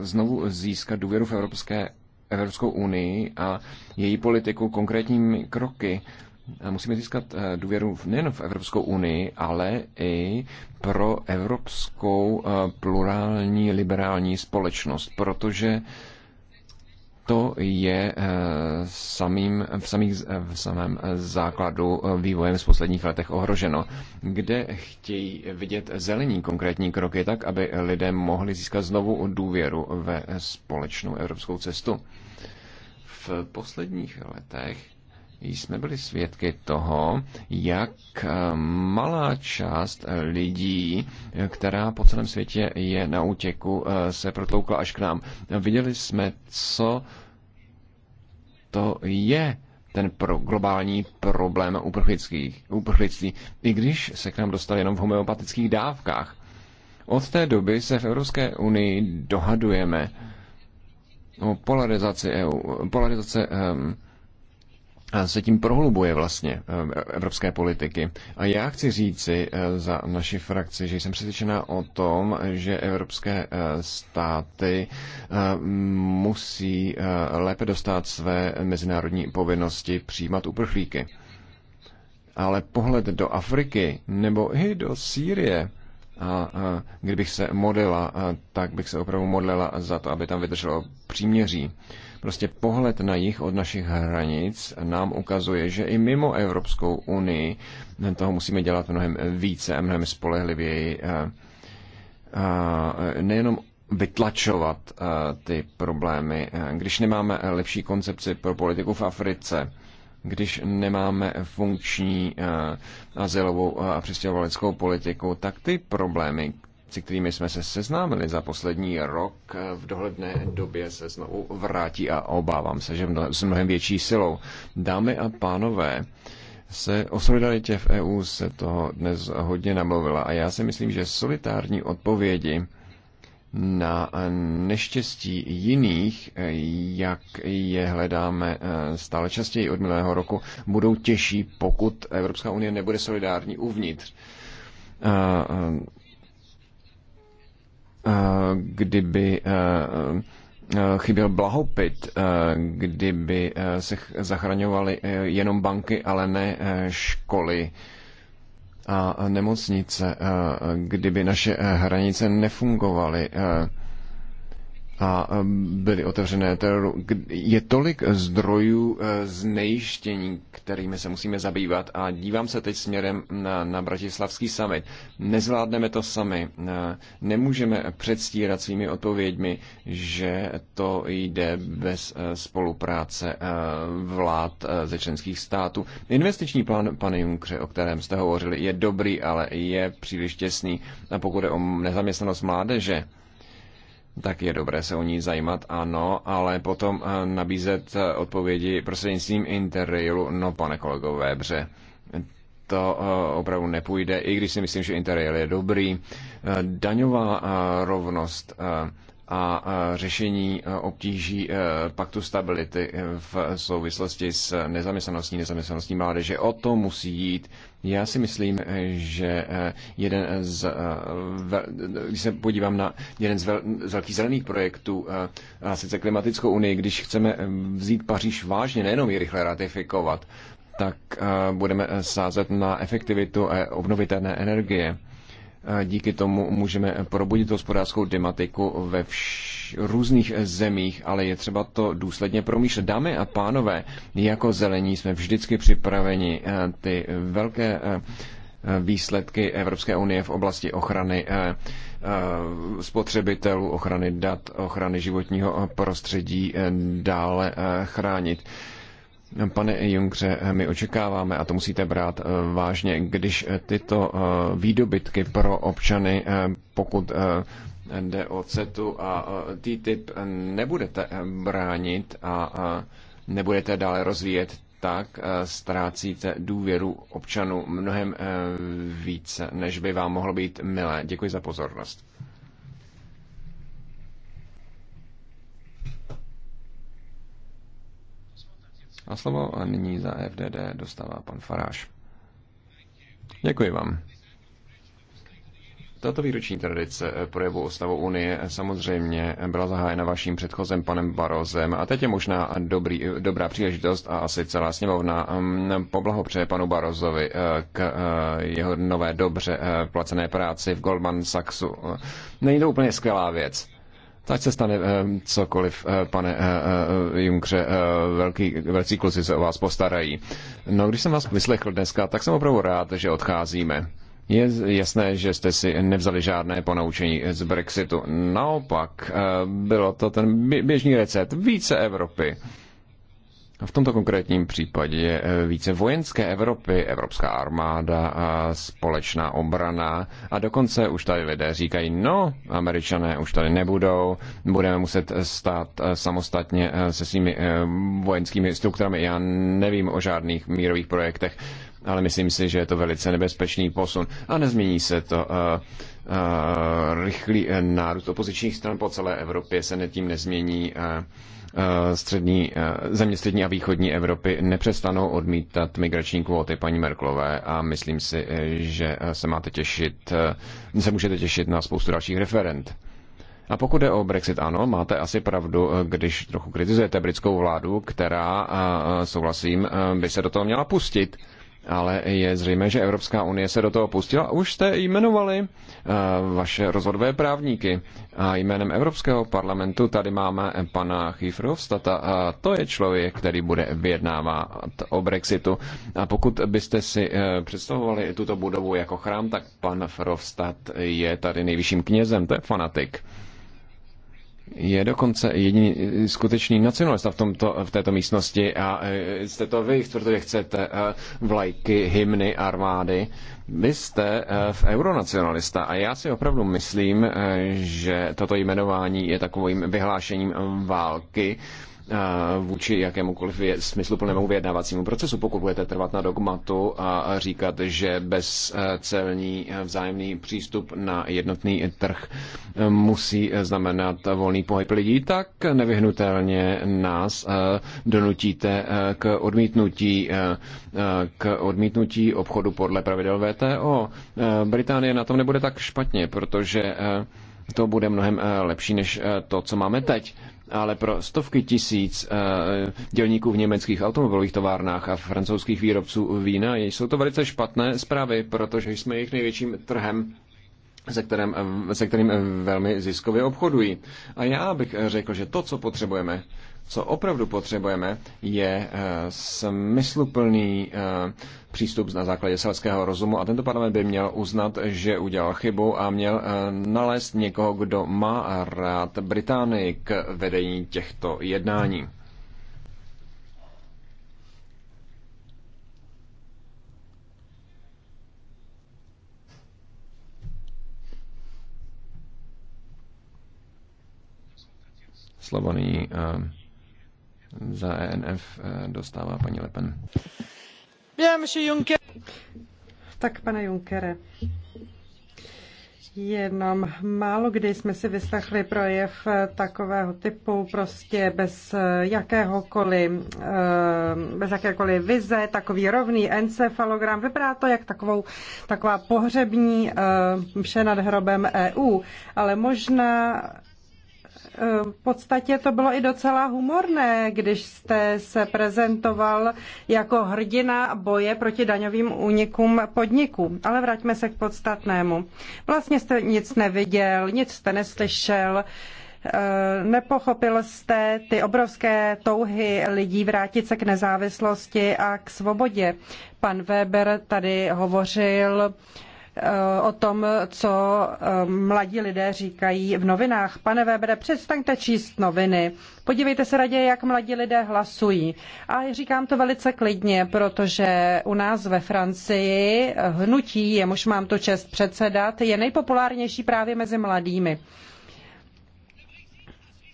znovu získat důvěru v Evropské, Evropskou unii a její politiku konkrétními kroky musíme získat eh, důvěru nejen v Evropskou unii, ale i pro evropskou eh, plurální liberální společnost, protože to je eh, samým, v, samých, v samém základu vývojem z posledních letech ohroženo. Kde chtějí vidět zelení konkrétní kroky tak, aby lidé mohli získat znovu důvěru ve společnou evropskou cestu? V posledních letech jsme byli svědky toho, jak eh, malá část eh, lidí, eh, která po celém světě je na útěku, se protloukla až k nám. Viděli jsme, co to je ten pro globální problém uprchlictví, i když se k nám dostal jenom v homeopatických dávkách. Od té doby se v Evropské unii dohadujeme o polarizaci EU, polarizace um, se tím prohlubuje vlastně eh, evropské politiky. A já chci říci eh, za naši frakci, že jsem přesvědčená o tom, že evropské eh, státy musí lépe dostat své mezinárodní povinnosti přijímat uprchlíky. Ale pohled do Afriky nebo i do Sýrie a, a kdybych se modlila, tak bych se opravdu modlila za to, aby tam vydrželo příměří. Prostě pohled na jich od našich hranic nám ukazuje, že i mimo Evropskou unii toho musíme dělat mnohem více, mnohem spolehlivěji. Nejenom vytlačovat ty problémy, když nemáme lepší koncepci pro politiku v Africe, když nemáme funkční azylovou a přistěhovaleckou politiku, tak ty problémy, se kterými jsme se seznámili za poslední rok, v dohledné době se znovu vrátí a obávám se, že s mnohem větší silou. Dámy a pánové, se o solidaritě v EU se toho dnes hodně namluvila a já si myslím, že solitární odpovědi na neštěstí jiných, jak je hledáme eh, stále častěji od minulého roku, budou těžší, pokud Evropská unie nebude solidární uvnitř. Eh, kdyby eh, eh, chyběl blahopit, kdyby se zachraňovaly jenom banky, ale ne školy a nemocnice, kdyby naše hranice nefungovaly, a byly otevřené teroru. Je tolik zdrojů eh, znejištění, kterými se musíme zabývat a dívám se teď směrem na, na Bratislavský summit. Nezvládneme to sami. Eh, nemůžeme předstírat svými odpověďmi, že to jde bez eh, spolupráce vlád ze členských států. Investiční plán, pane Junkře, o kterém jste hovořili, je dobrý, ale je příliš těsný. A pokud je o nezaměstnanost mládeže, tak je dobré se o ní zajímat, ano, ale potom eh, nabízet eh, odpovědi prostřednictvím Interrailu, no pane kolegové, bře, to eh, opravdu nepůjde, i když si myslím, že Interrail je dobrý. Daňová rovnost a řešení obtíží e, paktu stability e, v souvislosti s nezaměstnaností, nezaměstnaností mládeže. O to musí jít. Já si myslím, e, že jeden z, když se podívám na jeden z velkých zelených projektů, a sice klimatickou unii, když chceme vzít Paříž vážně, nejenom ji rychle ratifikovat, tak budeme sázet na efektivitu obnovitelné energie Díky tomu můžeme probudit hospodářskou tematiku ve vš- různých zemích, ale je třeba to důsledně promýšlet. Dámy a pánové, jako zelení jsme vždycky připraveni eh, ty velké eh, výsledky Evropské unie v oblasti ochrany eh, spotřebitelů, ochrany dat, ochrany životního prostředí dále chránit. Pane Junkře, my očekáváme, a to musíte brát eh, vážně, když eh, tyto eh, výdobytky pro občany, pokud jde o CETu a TTIP, nebudete bránit a nebudete dále rozvíjet, tak ztrácíte důvěru občanů mnohem více, než by vám mohlo být milé. Děkuji za pozornost. A slovo nyní za FDD dostává pan Faráš. Děkuji vám. Tato výroční tradice projevu o stavu Unie samozřejmě byla zahájena vaším předchozem panem Barozem a teď je možná dobrý, dobrá příležitost a asi celá sněmovna mm, poblahopřeje panu Barozovi eh, k eh, jeho nové dobře eh, placené práci v Goldman Sachsu. Není to úplně skvělá věc Ať se stane eh, cokoliv, eh, pane eh, Junkře, velký, velcí kluci se o vás postarají. No, když jsem vás vyslechl dneska, tak jsem opravdu rád, že odcházíme. Je jasné, že jste si nevzali žádné ponaučení z Brexitu. Naopak, bylo to ten běžný recept více Evropy. V tomto konkrétním případě eh, více vojenské Evropy, evropská armáda, a společná obrana a dokonce už tady lidé říkají, no, američané už tady nebudou, budeme muset stát eh, samostatně eh, se svými vojenskými strukturami. Já nevím o žádných mírových projektech, ale myslím si, že je to velice nebezpečný posun a nezmění se to. Rychlý nárůst opozičních stran po celé Evropě se tím nezmění. Eh, střední, eh, země střední a východní Evropy nepřestanou odmítat migrační kvóty paní Merklové a myslím si, eh, že se máte těšit, se můžete těšit na spoustu dalších referent. A pokud je o Brexit, ano, máte asi pravdu, když trochu kritizujete britskou vládu, která, souhlasím, by se do toho měla pustit ale je zřejmé, že Evropská unie se do toho pustila. Už jste jmenovali eh, vaše rozhodové právníky a jménem Evropského parlamentu tady máme pana Chifrovstata a to je člověk, který bude vyjednávat o Brexitu. A pokud byste si eh, představovali tuto budovu jako chrám, tak pan Frovstat je tady nejvyšším knězem, to je fanatik je dokonce jediný eh, skutečný nacionalista v, tomto, v této místnosti a eh, jste to vy, tvrdě chcete eh, vlajky, hymny, armády. Vy jste v euronacionalista a já si opravdu myslím, že toto jmenování je takovým vyhlášením války vůči jakémukoliv smysluplnému vyjednávacímu procesu, pokud budete trvat na dogmatu a říkat, že bezcelní vzájemný přístup na jednotný trh musí znamenat volný pohyb lidí, tak nevyhnutelně nás donutíte k odmítnutí, k odmítnutí obchodu podle pravidel VTO. Británie na tom nebude tak špatně, protože to bude mnohem lepší než to, co máme teď ale pro stovky tisíc eh, dělníků v německých automobilových továrnách a francouzských výrobců vína jsou to velice špatné zprávy, protože jsme jejich největším trhem se kterým, eh, se kterým eh, velmi ziskově obchodují. A já bych řekl, že to, co potřebujeme, co opravdu potřebujeme, je eh, smysluplný eh, přístup na základě selského rozumu a tento parlament by měl uznat, že udělal chybu a měl eh, nalézt někoho, kdo má rád Británii k vedení těchto jednání. Slovo nyní za ENF eh, dostává paní Lepen. Tak, pane Junkere, Jenom málo kdy jsme si vyslechli projev eh, takového typu, prostě bez eh, jakéhokoliv, bez jakékoliv vize, takový rovný encefalogram. Vypadá to jak takovou, taková pohřební vše nad hrobem EU, ale možná Eh, v podstatě to bylo i docela humorné, když jste se prezentoval jako hrdina boje proti daňovým únikům podniků. Ale vraťme se k podstatnému. Vlastně jste nic neviděl, nic jste neslyšel, eh, nepochopil jste ty obrovské touhy lidí vrátit se k nezávislosti a k svobodě. Pan Weber tady hovořil o tom, co eh, mladí lidé říkají v novinách. Pane Webere, přestaňte číst noviny. Podívejte se raději, jak mladí lidé hlasují. A říkám to velice klidně, protože u nás ve Francii hnutí, jemuž mám tu čest předsedat, je nejpopulárnější právě mezi mladými.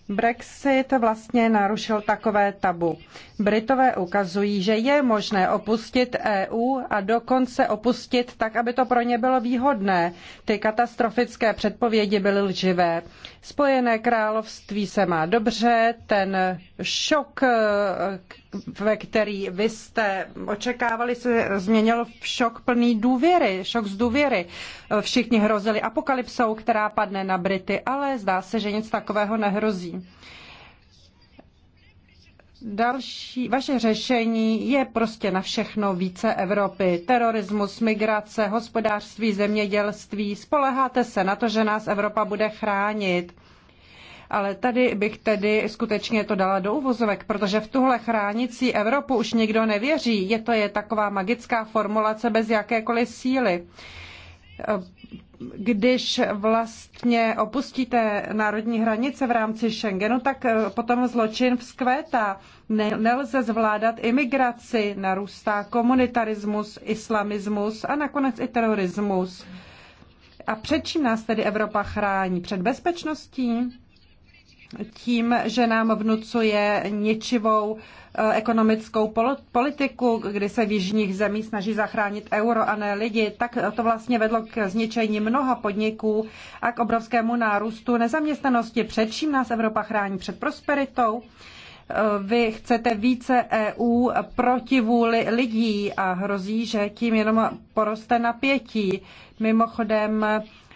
Brexit vlastně narušil takové tabu. Britové ukazují, že je možné opustit EU a dokonce opustit tak, aby to pro ně bylo výhodné. Ty katastrofické předpovědi byly lživé. Spojené království se má dobře, ten šok, ve který vy jste očekávali, se změnil v šok plný důvěry, šok z důvěry. Všichni hrozili apokalypsou, která padne na Brity, ale zdá se, že nic takového nehrozí. Další, vaše řešení je prostě na všechno více Evropy. Terorismus, migrace, hospodářství, zemědělství. Spoleháte se na to, že nás Evropa bude chránit ale tady bych tedy skutečně to dala do uvozovek, protože v tuhle chránící Evropu už nikdo nevěří. Je to je taková magická formulace bez jakékoliv síly když vlastně opustíte národní hranice v rámci Schengenu, tak eh, potom zločin vzkvétá. Nelze zvládat imigraci, narůstá komunitarismus, islamismus a nakonec i terorismus. A před čím nás tedy Evropa chrání? Před bezpečností? tím, že nám vnucuje ničivou eh, ekonomickou politiku, kdy se v jižních zemí snaží zachránit euro a ne lidi, tak to vlastně vedlo k zničení mnoha podniků a k obrovskému nárůstu nezaměstnanosti. Před čím nás Evropa chrání? Před prosperitou? Eh, vy chcete více EU proti vůli lidí a hrozí, že tím jenom poroste napětí. Mimochodem,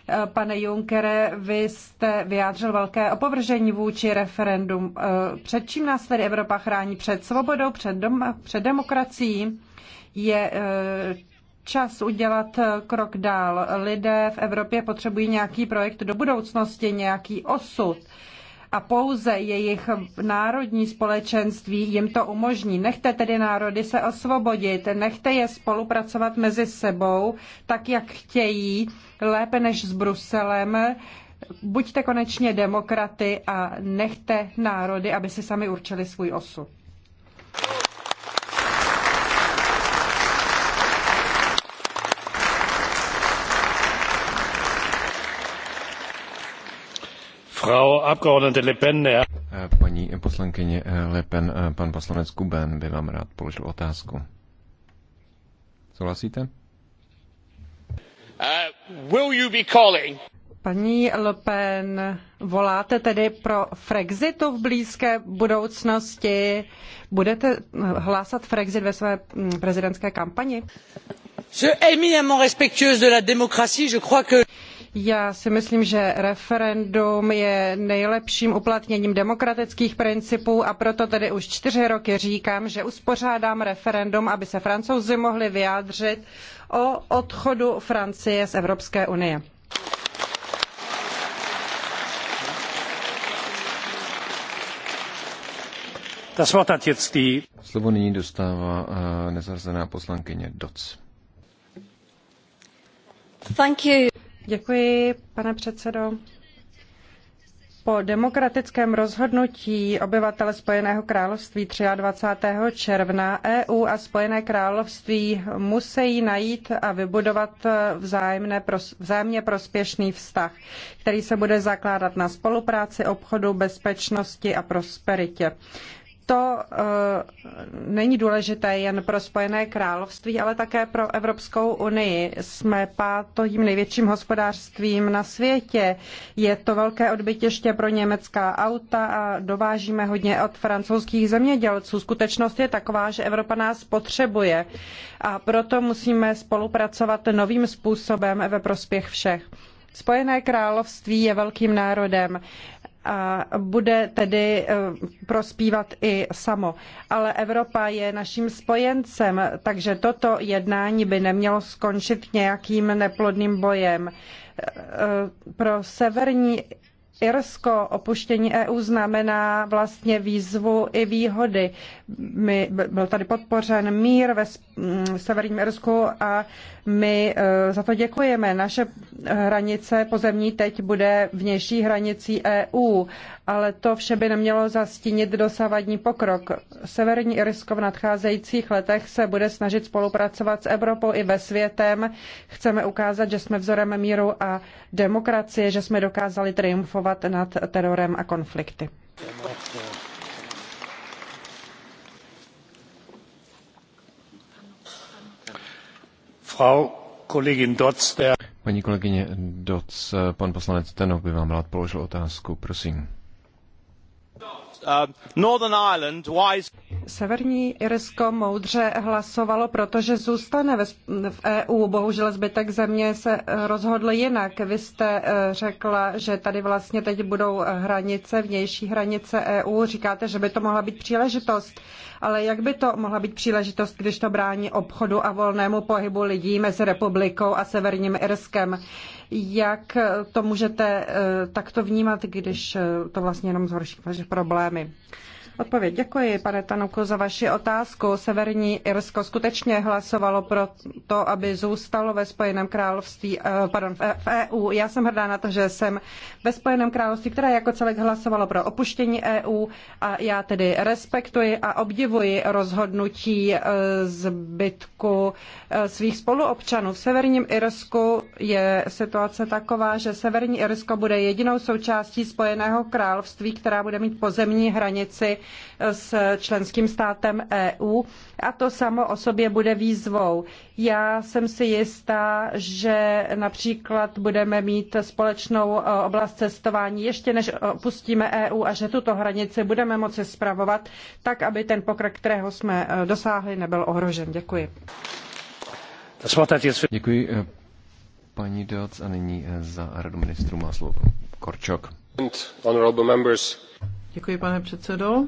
Eh, pane Junckere, vy jste vyjádřil velké opovržení vůči referendum. Eh, před čím nás tedy Evropa chrání? Před svobodou, před, dom- před demokracií? Je eh, čas udělat krok dál. Lidé v Evropě potřebují nějaký projekt do budoucnosti, nějaký osud a pouze jejich národní společenství jim to umožní. Nechte tedy národy se osvobodit, nechte je spolupracovat mezi sebou, tak jak chtějí, lépe než s Bruselem. Buďte konečně demokraty a nechte národy, aby si sami určili svůj osud. Eh, paní poslankyně eh, Le Pen, eh, pan poslanec Kuben by vám rád položil otázku. Souhlasíte? Will you be calling? Paní Le Pen, voláte tedy pro Frexitu v blízké budoucnosti? Budete hlásat Frexit ve své mm, prezidentské kampani? Já si myslím, že referendum je nejlepším uplatněním demokratických principů a proto tedy už čtyři roky říkám, že uspořádám referendum, aby se francouzi mohli vyjádřit o odchodu Francie z Evropské unie. Slovo nyní dostává eh, nezařazená poslankyně Doc. Děkuji, pane předsedo. Po demokratickém rozhodnutí obyvatele Spojeného království 23. června EU a Spojené království musí najít a vybudovat vzájemné, vzájemně prospěšný vztah, který se bude zakládat na spolupráci, obchodu, bezpečnosti a prosperitě to eh, není důležité jen pro Spojené království, ale také pro Evropskou unii. Jsme pátým největším hospodářstvím na světě. Je to velké odbytěště pro německá auta a dovážíme hodně od francouzských zemědělců. Skutečnost je taková, že Evropa nás potřebuje a proto musíme spolupracovat novým způsobem ve prospěch všech. Spojené království je velkým národem a bude tedy eh, prospívat i samo. Ale Evropa je naším spojencem, takže toto jednání by nemělo skončit nějakým neplodným bojem. Eh, pro severní Irsko opuštění EU znamená vlastně výzvu i výhody. My, byl tady podpořen mír ve severním Irsku a my e, za to děkujeme. Naše hranice pozemní teď bude vnější hranicí EU ale to vše by nemělo zastínit dosavadní pokrok. Severní Irsko v nadcházejících letech se bude snažit spolupracovat s Evropou i ve světem. Chceme ukázat, že jsme vzorem míru a demokracie, že jsme dokázali triumfovat nad terorem a konflikty. Frau Kollegin Dotz, der... Paní kolegyně Doc, pan poslanec Tenok by vám rád položil otázku, prosím. Um, Severní Irsko moudře hlasovalo, protože zůstane v EU. Bohužel zbytek země se eh, rozhodl jinak. Vy jste eh, řekla, že tady vlastně teď budou hranice, vnější hranice EU. Říkáte, že by to mohla být příležitost ale jak by to mohla být příležitost, když to brání obchodu a volnému pohybu lidí mezi republikou a Severním Irskem? Jak to můžete eh, takto vnímat, když eh, to vlastně jenom zhorší problémy? Odpověď. Děkuji, pane Tanuku, za vaši otázku. Severní Irsko skutečně hlasovalo pro to, aby zůstalo ve Spojeném království, eh, pardon, v EU. E já jsem hrdá na to, že jsem ve Spojeném království, které jako celek hlasovalo pro opuštění EU a já tedy respektuji a obdivuji rozhodnutí eh, zbytku eh, svých spoluobčanů. V Severním Irsku je situace taková, že Severní Irsko bude jedinou součástí Spojeného království, která bude mít pozemní hranici s členským státem EU a to samo o sobě bude výzvou. Já jsem si jistá, že například budeme mít společnou e, oblast cestování ještě než opustíme EU a že tuto hranici budeme moci spravovat tak, aby ten pokrok, kterého jsme e, dosáhli, nebyl ohrožen. Děkuji. Děkuji e, paní Doc a nyní za radu ministrů má slovo Korčok. Děkuji, pane předsedo,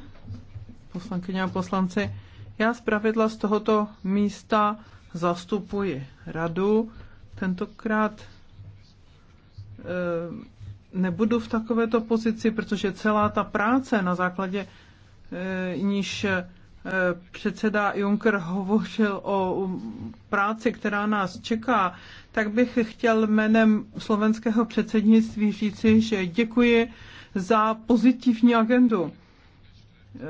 poslankyně a poslanci. Já pravidla z tohoto místa zastupuji radu. Tentokrát e, nebudu v takovéto pozici, protože celá ta práce na základě e, níž eh, předseda Juncker hovořil o um, práci, která nás čeká, tak bych chtěl jménem slovenského předsednictví říci, že děkuji za pozitivní agendu. E,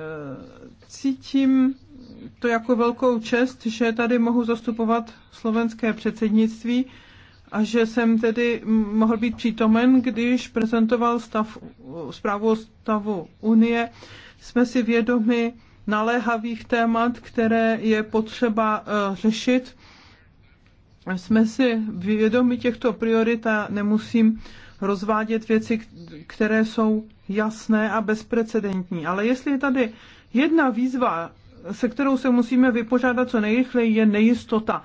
cítím to jako velkou čest, že tady mohu zastupovat slovenské předsednictví a že jsem tedy mohl být přítomen, když prezentoval stav, zprávu o stavu Unie. Jsme si vědomi naléhavých témat, které je potřeba e, řešit. Jsme si vědomi těchto priorit a nemusím rozvádět věci, které jsou jasné a bezprecedentní. Ale jestli je tady jedna výzva, se kterou se musíme vypořádat co nejrychleji, je nejistota.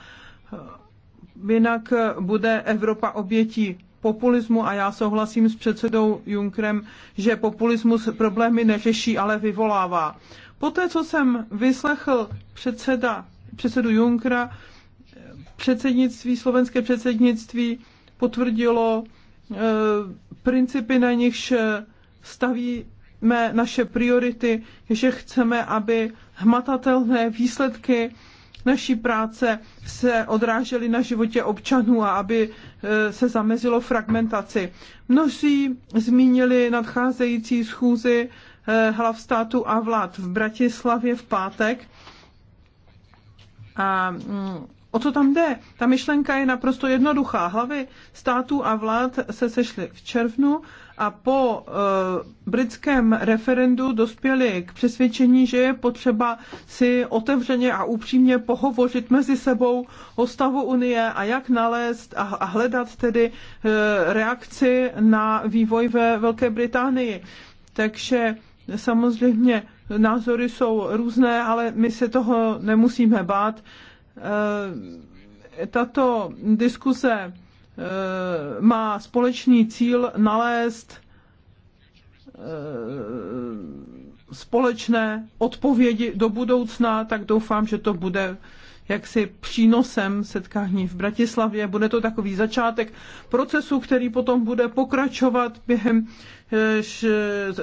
Jinak bude Evropa obětí populismu a já souhlasím s předsedou Junkrem, že populismus problémy neřeší, ale vyvolává. Poté, co jsem vyslechl předseda, předsedu Junkra, předsednictví, slovenské předsednictví potvrdilo Eh, principy, na nichž eh, stavíme naše priority, že chceme, aby hmatatelné výsledky naší práce se odrážely na životě občanů a aby eh, se zamezilo fragmentaci. Mnozí zmínili nadcházející schůzi hlav státu a vlád v Bratislavě v pátek. A mm, O co tam jde? Ta myšlenka je naprosto jednoduchá. Hlavy států a vlád se sešly v červnu a po e, britském referendu dospěli k přesvědčení, že je potřeba si otevřeně a upřímně pohovořit mezi sebou o stavu Unie a jak nalézt a, a hledat tedy e, reakci na vývoj ve Velké Británii. Takže samozřejmě názory jsou různé, ale my se toho nemusíme bát Eh, tato diskuse eh, má společný cíl nalézt eh, společné odpovědi do budoucna, tak doufám, že to bude jaksi přínosem setkání v Bratislavě. Bude to takový začátek procesu, který potom bude pokračovat během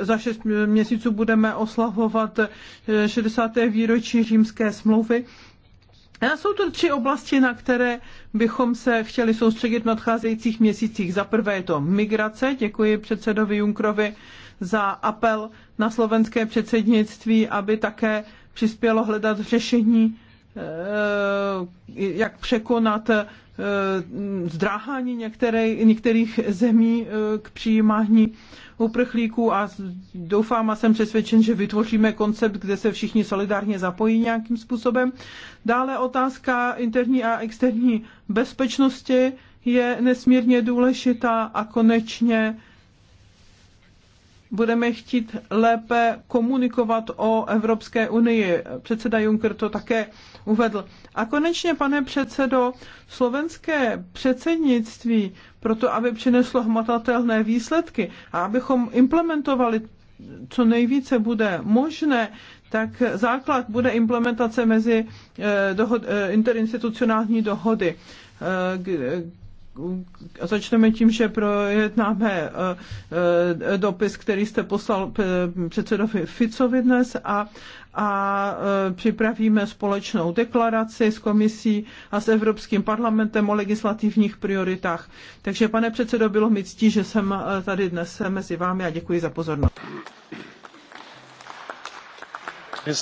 za šest měsíců budeme oslavovat 60. výročí římské smlouvy a jsou to tři oblasti, na které bychom se chtěli soustředit v nadcházejících měsících. Za prvé je to migrace. Děkuji předsedovi Junkrovi za apel na slovenské předsednictví, aby také přispělo hledat řešení, eh, jak překonat eh, zdráhání některých zemí eh, k přijímání uprchlíků a doufám a jsem přesvědčen, že vytvoříme koncept, kde se všichni solidárně zapojí nějakým způsobem. Dále otázka interní a externí bezpečnosti je nesmírně důležitá a konečně budeme chtít lépe komunikovat o Evropské unii. Předseda Juncker to také uvedl. A konečně, pane předsedo, slovenské předsednictví proto aby přineslo hmatatelné výsledky a abychom implementovali co nejvíce bude možné, tak základ bude implementace mezi eh, dohod, eh, interinstitucionální dohody. A eh, začneme tím, že projednáme dopis, který jste poslal předsedovi Ficovi dnes a a e, připravíme společnou deklaraci s komisí a s Evropským parlamentem o legislativních prioritách. Takže pane předsedo, bylo mi ctí, že jsem e, tady dnes mezi vámi a děkuji za pozornost. E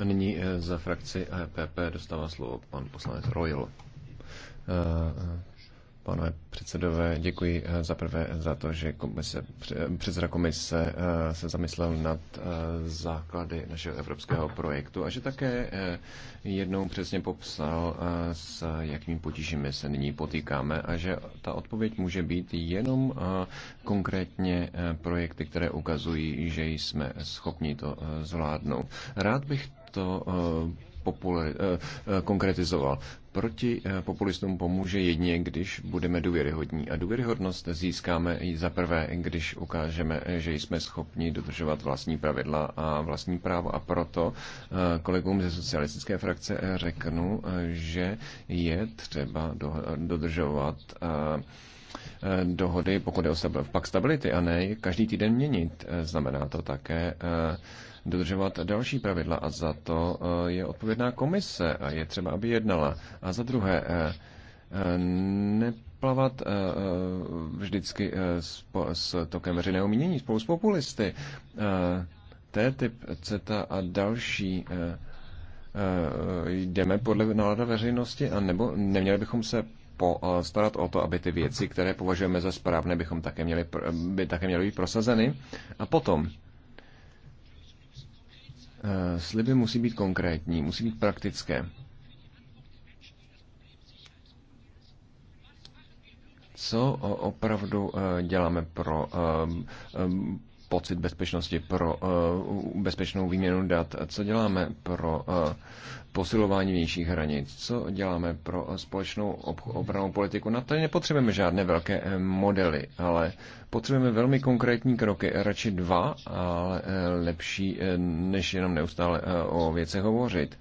a nyní za frakci EPP dostává slovo pan poslanec Royal pánové předsedové, děkuji eh, za prvé za to, že komise, eh, předseda komise eh, se zamyslel nad základy našeho evropského projektu a že také jednou přesně popsal, s jakými potížemi se nyní potýkáme a že ta odpověď může být jenom konkrétně projekty, které ukazují, že jsme schopni to zvládnout. Rád bych to populi, eh, eh, konkretizoval. Proti eh, populistům pomůže jedině, když budeme důvěryhodní. A důvěryhodnost získáme i za prvé, když ukážeme, že jsme schopni dodržovat vlastní pravidla a vlastní právo. A proto kolegům ze socialistické frakce řeknu, že je třeba dodržovat dohody, pokud je o pak stability, a ne každý týden měnit. Znamená to také dodržovat další pravidla a za to eh, je odpovědná komise a je třeba, aby jednala. A za druhé, eh, eh, neplavat vždycky s tokem veřejného mínění spolu s populisty. TTIP, CETA a další jdeme podle nálada veřejnosti a nebo neměli bychom se starat o to, aby ty věci, které považujeme za správné, bychom také měli, by také měly být prosazeny. A potom Eh, sliby musí být konkrétní, musí být praktické. Co opravdu eh, děláme pro eh, pocit bezpečnosti, pro bezpečnou výměnu dat? Co děláme pro posilování vnějších hranic. Co děláme pro společnou obranou politiku? Na to nepotřebujeme žádné velké eh, modely, ale potřebujeme velmi konkrétní kroky, radši dva, ale eh, lepší, eh, než jenom neustále o věcech hovořit.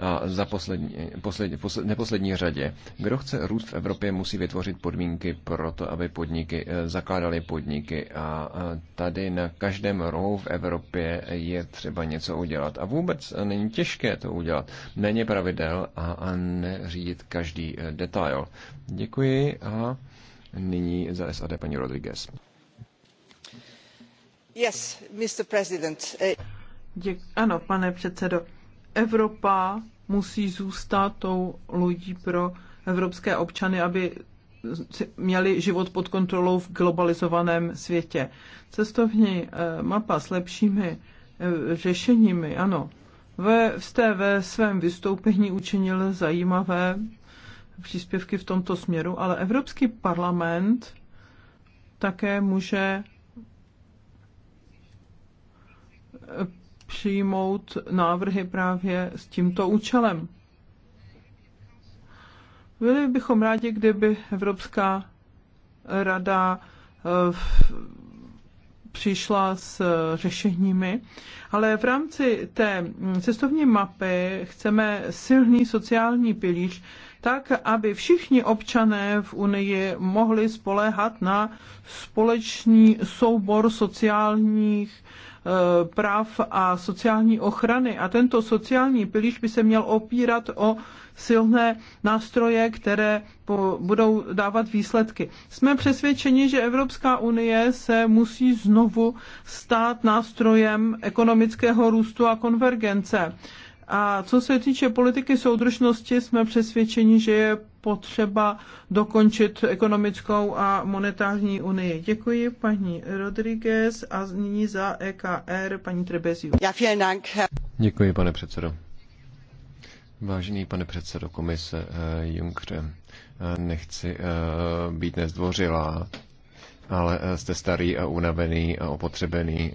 A za poslední, poslední, posled, neposlední řadě, kdo chce růst v Evropě, musí vytvořit podmínky pro to, aby podniky eh, zakládaly podniky. A tady na každém rohu v Evropě je třeba něco udělat. A vůbec není těžké to udělat. Není pravidel a, a neřídit každý eh, detail. Děkuji a nyní za SAD paní Rodriguez. Yes, Mr. President. Děk, ano, pane předsedo. Evropa musí zůstat tou lodí pro evropské občany, aby měli život pod kontrolou v globalizovaném světě. Cestovní eh, mapa s lepšími eh, řešeními, ano. Ve, jste ve svém vystoupení učinil zajímavé příspěvky v tomto směru, ale Evropský parlament také může přijmout návrhy právě s tímto účelem. Byli bychom rádi, kdyby Evropská rada eh, přišla s eh, řešeními, ale v rámci té hm, cestovní mapy chceme silný sociální pilíř, tak, aby všichni občané v Unii mohli spoléhat na společný soubor sociálních Eh, práv a sociální ochrany. A tento sociální pilíř by se měl opírat o silné nástroje, které budou dávat výsledky. Jsme přesvědčeni, že Evropská unie se musí znovu stát nástrojem ekonomického růstu a konvergence a co se týče politiky soudržnosti, jsme přesvědčeni, že je potřeba dokončit ekonomickou a monetární unii. Děkuji paní Rodriguez a nyní za EKR paní Trebeziu. Děkuji, pane předsedo. Vážený pane předsedo komise eh, Junkře, eh, nechci eh, být nezdvořilá, ale jste starý a unavený a opotřebený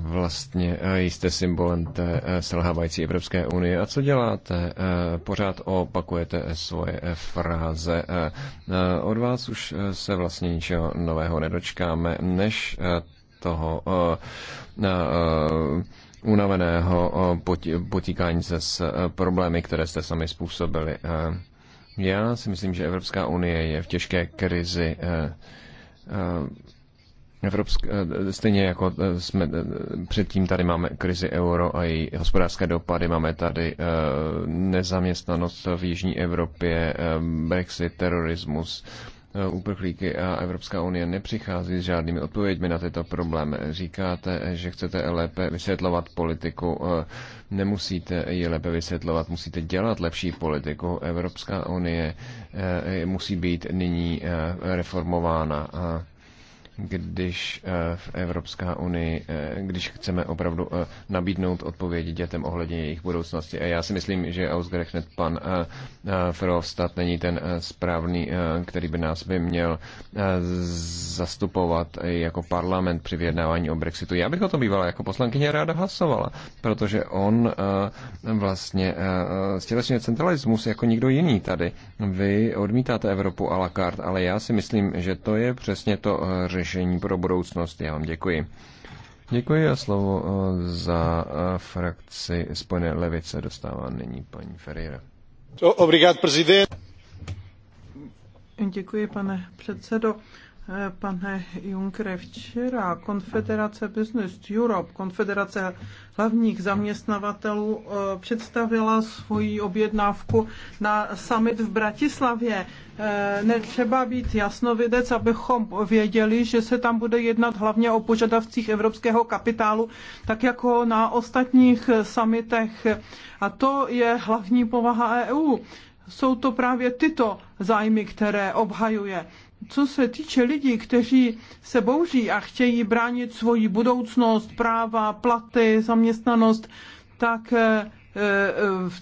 vlastně eh, jste symbolem té eh, selhávající Evropské unie. A co děláte? Eh, pořád opakujete svoje fráze. Od vás už se vlastně ničeho nového nedočkáme, než toho unaveného potíkání se s problémy, které jste sami způsobili. Já si myslím, že Evropská unie je v těžké krizi Evropsk, eh, stejně jako eh, jsme eh, předtím tady máme krizi euro a její hospodářské dopady, máme tady nezaměstnanost v Jižní Evropě, Brexit, terorismus, uprchlíky a Evropská unie nepřichází s žádnými odpověďmi na tyto problémy. Říkáte, že chcete lépe vysvětlovat politiku, nemusíte ji lépe vysvětlovat, musíte dělat lepší politiku. Evropská unie musí být nyní reformována. A když eh, v Evropská unii, eh, když chceme opravdu eh, nabídnout odpovědi dětem ohledně jejich budoucnosti. A já si myslím, že ausgerechnet pan Frovstat není ten správný, který by nás by měl zastupovat jako parlament při vyjednávání o Brexitu. Já bych o tom bývala jako poslankyně ráda hlasovala, protože on vlastně stělesňuje centralismus jako nikdo jiný tady. Vy odmítáte Evropu a la carte, ale já si myslím, že to je přesně to řešení, řešení pro budoucnost. Já vám děkuji. Děkuji a slovo eh, za eh, frakci Spojené levice dostává nyní paní Ferreira. Obrigado, prezident. Děkuji, pane předsedo pane Junkere, včera Konfederace Business Europe, Konfederace hlavních zaměstnavatelů, eh, představila svoji objednávku na summit v Bratislavě. Eh, netřeba být jasnovidec, abychom věděli, že se tam bude jednat hlavně o požadavcích evropského kapitálu, tak jako na ostatních summitech. A to je hlavní povaha EU jsou to právě tyto zájmy, které obhajuje co se týče lidí, kteří se bouří a chtějí bránit svoji budoucnost, práva, platy, zaměstnanost, tak eh,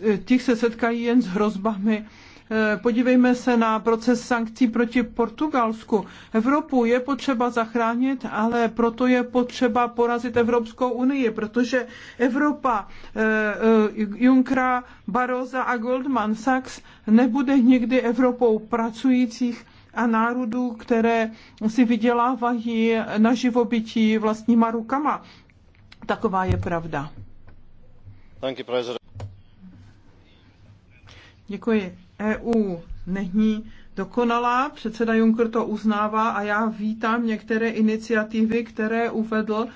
eh, těch se setkají jen s hrozbami. Eh, podívejme se na proces sankcí proti Portugalsku. Evropu je potřeba zachránit, ale proto je potřeba porazit Evropskou unii, protože Evropa Junkra, Barroza a Goldman Sachs nebude nikdy Evropou pracujících, a národů, které si vydělávají na živobytí vlastníma rukama. Taková je pravda. Děkuji. EU není dokonalá, předseda Juncker to uznává a já vítám některé iniciativy, které uvedl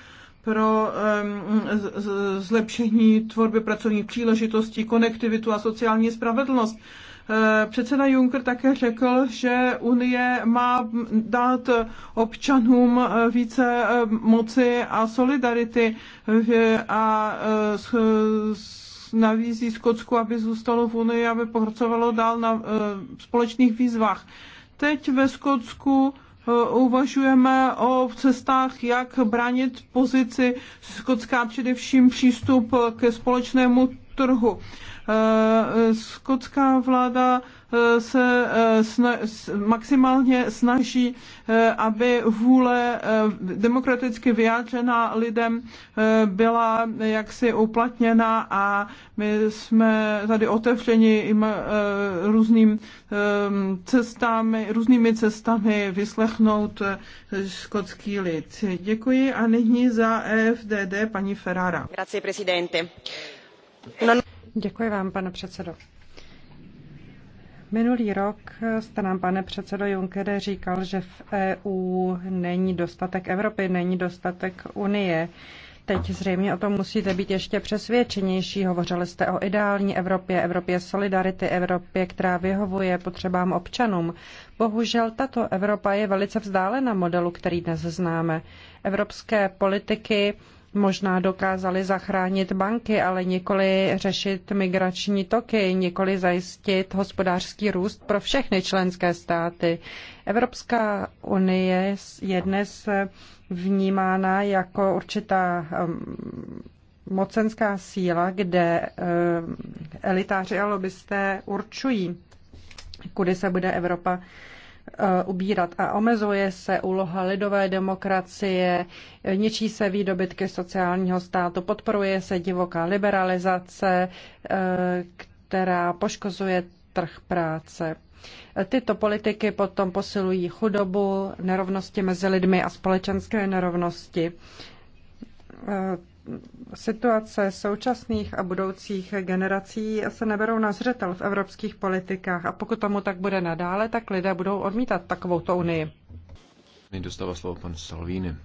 pro um, z- zlepšení tvorby pracovních příležitostí, konektivitu a sociální spravedlnost. Uh, Eh, předseda Juncker také řekl, že Unie má dát občanům eh, více eh, moci a solidarity a navízí Skotsku, aby zůstalo v Unii, aby pokračovalo dál na společných výzvách. Teď ve Skotsku uvažujeme o cestách, jak bránit pozici Skotská, především přístup ke společnému trhu. Eh, skotská vláda eh, se eh, sna- maximálně snaží, aby vůle demokraticky vyjádřená lidem byla jaksi uplatněna a my jsme tady otevřeni různým ehm, cestami, různými cestami vyslechnout skotský lid. Děkuji a nyní za EFDD paní Ferrara. Grazie, presidente. Una... Děkuji vám, pane předsedo. Minulý rok jste nám, pane předsedo Junckere, říkal, že v EU není dostatek Evropy, není dostatek Unie. Teď zřejmě o tom musíte být ještě přesvědčenější. Hovořili jste o ideální Evropě, Evropě solidarity, Evropě, která vyhovuje potřebám občanům. Bohužel tato Evropa je velice vzdálena modelu, který dnes známe. Evropské politiky možná dokázali zachránit banky, ale nikoli řešit migrační toky, nikoli zajistit hospodářský růst pro všechny členské státy. Evropská unie je dnes vnímána jako určitá um, mocenská síla, kde um, elitáři a lobbysté určují, kudy se bude Evropa Eh, ubírat a omezuje se úloha lidové demokracie, ničí se výdobytky sociálního státu, podporuje se divoká liberalizace, eh, která poškozuje trh práce. Tyto politiky potom posilují chudobu, nerovnosti mezi lidmi a společenské nerovnosti eh, situace současných a budoucích generací se neberou na zřetel v evropských politikách. A pokud tomu tak bude nadále, tak lidé budou odmítat takovou unii. Nyní dostává slovo pan Salvini.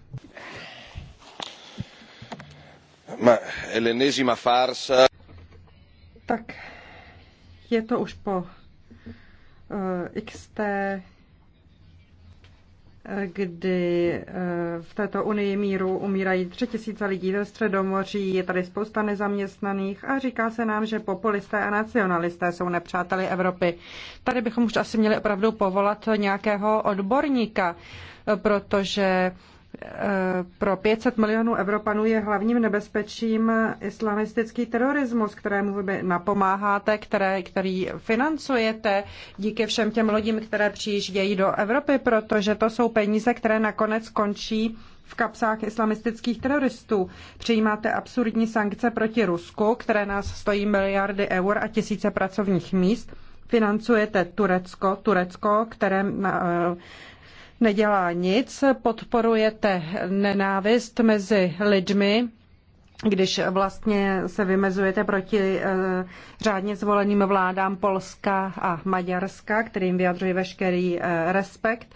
Ma, l'ennesima farsa. Tak je to už po uh, eh, XT kdy eh, v této unii míru umírají tři tisíce lidí ve Středomoří, je tady spousta nezaměstnaných a říká se nám, že populisté a nacionalisté jsou nepřáteli Evropy. Tady bychom už asi měli opravdu povolat nějakého odborníka, eh, protože pro 500 milionů Evropanů je hlavním nebezpečím islamistický terorismus, kterému vy napomáháte, které, který financujete díky všem těm lodím, které přijíždějí do Evropy, protože to jsou peníze, které nakonec končí v kapsách islamistických teroristů. Přijímáte absurdní sankce proti Rusku, které nás stojí miliardy eur a tisíce pracovních míst. Financujete Turecko, Turecko, které nedělá nic, podporujete nenávist mezi lidmi, když vlastně se vymezujete proti eh, řádně zvoleným vládám Polska a Maďarska, kterým vyjadřuji veškerý eh, respekt.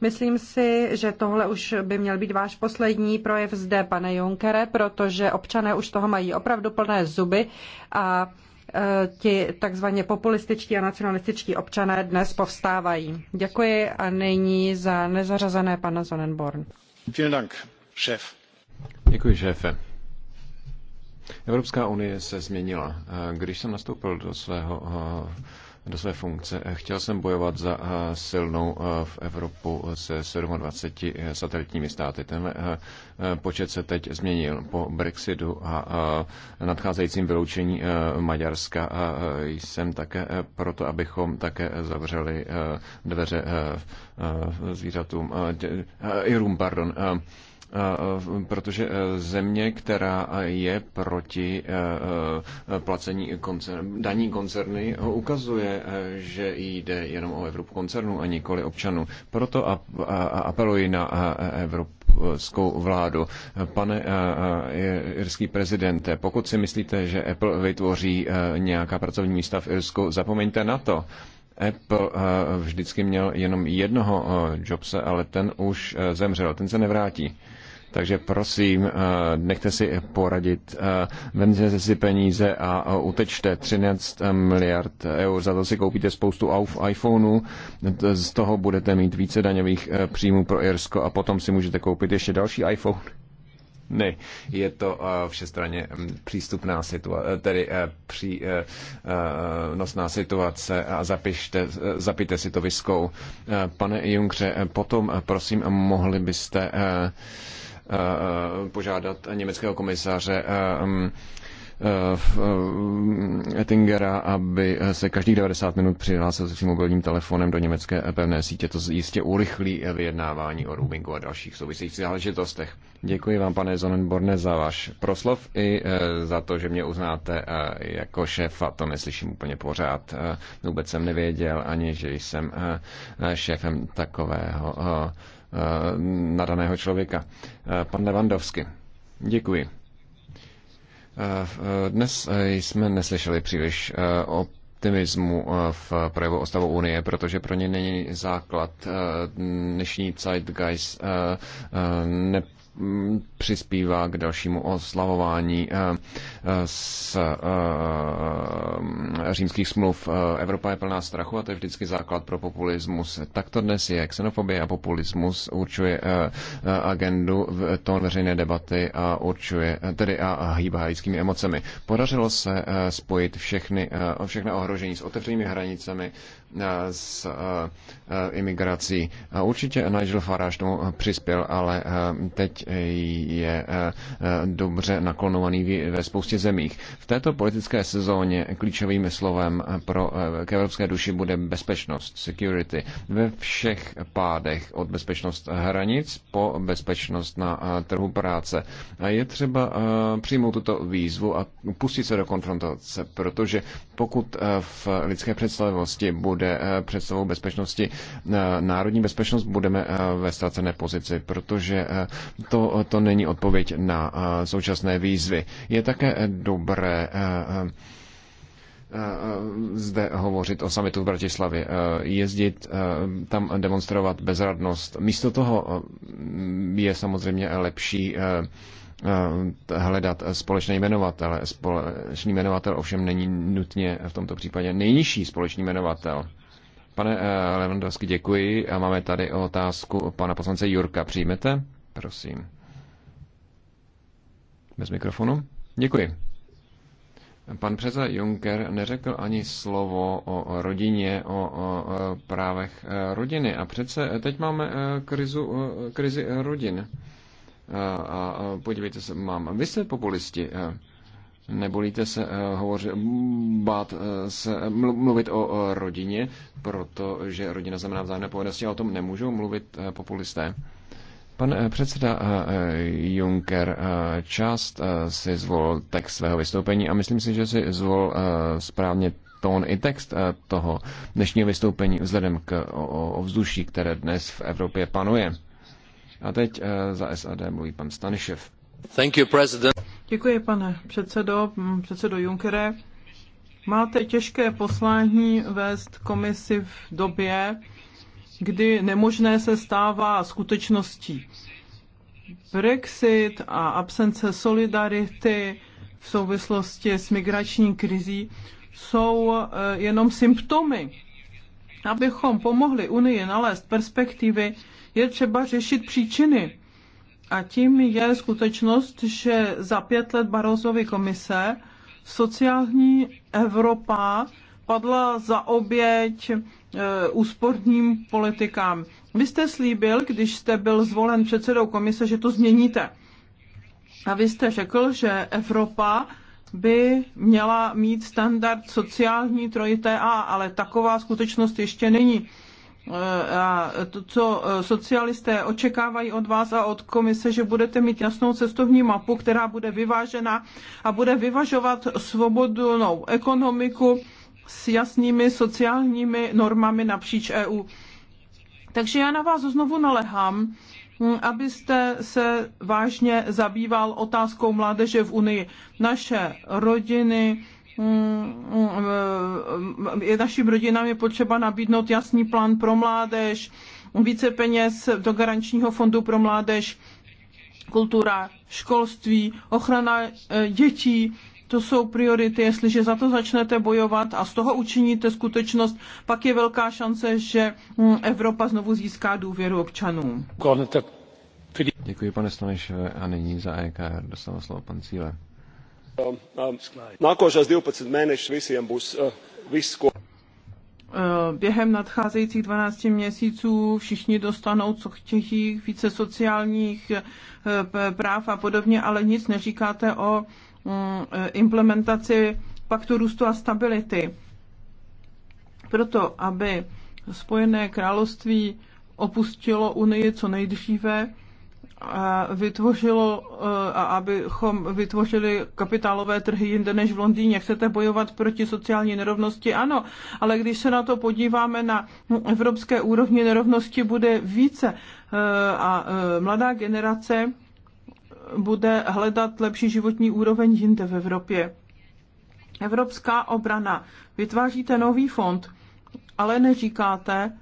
Myslím si, že tohle už by měl být váš poslední projev zde, pane Junkere, protože občané už toho mají opravdu plné zuby a Eh, ti takzvaně populističtí a nacionalističtí občané dnes povstávají. Děkuji a nyní za nezařazené pana Zonenborn. Vielen Dank, šéf. Děkuji, šéfe. Evropská unie se změnila. Eh, když jsem nastoupil do svého eh, do své funkce. Chtěl jsem bojovat za eh, silnou eh, v Evropu se 27 eh, satelitními státy. Ten počet se teď změnil po Brexitu a nadcházejícím vyloučení Maďarska jsem také proto, abychom také zavřeli dveře zvířatům, Irům, pardon, Eh, protože eh, země, která eh, je proti placení koncern, daní koncerny, ukazuje, že jde jenom o Evropu koncernu a nikoli občanů. Proto apeluji na Evropu evropskou vládu. Pane irský prezidente, pokud si myslíte, že Apple vytvoří nějaká pracovní místa v Irsku, zapomeňte na to. Apple vždycky měl jenom jednoho Jobse, ale ten už zemřel, ten se nevrátí. Takže prosím, eh, nechte si poradit, eh, vemte si peníze a eh, utečte 13 miliard eur. Za to si koupíte spoustu iPhoneů, z toho budete mít více daňových příjmů pro Irsko a potom si můžete koupit ještě další iPhone. Ne, je to všestranně mm, přístupná situace, tedy při nosná situace a zapište, zapijte si to viskou. Pane Junkře, potom prosím, mohli byste Eh, požádat německého komisaře eh, mm, eh, mm, Ettingera, aby se každých 90 minut přihlásil se svým mobilním telefonem do německé pevné sítě. To jistě urychlí vyjednávání o roamingu a dalších souvisejících záležitostech. Děkuji vám, pane Zonenborne, za váš proslov i za to, že mě uznáte jako šéfa. To neslyším úplně pořád. Vůbec jsem nevěděl ani, že jsem šéfem takového Eh, na daného člověka. Eh, pan Levandovsky, děkuji. Eh, dnes jsme neslyšeli příliš o optimismu v projevu o stavu Unie, protože pro ně není základ dnešní zeitgeist ne Mm, přispívá k dalšímu oslavování z eh, eh, eh, římských smluv. Evropa je plná strachu a to je vždycky základ pro populismus. Tak to dnes je. Xenofobie a populismus určuje agendu v tón veřejné debaty a určuje, tedy a hýbá lidskými emocemi. Podařilo se spojit všechny, všechny ohrožení s otevřenými hranicemi, Eh, s eh, eh, imigrací. Určitě Nigel Farage tomu přispěl, ale teď je dobře naklonovaný ve spoustě zemích. V této politické sezóně klíčovým slovem pro k evropské duši bude bezpečnost, security. Ve všech pádech od bezpečnost hranic po bezpečnost na trhu práce. A je třeba přijmout tuto výzvu a pustit se do konfrontace, protože pokud v lidské představivosti bude bude eh, představou bezpečnosti, eh, národní bezpečnost, budeme eh, ve ztracené pozici, protože to, to není odpověď na současné výzvy. Je také dobré zde hovořit o samitu v Bratislavě, jezdit tam demonstrovat bezradnost. Místo toho je samozřejmě lepší Eh, hledat společný jmenovatel. Společný jmenovatel ovšem není nutně v tomto případě nejnižší společný jmenovatel. Pane eh, Levandovský, děkuji a máme tady otázku pana poslance Jurka. Přijmete? Prosím. Bez mikrofonu. Děkuji. Pan předseda Juncker neřekl ani slovo o rodině, o, o právech eh, rodiny. A přece teď máme krizu, krizi rodin a podívejte se, mám, vy jste populisti, eh, nebolíte se eh, hovořit, bát eh, se, mluvit o rodině, protože rodina znamená vzájemné povinnosti a o tom nemůžou mluvit populisté. Pan předseda Juncker část si zvolil text svého vystoupení a myslím si, že si zvolil správně tón i text toho dnešního vystoupení vzhledem k ovzduší, které dnes v Evropě panuje. A teď eh, za SAD mluví pan Stanišev. Thank you, president. Děkuji, pane předsedo, mm, předsedo Junckere. Máte těžké poslání vést komisi v době, kdy nemožné se stává skutečností. Brexit a absence solidarity v souvislosti s migrační krizí jsou eh, jenom symptomy. Abychom pomohli Unii nalézt perspektivy, je třeba řešit příčiny. A tím je skutečnost, že za pět let Barozovy komise sociální Evropa padla za oběť e, úsporným politikám. Vy jste slíbil, když jste byl zvolen předsedou komise, že to změníte. A vy jste řekl, že Evropa by měla mít standard sociální trojité A, ale taková skutečnost ještě není. Eh, a to, co eh, socialisté očekávají od vás a od komise, že budete mít jasnou cestovní mapu, která bude vyvážena a bude vyvažovat svobodnou ekonomiku s jasnými sociálními normami napříč EU. Takže já na vás znovu nalehám, hm, abyste se vážně zabýval otázkou mládeže v Unii. Naše rodiny, je mm, mm, e, našim rodinám je potřeba nabídnout jasný plán pro mládež, více peněz do garančního fondu pro mládež, kultura, školství, ochrana e, dětí, to jsou priority. Jestliže za to začnete bojovat a z toho učiníte skutečnost, pak je velká šance, že mm, Evropa znovu získá důvěru občanů. Děkuji, pane Stanišové, A nyní za EKR dostává slovo pan Cíle. Um, um, Nākošās 12 mēnešus visiem būs uh, viss, ko. Uh, během nadcházejících 12 měsíců všichni dostanou, co chtějí, více sociálních uh, práv a podobně, ale nic neříkáte o mm, eh, implementaci paktu růstu a stability. Proto, aby Spojené království opustilo Unii co nejdříve, vytvořilo, eh, a abychom vytvořili kapitálové trhy jinde než v Londýně. Chcete bojovat proti sociální nerovnosti? Ano, ale když se na to podíváme na no, evropské úrovni, nerovnosti bude více eh, a eh, mladá generace bude hledat lepší životní úroveň jinde v Evropě. Evropská obrana. Vytváříte nový fond, ale neříkáte,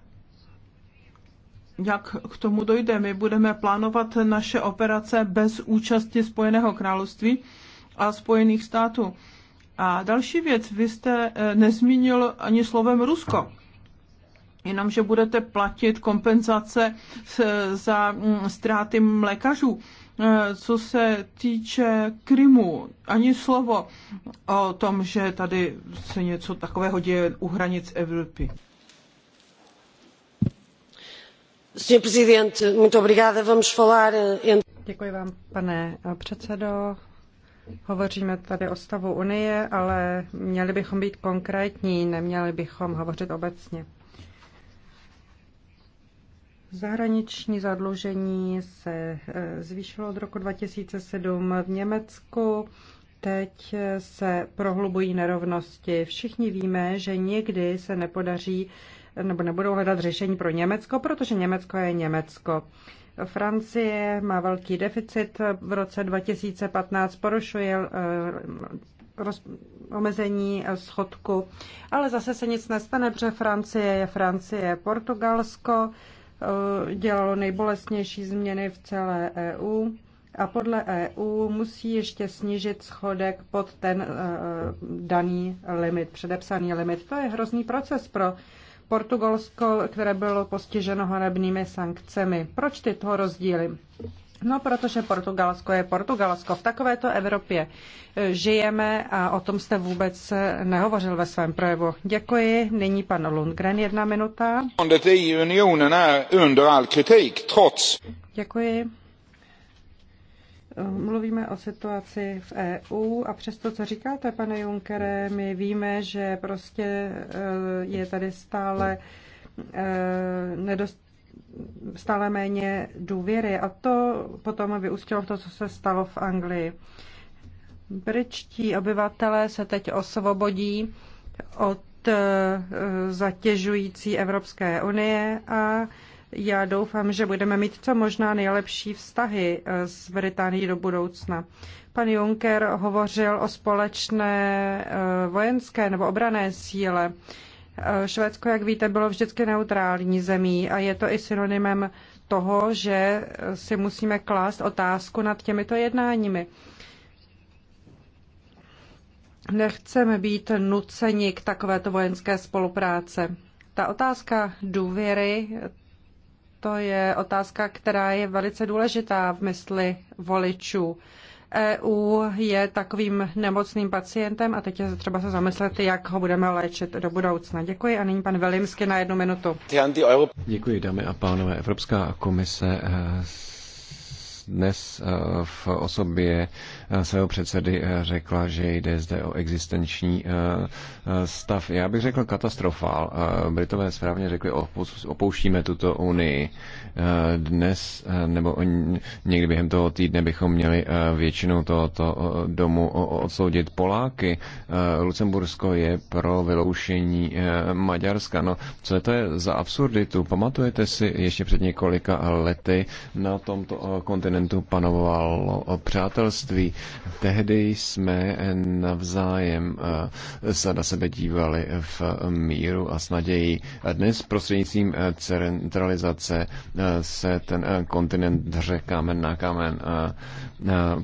jak k tomu dojde. My budeme plánovat naše operace bez účasti Spojeného království a Spojených států. A další věc, vy jste eh, nezmínil ani slovem Rusko jenomže budete platit kompenzace eh, za mm, ztráty mlékařů. Eh, co se týče Krymu, ani slovo o tom, že tady se něco takového děje u hranic Evropy. Eh, vám, pane eh, předsedající Hovoříme tady o stavu Unie, ale měli bychom být konkrétní, neměli bychom hovořit obecně. Zahraniční zadlužení se eh, zvýšilo od roku 2007 v Německu. Teď se prohlubují nerovnosti. Všichni víme, že někdy se nepodaří nebo nebudou hledat řešení pro Německo, protože Německo je Německo. Francie má velký deficit v roce 2015, porušuje eh, roz, omezení eh, schodku, ale zase se nic nestane, protože Francie je Francie. Portugalsko eh, dělalo nejbolestnější změny v celé EU a podle EU musí ještě snížit schodek pod ten daný limit, předepsaný limit. To je hrozný proces pro Portugalsko, které bylo postiženo hanebnými sankcemi. Proč tyto rozdíly? No, protože Portugalsko je Portugalsko. V takovéto Evropě e, žijeme a o tom jste vůbec nehovořil ve svém projevu. Děkuji. Nyní pan Lundgren, jedna minuta. Děkuji. Mluvíme o situaci v EU a přesto, co říkáte, pane Junkere, my víme, že prostě eh, je tady stále eh, nedost stále méně důvěry a to potom vyústilo v to, co se stalo v Anglii. Britští obyvatelé se teď osvobodí od eh, zatěžující Evropské unie a já doufám, že budeme mít co možná nejlepší vztahy eh, s Británií do budoucna. Pan Juncker hovořil o společné eh, vojenské nebo obrané síle. Eh, Švédsko, jak víte, bylo vždycky neutrální zemí a je to i synonymem toho, že si musíme klást otázku nad těmito jednáními. Nechceme být nuceni k takovéto vojenské spolupráce. Ta otázka důvěry, to je otázka, která je velice důležitá v mysli voličů. EU je takovým nemocným pacientem a teď je třeba se zamyslet, jak ho budeme léčit do budoucna. Děkuji a nyní pan Velimsky na jednu minutu. Děkuji, dámy a pánové. Evropská komise eh, dnes eh, v osobě svého předsedy eh, řekla, že jde zde o existenční eh, eh, stav. Já bych řekl katastrofál. Britové správně řekli, opouštíme tuto unii. Dnes nebo někdy během toho týdne bychom měli většinu tohoto domu odsoudit Poláky. Lucembursko je pro vyloušení Maďarska. No, co to je za absurditu? Pamatujete si ještě před několika lety na tomto kontinentu panovalo přátelství. Tehdy jsme navzájem se eh, na sebe dívali v míru a s nadějí. Dnes prostřednictvím eh, centralizace eh, se ten kontinent dře kámen na kámen.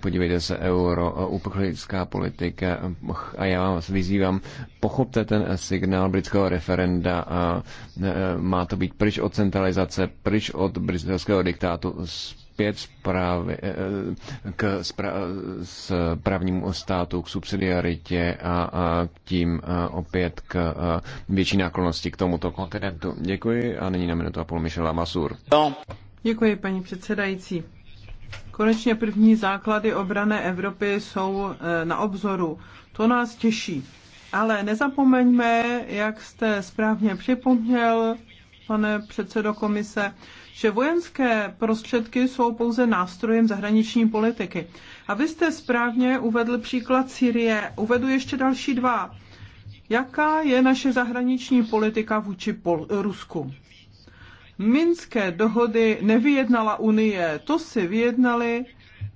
Podívejte se, euro, uprchlická politika a já vás vyzývám, pochopte ten signál britského referenda a má to být pryč od centralizace, pryč od britského diktátu, zpět zprávy, eh, eh, k zpra, s právnímu státu, k subsidiaritě a, a tím eh, opět k větší náklonosti k tomuto kontinentu. Děkuji a nyní na minutu a půl Michela Masur. No. Děkuji, paní předsedající. Konečně první základy obrané Evropy jsou na obzoru. To nás těší. Ale nezapomeňme, jak jste správně připomněl, pane předsedo komise, že vojenské prostředky jsou pouze nástrojem zahraniční politiky. A vy jste správně uvedl příklad Syrie. Uvedu ještě další dva. Jaká je naše zahraniční politika vůči Pol- Rusku? Minské dohody nevyjednala Unie, to si vyjednali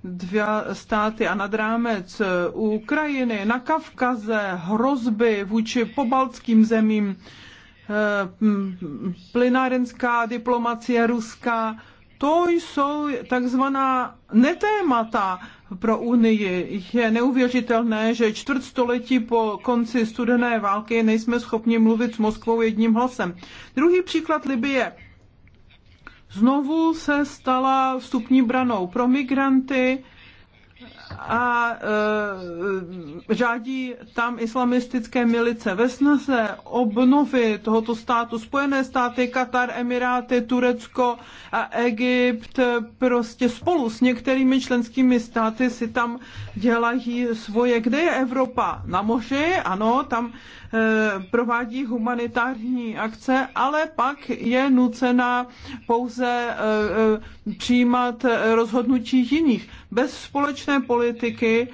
dvě státy a nad rámec Ukrajiny, na Kavkaze, hrozby vůči pobaltským zemím plynárenská diplomacie ruská, to jsou takzvaná netémata pro Unii. Je neuvěřitelné, že čtvrtstoletí po konci studené války nejsme schopni mluvit s Moskvou jedním hlasem. Druhý příklad Libie. Znovu se stala vstupní branou pro migranty, a e, řádí tam islamistické milice ve snaze obnovy tohoto státu. Spojené státy, Katar, Emiráty, Turecko a Egypt prostě spolu s některými členskými státy si tam dělají svoje. Kde je Evropa? Na moři, ano, tam e, provádí humanitární akce, ale pak je nucena pouze e, e, přijímat rozhodnutí jiných. Bez společné politiky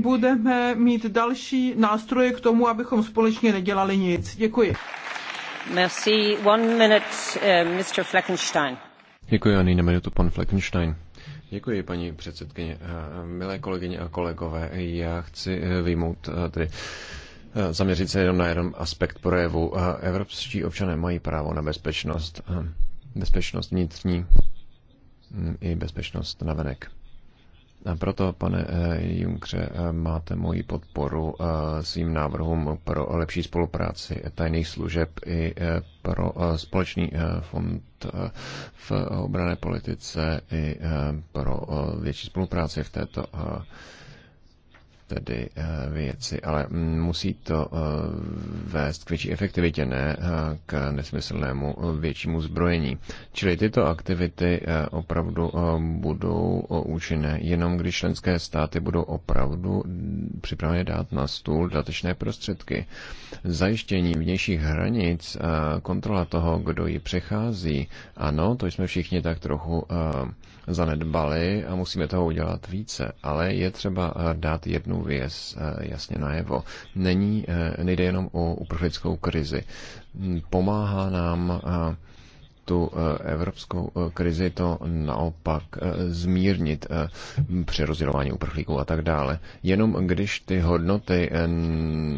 budeme mít další nástroje k tomu, abychom společně nedělali nic. Děkuji. Merci. One minute, uh, Mr. Fleckenstein. Děkuji a nyní minutu pan Fleckenstein. Děkuji, paní předsedkyně. Eh, milé kolegyně a kolegové, já chci eh, vyjmout tedy zaměřit se jenom na jeden aspekt projevu. Evropští občané mají právo na bezpečnost. Bezpečnost vnitřní hm, i bezpečnost navenek. Proto, pane eh, Junkře, eh, máte moji podporu eh, svým návrhům pro lepší spolupráci tajných služeb i pro společný fond v obrané politice i pro větší spolupráci v této tedy eh, věci, ale mm, musí to eh, vést k větší efektivitě, ne eh, k nesmyslnému většímu zbrojení. Čili tyto aktivity opravdu budou účinné, jenom když členské státy budou opravdu připraveny dát na stůl dodatečné prostředky. Zajištění vnějších hranic, kontrola toho, kdo ji přechází, ano, to jsme všichni tak trochu zanedbali a musíme toho udělat více, ale je třeba eh, dát jednu věc eh, jasně najevo. Není, eh, nejde jenom o uprchlickou krizi. Hm, pomáhá nám tu evropskou krizi to naopak zmírnit hm, při rozdělování uprchlíků a tak dále. Jenom když ty hodnoty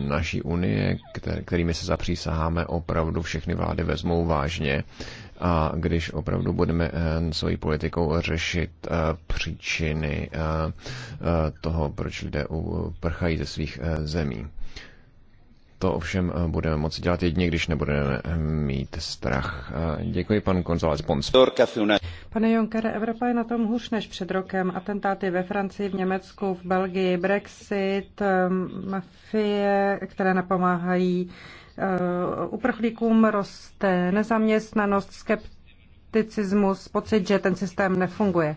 naší unie, kterými se zapřísaháme, opravdu všechny vlády vezmou vážně, a když opravdu budeme eh, svojí politikou řešit eh, příčiny eh, toho, proč lidé uprchají ze svých zemí. To ovšem budeme moci dělat jedině, když nebudeme mít strach. Děkuji, pan González Pons. Pane Junckere, Evropa je na tom hůř než před rokem. Atentáty ve Francii, v Německu, v Belgii, Brexit, mafie, které napomáhají Eh, uprchlíkům roste nezaměstnanost, skepticismus, pocit, že ten systém nefunguje.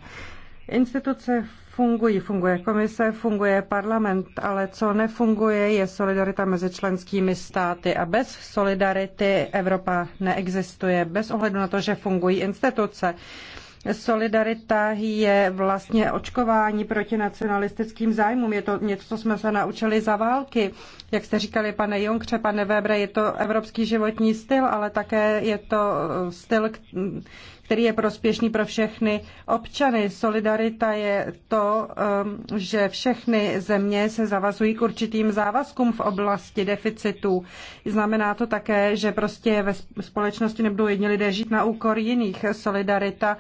Instituce fungují, funguje komise, funguje parlament, ale co nefunguje, je solidarita mezi členskými státy. A bez solidarity Evropa neexistuje, bez ohledu na to, že fungují instituce. Solidarita je vlastně očkování proti nacionalistickým zájmům. Je to něco, co jsme se naučili za války. Jak jste říkali, pane Jonkře, pane Webre, je to evropský životní styl, ale také je to eh, styl, který je prospěšný pro všechny občany. Solidarita je to, eh, že všechny země se zavazují k určitým závazkům v oblasti deficitů. Znamená to také, že prostě ve společnosti nebudou jedni lidé žít na úkor jiných. Solidarita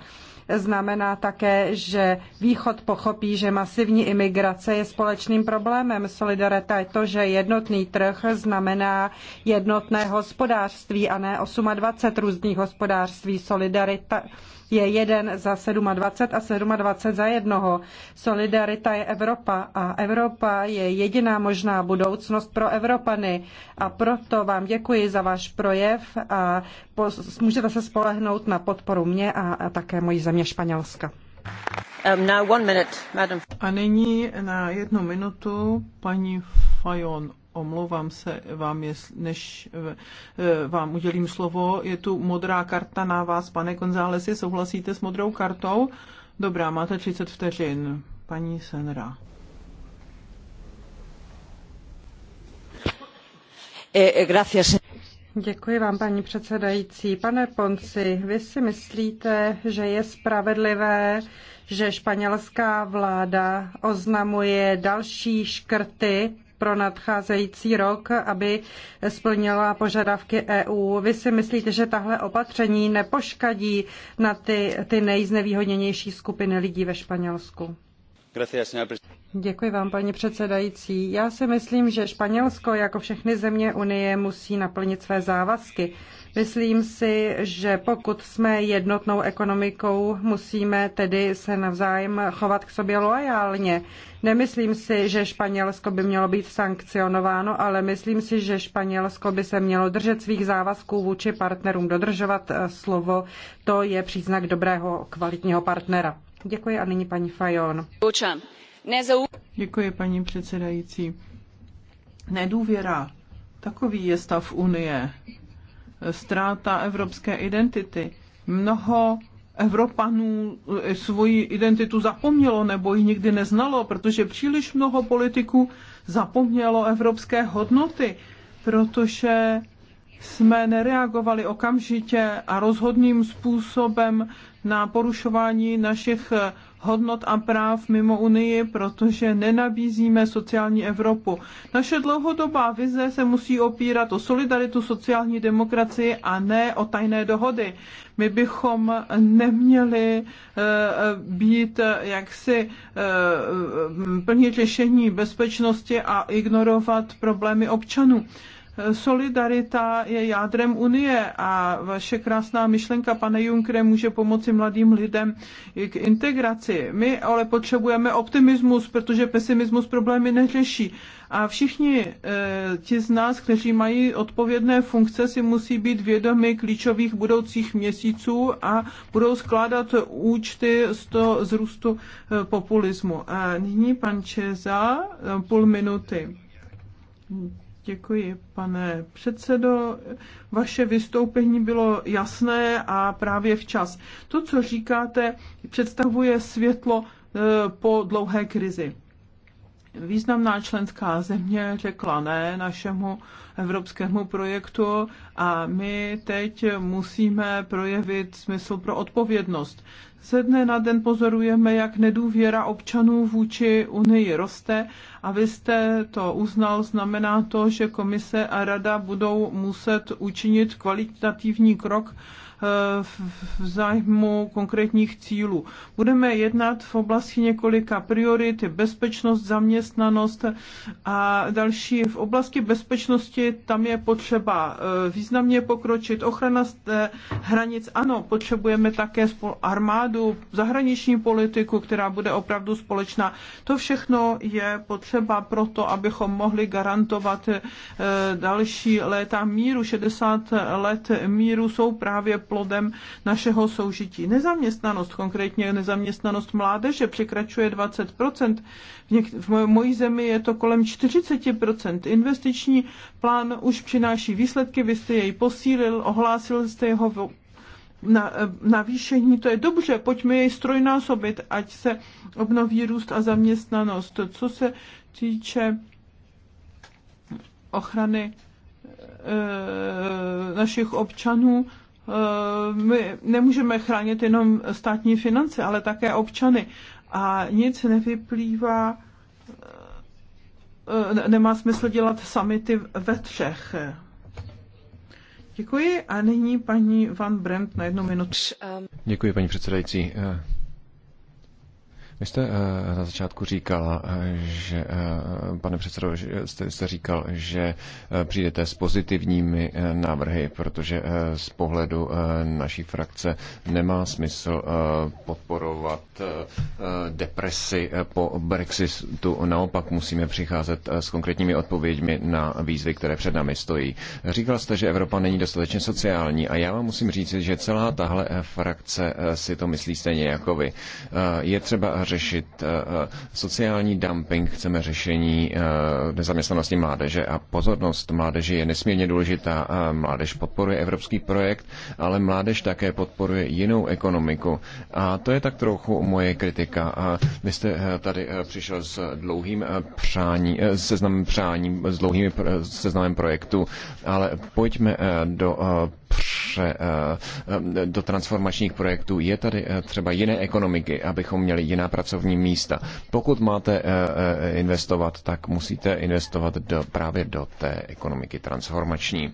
znamená také, že Východ pochopí, že masivní imigrace je společným problémem. Solidarita je to, že jednotný trh znamená jednotné hospodářství a ne 28 různých hospodářství. Solidarita je jeden za 27 a 27 za jednoho. Solidarita je Evropa a Evropa je jediná možná budoucnost pro Evropany. A proto vám děkuji za váš projev a můžete se spolehnout na podporu mě a také mojí země Španělska. Um, now one minute, madam. A nyní na jednu minutu paní Fajon omlouvám se vám, než eh, eh, vám udělím slovo. Je tu modrá karta na vás, pane Gonzálesi. Souhlasíte s modrou kartou? Dobrá, máte 30 vteřin. Paní Senra. Eh, Děkuji vám, paní předsedající. Pane Ponci, vy si myslíte, že je spravedlivé, že španělská vláda oznamuje další škrty pro nadcházející rok, aby splnila požadavky EU. Vy si myslíte, že tahle opatření nepoškadí na ty, ty nejznevýhodněnější skupiny lidí ve Španělsku? Děkuji vám, paní předsedající. Já si myslím, že Španělsko, jako všechny země Unie, musí naplnit své závazky. Myslím si, že pokud jsme jednotnou ekonomikou, musíme tedy se navzájem chovat k sobě loajálně. Nemyslím si, že Španělsko by mělo být sankcionováno, ale myslím si, že Španělsko by se mělo držet svých závazků vůči partnerům, dodržovat eh, slovo. To je příznak dobrého kvalitního partnera. Děkuji a nyní paní Fajon. Děkuji, paní předsedající. Nedůvěra. Takový je stav Unie ztráta evropské identity. Mnoho Evropanů svoji identitu zapomnělo nebo ji nikdy neznalo, protože příliš mnoho politiků zapomnělo evropské hodnoty, protože jsme nereagovali okamžitě a rozhodným způsobem na porušování našich hodnot a práv mimo Unii, protože nenabízíme sociální Evropu. Naše dlouhodobá vize se musí opírat o solidaritu sociální demokracii a ne o tajné dohody. My bychom neměli eh, eh, být eh, jaksi plnit řešení bezpečnosti a ignorovat problémy občanů solidarita je jádrem Unie a vaše krásná myšlenka, pane Junkre, může pomoci mladým lidem k integraci. My ale potřebujeme optimismus, protože pesimismus problémy neřeší. A všichni e, ti z nás, kteří mají odpovědné funkce, si musí být vědomi klíčových budoucích měsíců a budou skládat účty z toho zrůstu e, eh, populismu. A nyní pan Čeza, eh, půl minuty. Děkuji, pane předsedo. Vaše vystoupení bylo jasné a právě včas. To, co říkáte, představuje světlo e, po dlouhé krizi. Významná členská země řekla ne našemu evropskému projektu a my teď musíme projevit smysl pro odpovědnost. Ze dne na den pozorujeme, jak nedůvěra občanů vůči Unii roste a vy jste to uznal, znamená to, že komise a rada budou muset učinit kvalitativní krok v zájmu konkrétních cílů. Budeme jednat v oblasti několika priorit, bezpečnost, zaměstnanost a další. V oblasti bezpečnosti tam je potřeba eh, významně pokročit. Ochrana eh, hranic, ano, potřebujeme také armádu, zahraniční politiku, která bude opravdu společná. To všechno je potřeba proto, abychom mohli garantovat eh, další léta míru. 60 let míru jsou právě plodem našeho soužití. Nezaměstnanost, konkrétně nezaměstnanost mládeže, překračuje 20%. V, něk- v mojí zemi je to kolem 40%. Investiční plán už přináší výsledky, vy jste jej posílil, ohlásil jste jeho v na, eh, navýšení, to je dobře, pojďme jej strojnásobit, ať se obnoví růst a zaměstnanost. Co se týče ochrany e, našich občanů, Eh, my nemůžeme chránit jenom státní finance, ale také občany. A nic nevyplývá, eh, nemá smysl dělat samity ve třech. Děkuji a nyní paní Van Brent na jednu minutu. Děkuji, paní předsedající. Eh, vy jste eh, na začátku říkala, eh, že, eh, pane předsedo, jste, jste říkal, že přijdete s pozitivními návrhy, protože z pohledu naší frakce nemá smysl podporovat depresi po Brexitu. Naopak musíme přicházet s konkrétními odpověďmi na výzvy, které před námi stojí. Říkal jste, že Evropa není dostatečně sociální a já vám musím říct, že celá tahle frakce si to myslí stejně jako vy. Je třeba řešit řešit eh, eh, sociální dumping, chceme řešení eh, nezaměstnanosti mládeže a pozornost mládeže je nesmírně důležitá. Mládež podporuje evropský projekt, ale mládež také podporuje jinou ekonomiku. A to je tak trochu moje kritika. Vy jste tady přišel s dlouhým přání, seznamem přání, s dlouhým seznamem projektu, ale pojďme do do transformačních projektů. Je tady třeba jiné ekonomiky, abychom měli jiná pracovní místa. Pokud máte eh, eh, investovat, tak musíte investovat do, právě do té ekonomiky transformační.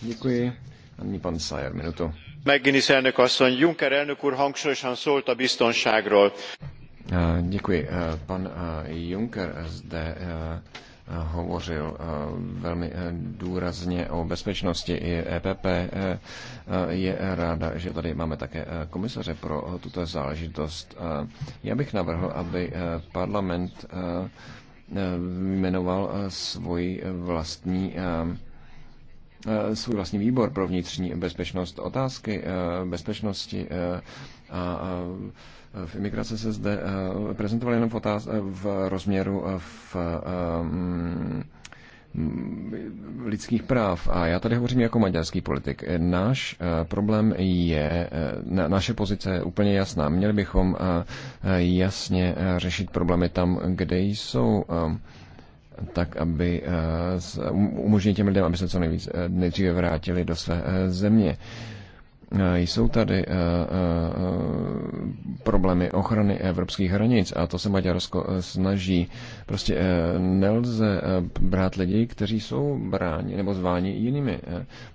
Děkuji. Ani pan Sajer, minutu. a biztonságról. Eh, děkuji. Pan Juncker zde hovořil eh, velmi eh, důrazně o bezpečnosti. I EPP eh, je ráda, že tady máme také komisaře pro tuto záležitost. Já bych navrhl, aby parlament jmenoval svoji vlastní Eh, svůj vlastní výbor pro vnitřní bezpečnost. Otázky eh, bezpečnosti eh, a v imigrace se zde prezentovali jenom v, otáz- v rozměru v mm, lidských práv. A já tady hovořím jako maďarský politik. Náš problém je, naše pozice je úplně jasná. Měli bychom jasně řešit problémy tam, kde jsou tak aby eh, um, umožnit těm lidem, aby se co nejvíc eh, nejdříve vrátili do své eh, země. Jsou tady problémy ochrany evropských hranic a to se Maďarsko snaží. Prostě nelze brát lidi, kteří jsou bráni nebo zváni jinými.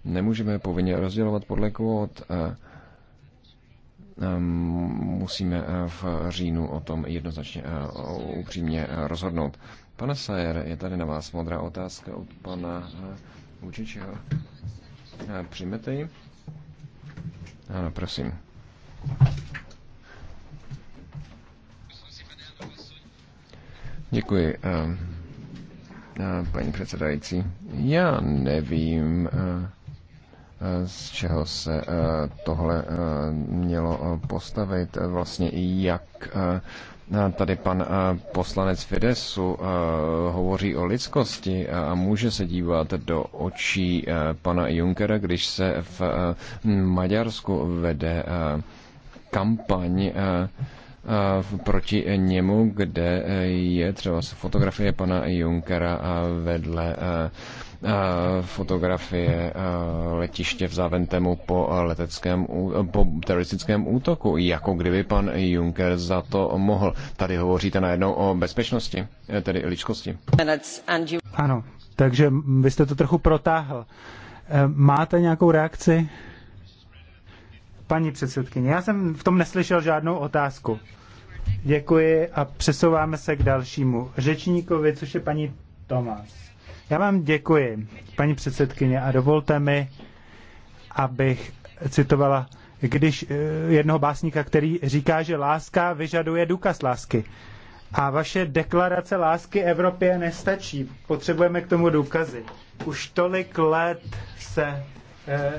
Nemůžeme povinně rozdělovat podle kvót ehm, musíme v říjnu o tom jednoznačně upřímně rozhodnout. Pane Sajer, je tady na vás modrá otázka od pana eh, Vůčičeho. Eh, přijmete ji? Ano, prosím. Děkuji, eh, paní předsedající. Já nevím, z čeho se tohle mělo postavit, vlastně i jak Eh, tady pan eh, poslanec Fidesu eh, hovoří o lidskosti a může se dívat do očí pana Junckera, když se v Maďarsku vede kampaň proti němu, kde je třeba fotografie pana Junkera vedle Eh, fotografie eh, letiště v Zaventemu po, leteckém, eh, po teroristickém útoku, jako kdyby pan Juncker za to mohl. Tady hovoříte najednou o bezpečnosti, tedy lidskosti. Ano, takže vy jste to trochu protáhl. Máte nějakou reakci? Paní předsedkyně, já jsem v tom neslyšel žádnou otázku. Děkuji a přesouváme se k dalšímu řečníkovi, což je paní Tomáš. Já vám děkuji, paní předsedkyně, a dovolte mi, abych citovala když eh, jednoho básníka, který říká, že láska vyžaduje důkaz lásky. A vaše deklarace lásky Evropě nestačí. Potřebujeme k tomu důkazy. Už tolik let se eh,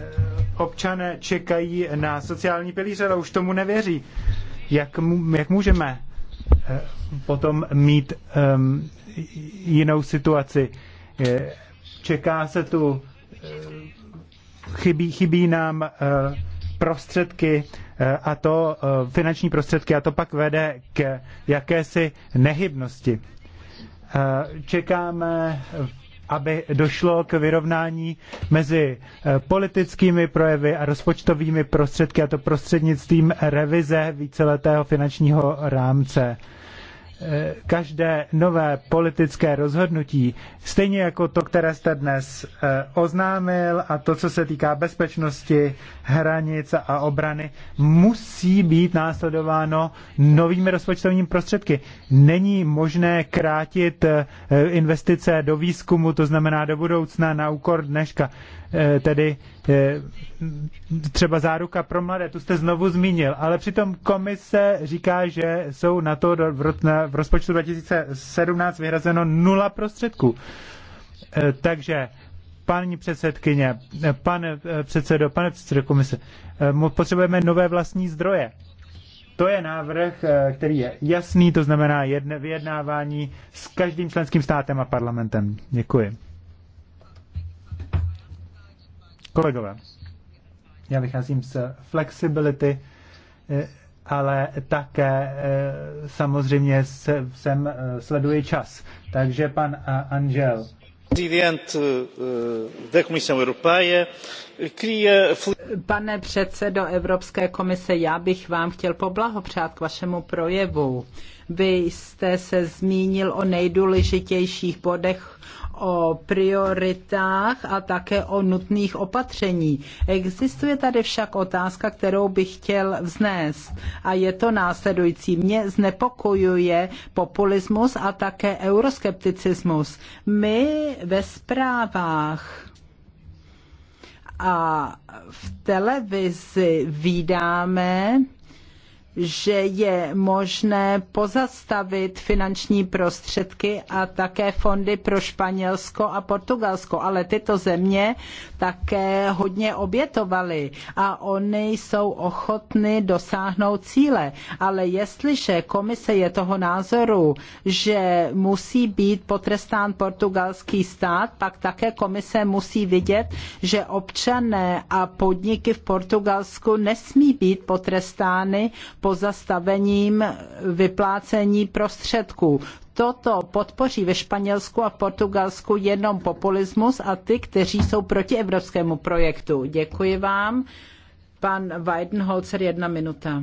občané čekají na sociální pilíř, ale už tomu nevěří. Jak, jak můžeme eh, potom mít um, jinou situaci? Eh, čeká se tu, eh, chybí, chybí nám eh, prostředky a to finanční prostředky a to pak vede k jakési nehybnosti. Čekáme aby došlo k vyrovnání mezi politickými projevy a rozpočtovými prostředky, a to prostřednictvím revize víceletého finančního rámce. Eh, každé nové politické rozhodnutí, stejně jako to, které jste dnes eh, oznámil a to, co se týká bezpečnosti, hranic a obrany, musí být následováno novými rozpočtovými prostředky. Není možné krátit eh, investice do výzkumu, to znamená do budoucna na úkor dneška. Eh, tedy eh, třeba záruka pro mladé, tu jste znovu zmínil, ale přitom komise říká, že jsou na to v rozpočtu 2017 vyhrazeno nula prostředků. Eh, takže paní předsedkyně, pane předsedo, pane předsedo komise, potřebujeme nové vlastní zdroje. To je návrh, který je jasný, to znamená jedne vyjednávání s každým členským státem a parlamentem. Děkuji. Kolegové, já vycházím z flexibility, eh, ale také eh, samozřejmě jsem eh, sleduji čas. Takže pan Angel. Prezident de Comissão Europeia, Pane předsedo Evropské komise, já bych vám chtěl poblahopřát k vašemu projevu. Vy jste se zmínil o nejdůležitějších bodech o prioritách a také o nutných opatření. Existuje tady však otázka, kterou bych chtěl vznést a je to následující. Mě znepokojuje populismus a také euroskepticismus. My ve zprávách a v televizi vídáme že je možné pozastavit finanční prostředky a také fondy pro Španělsko a Portugalsko, ale tyto země také hodně obětovaly a oni jsou ochotny dosáhnout cíle. Ale jestliže komise je toho názoru, že musí být potrestán portugalský stát, pak také komise musí vidět, že občané a podniky v Portugalsku nesmí být potrestány, pozastavením vyplácení prostředků. Toto podpoří ve Španělsku a Portugalsku jenom populismus a ty, kteří jsou proti evropskému projektu. Děkuji vám. Pan Weidenholzer, jedna minuta.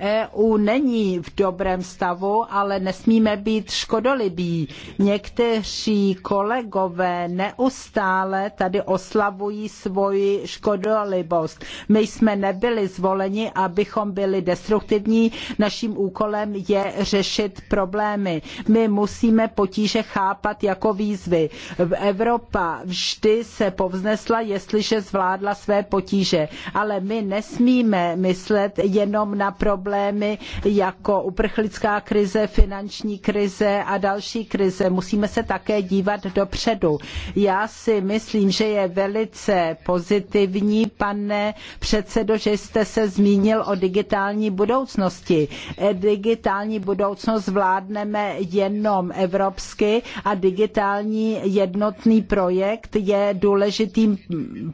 EU není v dobrém stavu, ale nesmíme být škodolibí. Někteří kolegové neustále tady oslavují svoji škodolibost. My jsme nebyli zvoleni, abychom byli destruktivní. Naším úkolem je řešit problémy. My musíme potíže chápat jako výzvy. Evropa vždy se povznesla, jestliže zvládla své potíže. Ale my nesmíme myslet jenom na problémy problémy jako uprchlická krize, finanční krize a další krize. Musíme se také dívat dopředu. Já si myslím, že je velice pozitivní, pane předsedo, že jste se zmínil o digitální budoucnosti. E, digitální budoucnost vládneme jenom evropsky a digitální jednotný projekt je důležitým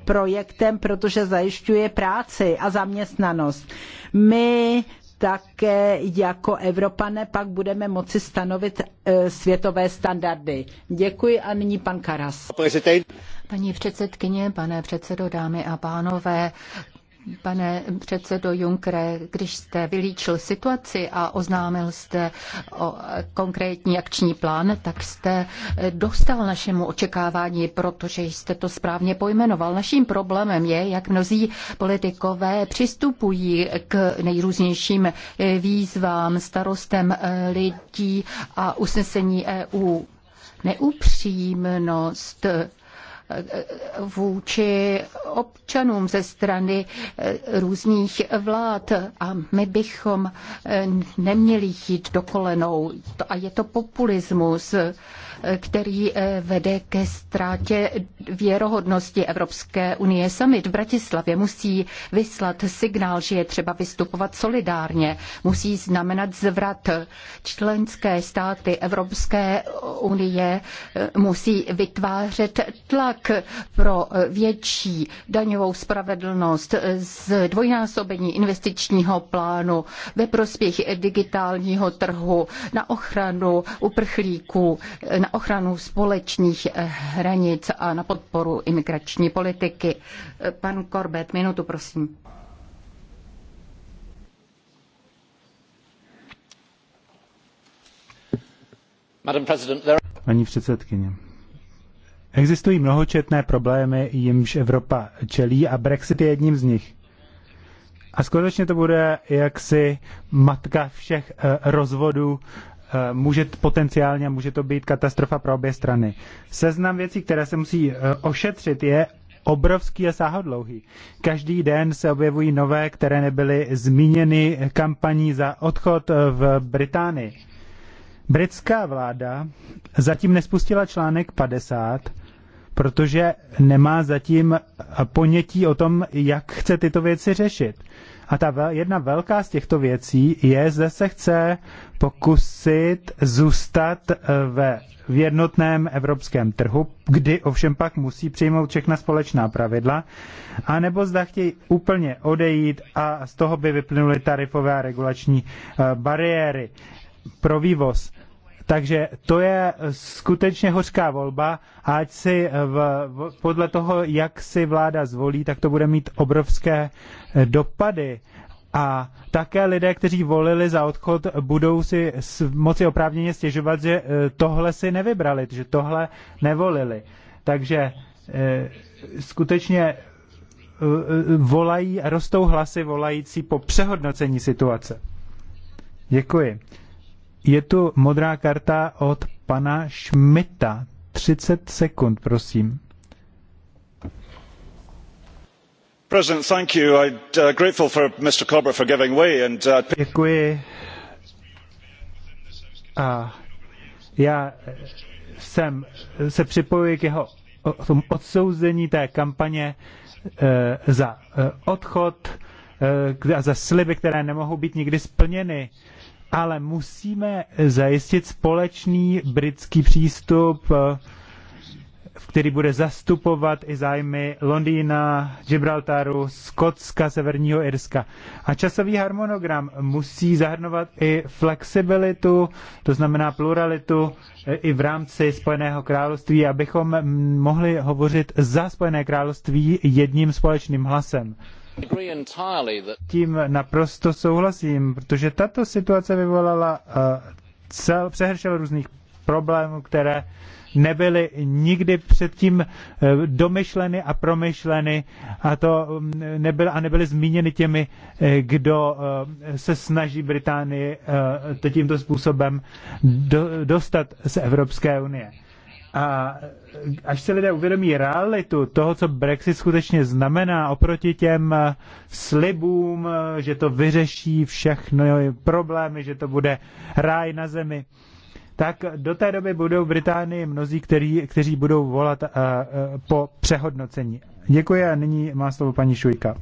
projektem, protože zajišťuje práci a zaměstnanost. My také jako Evropané pak budeme moci stanovit eh, světové standardy. Děkuji a nyní pan Karas. Paní předsedkyně, pane předsedo, dámy a pánové, Pane předsedo Junkre, když jste vylíčil situaci a oznámil jste o konkrétní akční plán, tak jste eh, dostal našemu očekávání, protože jste to správně pojmenoval. Naším problémem je, jak mnozí politikové přistupují k nejrůznějším eh, výzvám, starostem eh, lidí a usnesení EU. Neupřímnost vůči občanům ze strany eh, různých vlád a my bychom eh, neměli jít do kolenou. A je to populismus který eh, vede ke ztrátě věrohodnosti Evropské unie. Summit v Bratislavě musí vyslat signál, že je třeba vystupovat solidárně. Musí znamenat zvrat. Členské státy Evropské unie eh, musí vytvářet tlak pro eh, větší daňovou spravedlnost, zdvojnásobení investičního plánu ve prospěch digitálního trhu, na ochranu uprchlíků, na ochranu společných eh, hranic a na podporu imigrační politiky. Eh, pan Korbet, minutu, prosím. Paní předsedkyně, existují mnohočetné problémy, jimž Evropa čelí a Brexit je jedním z nich. A skutečně to bude jaksi matka všech eh, rozvodů Eh, může potenciálně může to být katastrofa pro obě strany. Seznam věcí, které se musí eh, ošetřit, je obrovský a sáhodlouhý. Každý den se objevují nové, které nebyly zmíněny kampaní za odchod eh, v Británii. Britská vláda zatím nespustila článek 50, protože nemá zatím ponětí o tom, jak chce tyto věci řešit. A ta jedna velká z těchto věcí je, že se chce pokusit zůstat eh, ve v jednotném evropském trhu, kdy ovšem pak musí přijmout všechna společná pravidla, anebo zda chtějí úplně odejít a z toho by vyplynuly tarifové a regulační eh, bariéry pro vývoz. Takže to je skutečně hořká volba, ať si eh, v, v, podle toho, jak si vláda zvolí, tak to bude mít obrovské dopady a také lidé, kteří volili za odchod, budou si moci oprávněně stěžovat, že eh, tohle si nevybrali, že tohle nevolili. Takže eh, skutečně eh, volají, rostou hlasy volající po přehodnocení situace. Děkuji. Je tu modrá karta od pana Šmita. 30 sekund, prosím. Děkuji. A já jsem, se připojuji k jeho tom odsouzení té kampaně eh, za eh, odchod eh, a za sliby, které nemohou být nikdy splněny. Ale musíme zajistit společný britský přístup který bude zastupovat i zájmy Londýna, Gibraltaru, Skotska, Severního Irska. A časový harmonogram musí zahrnovat i flexibilitu, to znamená pluralitu i v rámci Spojeného království, abychom mohli hovořit za Spojené království jedním společným hlasem. Tím naprosto souhlasím, protože tato situace vyvolala eh, cel, přehršel různých problémů, které nebyly nikdy předtím eh, domyšleny a promyšleny a, to mm, nebyly, a nebyly zmíněny těmi, eh, kdo eh, se snaží Británii to tímto způsobem do, dostat z Evropské unie. A až se lidé uvědomí realitu toho, co Brexit skutečně znamená oproti těm slibům, že to vyřeší všechny problémy, že to bude ráj na zemi, tak do té doby budou v Británii mnozí, kteří, kteří budou volat uh, po přehodnocení. Děkuji a nyní má slovo paní Šujka.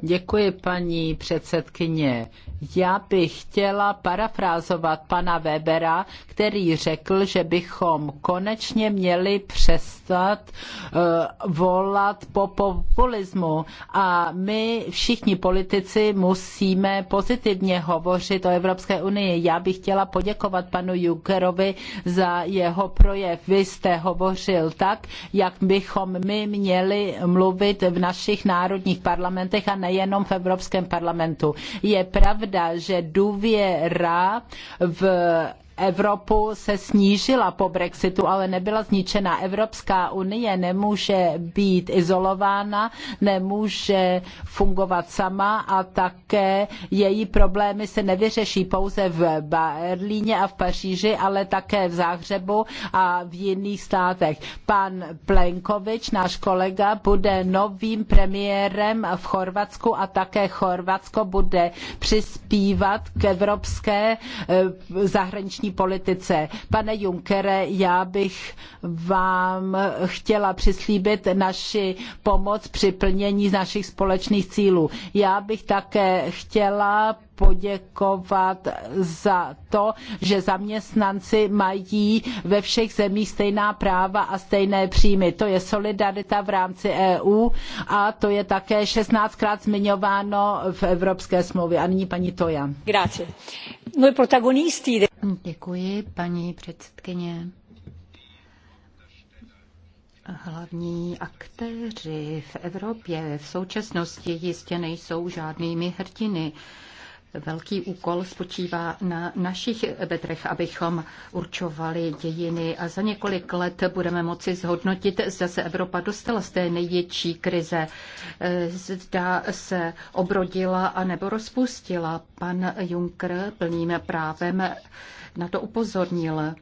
Děkuji, paní předsedkyně. Já bych chtěla parafrázovat pana Webera, který řekl, že bychom konečně měli přestat uh, volat po populismu. A my všichni politici musíme pozitivně hovořit o Evropské unii. Já bych chtěla poděkovat panu Junckerovi za jeho projev. Vy jste hovořil tak, jak bychom my měli měli mluvit v našich národních parlamentech a nejenom v Evropském parlamentu. Je pravda, že důvěra v Evropu se snížila po Brexitu, ale nebyla zničena. Evropská unie nemůže být izolována, nemůže fungovat sama a také její problémy se nevyřeší pouze v Berlíně a v Paříži, ale také v Záhřebu a v jiných státech. Pan Plenkovič, náš kolega, bude novým premiérem v Chorvatsku a také Chorvatsko bude přispívat k evropské eh, zahraniční zahraniční politice. Pane Junckere, já bych vám chtěla přislíbit naši pomoc při plnění našich společných cílů. Já bych také chtěla poděkovat za to, že zaměstnanci mají ve všech zemích stejná práva a stejné příjmy. To je solidarita v rámci EU a to je také 16krát zmiňováno v Evropské smlouvě. A nyní paní Toja. protagonisti... Děkuji, paní předsedkyně. Hlavní aktéři v Evropě v současnosti jistě nejsou žádnými hrdiny. Velký úkol spočívá na našich bedrech, abychom určovali dějiny a za několik let budeme moci zhodnotit, zda se Evropa dostala z té největší krize, zda se obrodila a nebo rozpustila. Pan Juncker plným právem na to upozornil.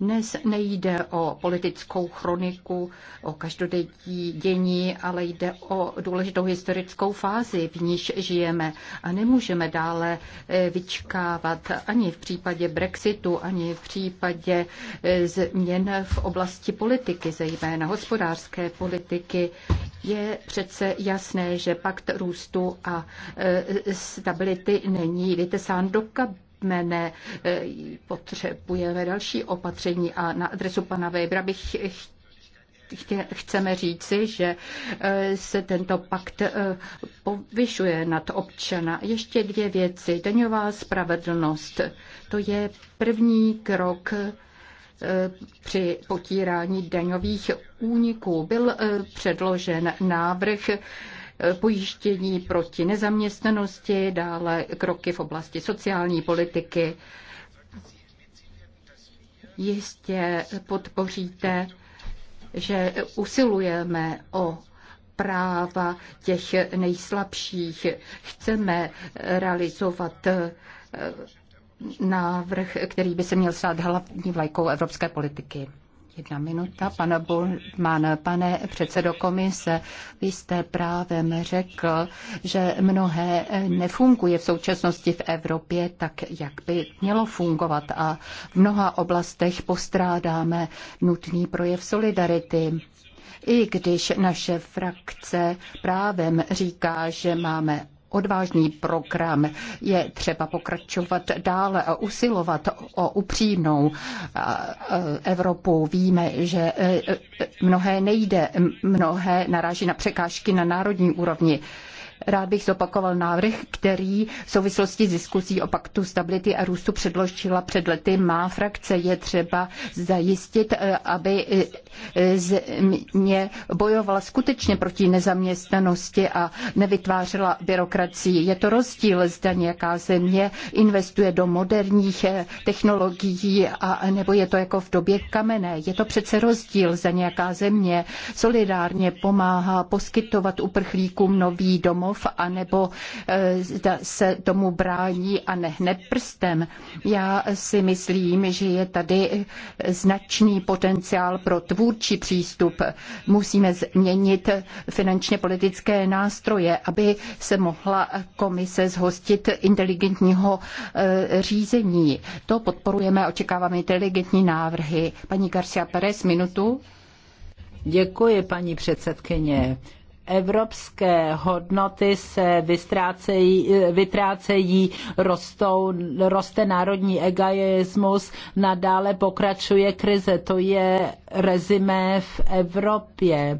Dnes nejde o politickou chroniku, o každodenní dění, ale jde o důležitou historickou fázi, v níž žijeme a nemůžeme dále eh, vyčkávat ani v případě Brexitu, ani v případě eh, změn v oblasti politiky, zejména hospodářské politiky. Je přece jasné, že pakt růstu a eh, stability není vytesán do kabiny mene e, potřebujeme další opatření a na adresu pana Webera bych chceme říci, že e, se tento pakt e, povyšuje nad občana. Ještě dvě věci. Daňová spravedlnost. To je první krok při potírání daňových úniků. Byl předložen návrh pojištění proti nezaměstnanosti, dále kroky v oblasti sociální politiky. Jistě podpoříte, že usilujeme o práva těch nejslabších. Chceme realizovat eh, návrh, který by se měl stát hlavní vlajkou evropské politiky. Jedna minuta, pane Bulman. Pane předsedo komise, vy jste právě řekl, že mnohé nefunguje v současnosti v Evropě tak, jak by mělo fungovat a v mnoha oblastech postrádáme nutný projev solidarity. I když naše frakce právem říká, že máme odvážný program. Je třeba pokračovat dále a usilovat o upřímnou Evropu. Víme, že e, e, mnohé nejde, mnohé naráží na překážky na národní úrovni. Rád bych zopakoval návrh, který v souvislosti s diskusí o paktu stability a růstu předložila před lety má frakce. Je třeba zajistit, eh, aby eh, země bojovala skutečně proti nezaměstnanosti a nevytvářela byrokracii. Je to rozdíl, zda nějaká země investuje do moderních eh, technologií a nebo je to jako v době kamene. Je to přece rozdíl, zda nějaká země solidárně pomáhá poskytovat uprchlíkům nový domov domov, anebo eh, se tomu brání a nehne prstem. Já si myslím, že je tady značný potenciál pro tvůrčí přístup. Musíme změnit finančně politické nástroje, aby se mohla komise zhostit inteligentního eh, řízení. To podporujeme očekáváme inteligentní návrhy. Paní Garcia Perez, minutu. Děkuji, paní předsedkyně evropské hodnoty se vytrácejí, rostou, roste národní egoismus, nadále pokračuje krize. To je rezimé v Evropě.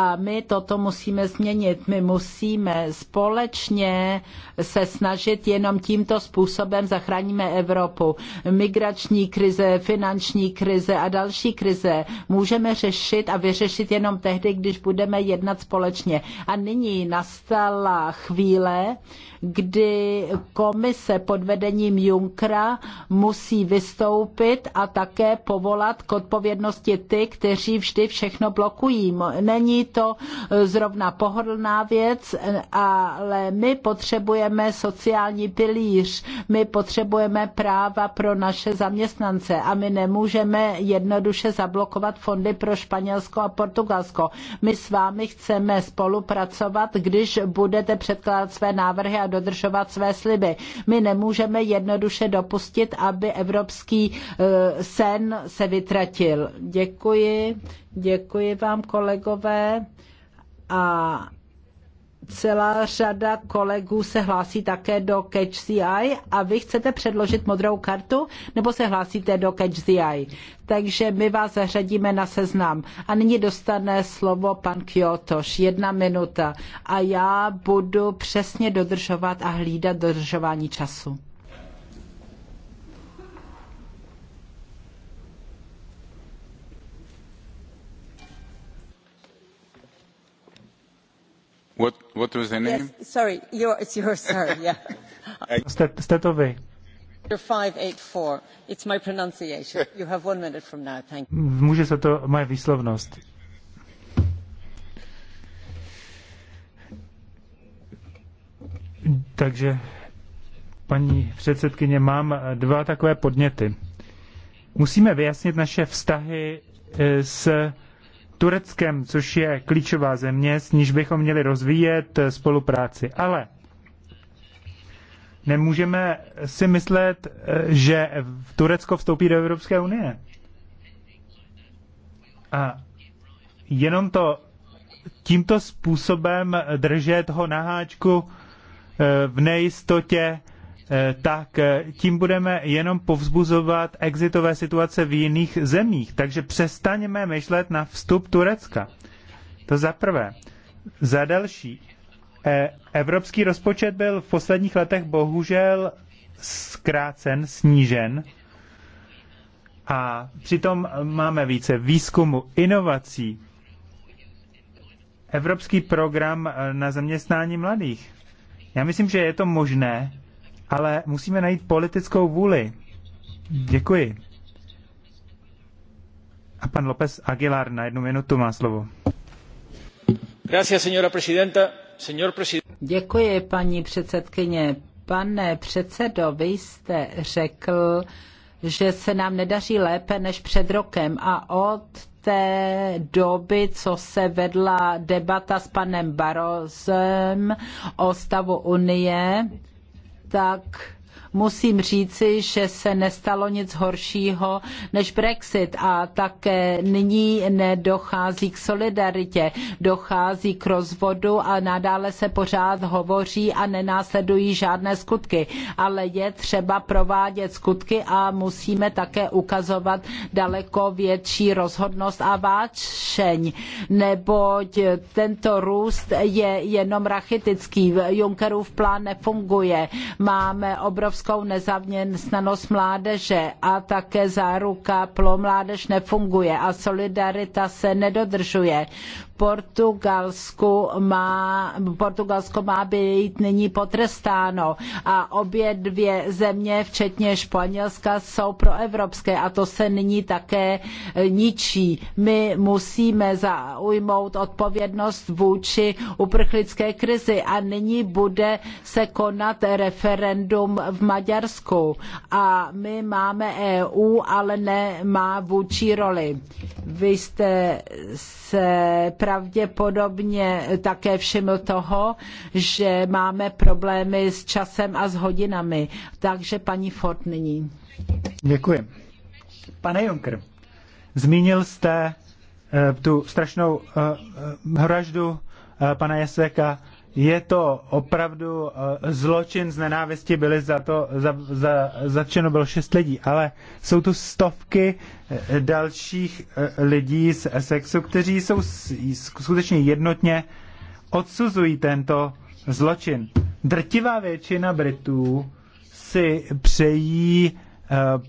A my toto musíme změnit. My musíme společně se snažit jenom tímto způsobem zachráníme Evropu. Migrační krize, finanční krize a další krize můžeme řešit a vyřešit jenom tehdy, když budeme jednat společně. A nyní nastala chvíle, kdy komise pod vedením Junkra musí vystoupit a také povolat k odpovědnosti ty, kteří vždy všechno blokují. Není to eh, zrovna pohodlná věc, eh, ale my potřebujeme sociální pilíř, my potřebujeme práva pro naše zaměstnance a my nemůžeme jednoduše zablokovat fondy pro Španělsko a Portugalsko. My s vámi chceme spolupracovat, když budete předkládat své návrhy a dodržovat své sliby. My nemůžeme jednoduše dopustit, aby evropský eh, sen se vytratil. Děkuji. Děkuji vám, kolegové. A celá řada kolegů se hlásí také do Catch the Eye a vy chcete předložit modrou kartu nebo se hlásíte do Catch the Eye. Takže my vás zařadíme na seznam. A nyní dostane slovo pan Kyotoš. Jedna minuta. A já budu přesně dodržovat a hlídat dodržování času. What, was the name? sorry, it's yeah. It's my pronunciation. You have one minute from now. Thank you. Může se to moje výslovnost. Takže, paní předsedkyně, mám eh, dva takové podněty. Musíme vyjasnit naše vztahy eh, s Tureckem, což je klíčová země, s níž bychom měli rozvíjet eh, spolupráci. Ale nemůžeme si myslet, eh, že Turecko vstoupí do Evropské unie. A jenom to tímto způsobem držet ho na háčku eh, v nejistotě Eh, tak eh, tím budeme jenom povzbuzovat exitové situace v jiných zemích. Takže přestaňme myšlet na vstup Turecka. To za prvé. Za další, eh, evropský rozpočet byl v posledních letech bohužel zkrácen, snížen. A přitom máme více výzkumu, inovací, evropský program na zaměstnání mladých. Já myslím, že je to možné, ale musíme najít politickou vůli. Děkuji. A pan López Aguilar na jednu minutu má slovo. Gracias, señora presidenta. Señor Děkuji, paní předsedkyně. Pane předsedo, vy jste řekl, že se nám nedaří lépe než před rokem a od té doby, co se vedla debata s panem Barozem o stavu Unie, tak musím říci, že se nestalo nic horšího než Brexit a také nyní nedochází k solidaritě, dochází k rozvodu a nadále se pořád hovoří a nenásledují žádné skutky. Ale je třeba provádět skutky a musíme také ukazovat daleko větší rozhodnost a váčeň, neboť tento růst je jenom rachitický. Junckerův plán nefunguje. Máme obrovské obrovskou nezaměstnanost mládeže a také záruka pro mládež nefunguje a solidarita se nedodržuje. Portugalsku má, Portugalsko má být nyní potrestáno a obě dvě země, včetně Španělska, jsou proevropské a to se nyní také ničí. My musíme zaujmout odpovědnost vůči uprchlické krizi a nyní bude se konat referendum v Maďarsku a my máme EU, ale nemá vůči roli. Vy jste se pravděpodobně také všiml toho, že máme problémy s časem a s hodinami. Takže paní Ford nyní. Děkuji. Pane Juncker, zmínil jste eh, tu strašnou eh, eh, vraždu pana Jeseka je to opravdu eh, zločin z nenávisti, byly za to za, za, zatčeno bylo šest lidí, ale jsou tu stovky eh, dalších eh, lidí z sexu, kteří jsou skutečně jednotně odsuzují tento zločin. Drtivá většina Britů si přejí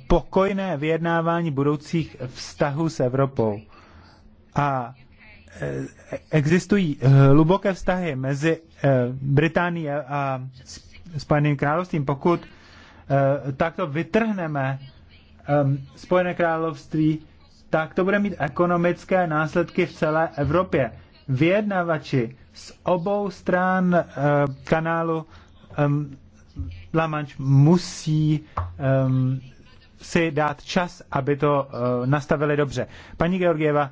pokojné vyjednávání budoucích vztahů s Evropou. A Eh, existují eh, hluboké vztahy mezi eh, Británií a Spojeným královstvím. Pokud takto vytrhneme ehm, Spojené království, tak to bude mít ekonomické následky v celé Evropě. Vyjednavači z obou stran kanálu ehm, La Manche musí ehm, si dát čas, aby to nastavili dobře. Paní Georgieva,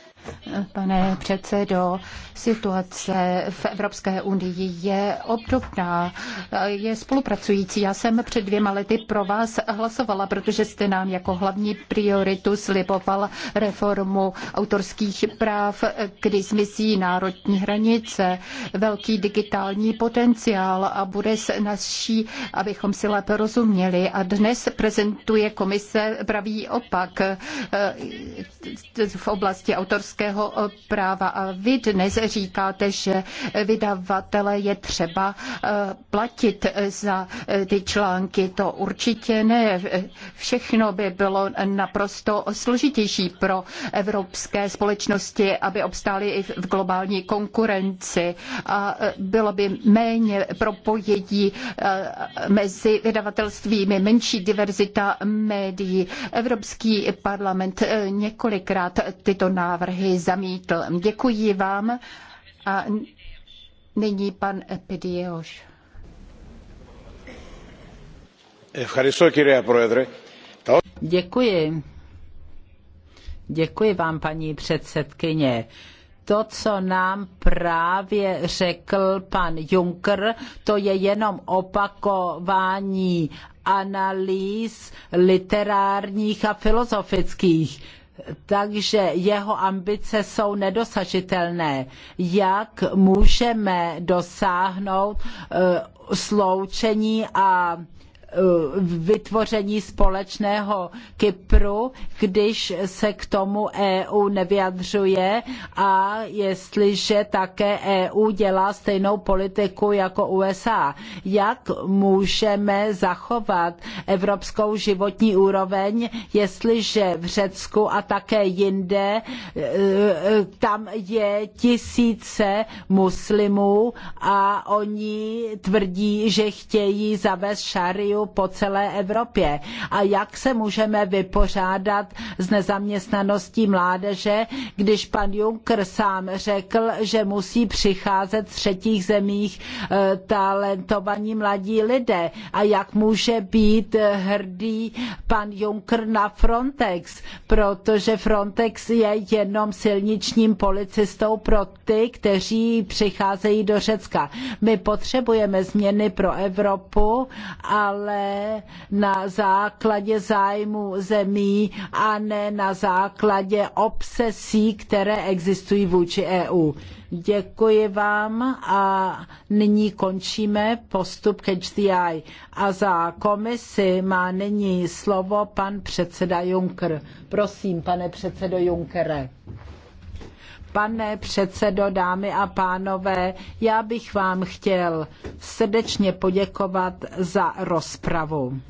pane předsedo. Situace v Evropské unii je obdobná, je spolupracující. Já jsem před dvěma lety pro vás hlasovala, protože jste nám jako hlavní prioritu sliboval reformu autorských práv, kdy zmizí národní hranice, velký digitální potenciál a bude s naší, abychom si lépe rozuměli. A dnes prezentuje komise pravý opak eh, v oblasti autorského práva. A vy dnes říkáte, že vydavatele je třeba eh, platit za eh, ty články. To určitě ne. Všechno by bylo naprosto složitější pro evropské společnosti, aby obstály i v globální konkurenci. A eh, bylo by méně propojení mezi vydavatelstvími, menší diverzita médií. Evropský parlament několikrát tyto návrhy zamítl. Děkuji vám a nyní pan Epidioš. Děkuji. Děkuji vám, paní předsedkyně to, co nám právě řekl pan Juncker, to je jenom opakování analýz literárních a filozofických takže jeho ambice jsou nedosažitelné. Jak můžeme dosáhnout eh, sloučení a Eh, vytvoření společného Kypru, když se k tomu EU nevyjadřuje a jestliže také EU dělá stejnou politiku jako USA. Jak můžeme zachovat evropskou životní úroveň, jestliže v Řecku a také jinde eh, tam je tisíce muslimů a oni tvrdí, že chtějí zavést šariu po celé Evropě. A jak se můžeme vypořádat s nezaměstnaností mládeže, když pan Juncker sám řekl, že musí přicházet z třetích zemích eh, talentovaní mladí lidé. A jak může být hrdý pan Juncker na Frontex, protože Frontex je jenom silničním policistou pro ty, kteří přicházejí do Řecka. My potřebujeme změny pro Evropu, ale ale na základě zájmu zemí a ne na základě obsesí, které existují vůči EU. Děkuji vám a nyní končíme postup HDI. A za komisi má nyní slovo pan předseda Juncker. Prosím, pane předsedo Junckere. Pane předsedo, dámy a pánové, já bych vám chtěl srdečně poděkovat za rozpravu.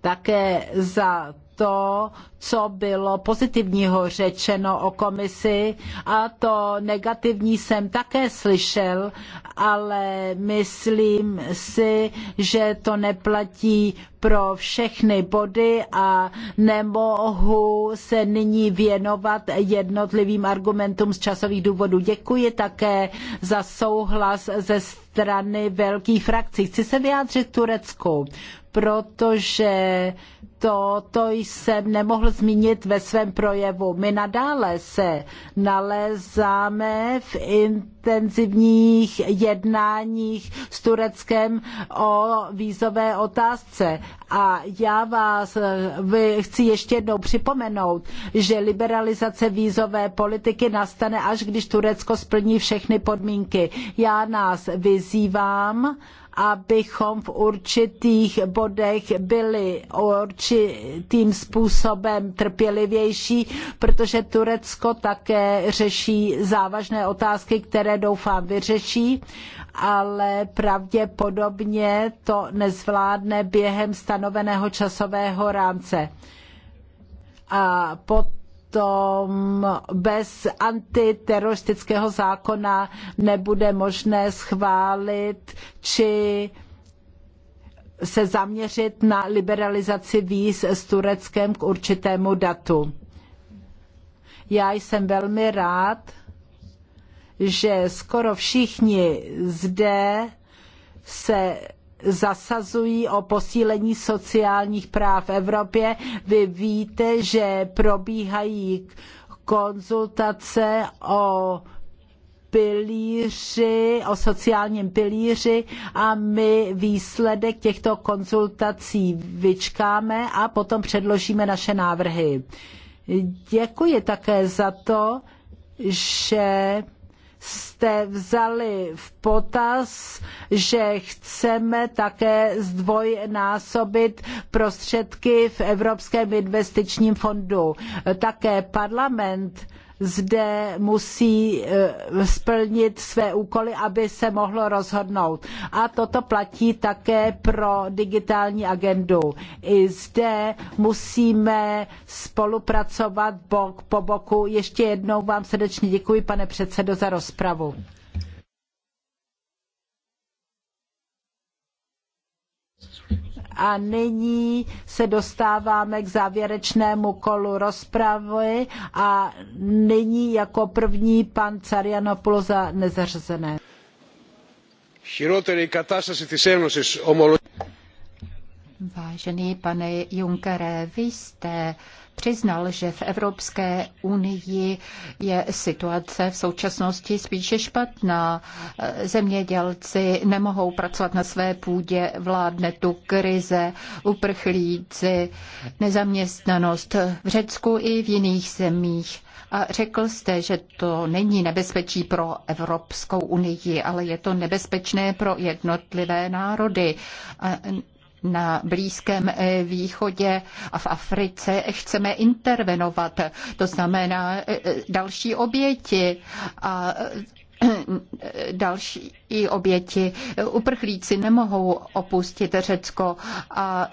Také za to, co bylo pozitivního řečeno o komisi a to negativní jsem také slyšel, ale myslím si, že to neplatí pro všechny body a nemohu se nyní věnovat jednotlivým argumentům z časových důvodů. Děkuji také za souhlas ze strany velkých frakcí. Chci se vyjádřit Turecku, protože to, to jsem nemohl zmínit ve svém projevu. My nadále se nalézáme v intenzivních jednáních s Tureckem o vízové otázce. A já vás chci ještě jednou připomenout, že liberalizace vízové politiky nastane až když Turecko splní všechny podmínky. Já nás vyzývám, abychom v určitých bodech byli určitým způsobem trpělivější, protože Turecko také řeší závažné otázky, které doufám vyřeší, ale pravděpodobně to nezvládne během stanoveného časového rámce. A potom potom bez antiteroristického zákona nebude možné schválit či se zaměřit na liberalizaci víz s Tureckem k určitému datu. Já jsem velmi rád, že skoro všichni zde se zasazují o posílení sociálních práv v Evropě. Vy víte, že probíhají konzultace o pilíři, o sociálním pilíři a my výsledek těchto konzultací vyčkáme a potom předložíme naše návrhy. Děkuji také za to, že jste vzali v potaz, že chceme také zdvojnásobit prostředky v Evropském investičním fondu. Také parlament zde musí eh, splnit své úkoly, aby se mohlo rozhodnout. A toto platí také pro digitální agendu. I zde musíme spolupracovat bok po boku. Ještě jednou vám srdečně děkuji, pane předsedo, za rozpravu. A nyní se dostáváme k závěrečnému kolu rozpravy a nyní jako první pan Carianopoulos za nezařazené. Χειρότερη κατάσταση της Ένωσης ομολογείται. Vážený pane Junkere, vy jste přiznal, že v Evropské unii je situace v současnosti spíše špatná. Zemědělci nemohou pracovat na své půdě, vládne tu krize, uprchlíci, nezaměstnanost v Řecku i v jiných zemích. A řekl jste, že to není nebezpečí pro Evropskou unii, ale je to nebezpečné pro jednotlivé národy. A na Blízkém eh, východě a v Africe chceme intervenovat. To znamená eh, eh, další oběti a další oběti. Uprchlíci nemohou opustit Řecko a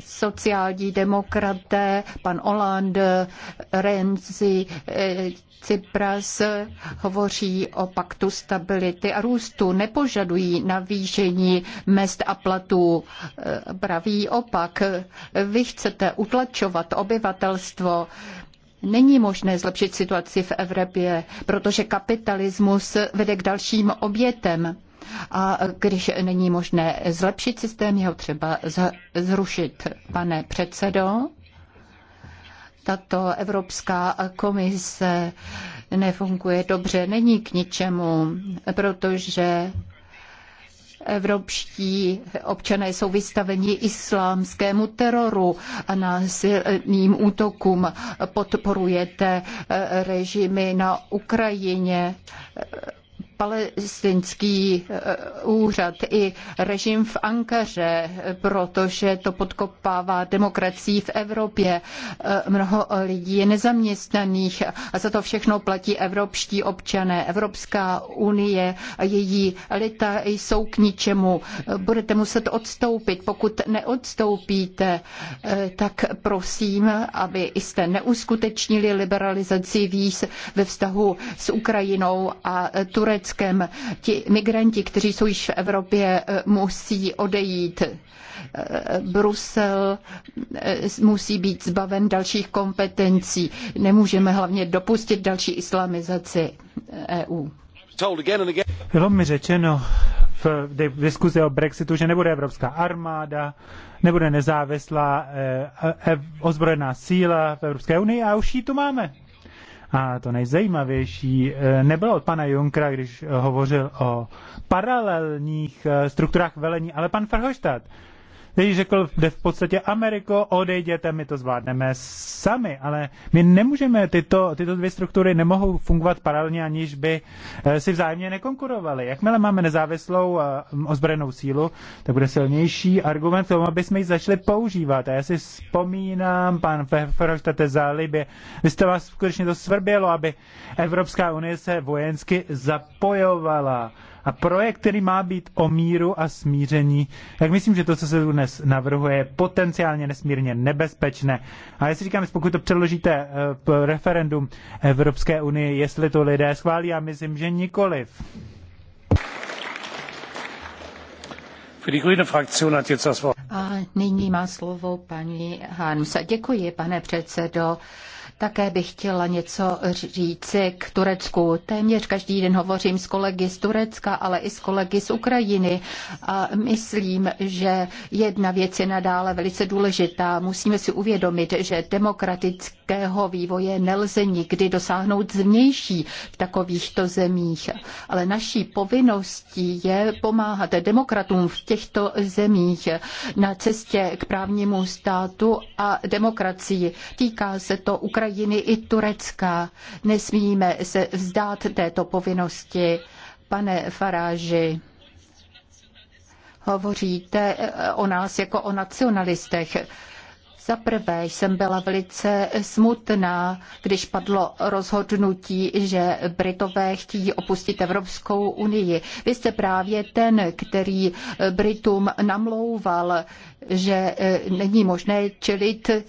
sociální demokraté, pan Hollande, Renzi, Cypras eh, hovoří o paktu stability a růstu, nepožadují navýšení mest a platů. Eh, pravý opak, vy chcete utlačovat obyvatelstvo, Není možné zlepšit situaci v Evropě, protože kapitalismus vede k dalším obětem a když není možné zlepšit systém, jeho třeba zrušit. Pane předsedo, tato Evropská komise nefunguje dobře, není k ničemu, protože evropští občané jsou vystaveni islámskému teroru a násilným útokům. Podporujete režimy na Ukrajině, palestinský eh, úřad i režim v Ankaře, protože to podkopává demokracii v Evropě. Eh, mnoho lidí je nezaměstnaných a za to všechno platí evropští občané. Evropská unie a její elita jsou k ničemu. Eh, budete muset odstoupit. Pokud neodstoupíte, tak prosím, aby jste neuskutečnili liberalizaci víz ve vztahu s Ukrajinou a Tureckem Řeckem. Ti migranti, kteří jsou již v Evropě, eh, musí odejít. Eh, Brusel eh, musí být zbaven dalších kompetencí. Nemůžeme hlavně dopustit další islamizaci EU. Bylo mi řečeno v diskuzi o Brexitu, že nebude evropská armáda, nebude nezávislá e- ozbrojená síla v Evropské unii a už ji tu máme. A to nejzajímavější eh, nebylo od pana Junkra, když hovořil o paralelních eh, strukturách velení, ale pan Verhofstadt který řekl že v podstatě Ameriko, odejděte, my to zvládneme sami, ale my nemůžeme, tyto, tyto dvě struktury nemohou fungovat paralelně, aniž by eh, si vzájemně nekonkurovaly. Jakmile máme nezávislou eh, ozbrojenou sílu, tak bude silnější argument k tomu, aby jsme ji začali používat. A já si vzpomínám, pan Verhofstadte za Libě, vy jste vás skutečně to svrbělo, aby Evropská unie se vojensky zapojovala a projekt, který má být o míru a smíření, tak myslím, že to, co se dnes navrhuje, je potenciálně nesmírně nebezpečné. A já si říkám, pokud to předložíte v eh, referendum Evropské unie, jestli to lidé schválí, já myslím, že nikoliv. A nyní má slovo paní Hans. Děkuji, pane předsedo. Také bych chtěla něco říci k Turecku. Téměř každý den hovořím s kolegy z Turecka, ale i s kolegy z Ukrajiny. A myslím, že jedna věc je nadále velice důležitá. Musíme si uvědomit, že demokratického vývoje nelze nikdy dosáhnout zvnější v takovýchto zemích. Ale naší povinností je pomáhat demokratům v těchto zemích na cestě k právnímu státu a demokracii. Týká se to Ukrajiny Ukrajiny i Turecka. Nesmíme se vzdát této povinnosti. Pane Faráži, hovoříte o nás jako o nacionalistech. Za prvé jsem byla velice smutná, když padlo rozhodnutí, že Britové chtějí opustit Evropskou unii. Vy jste právě ten, který Britům namlouval, že eh, není možné čelit eh,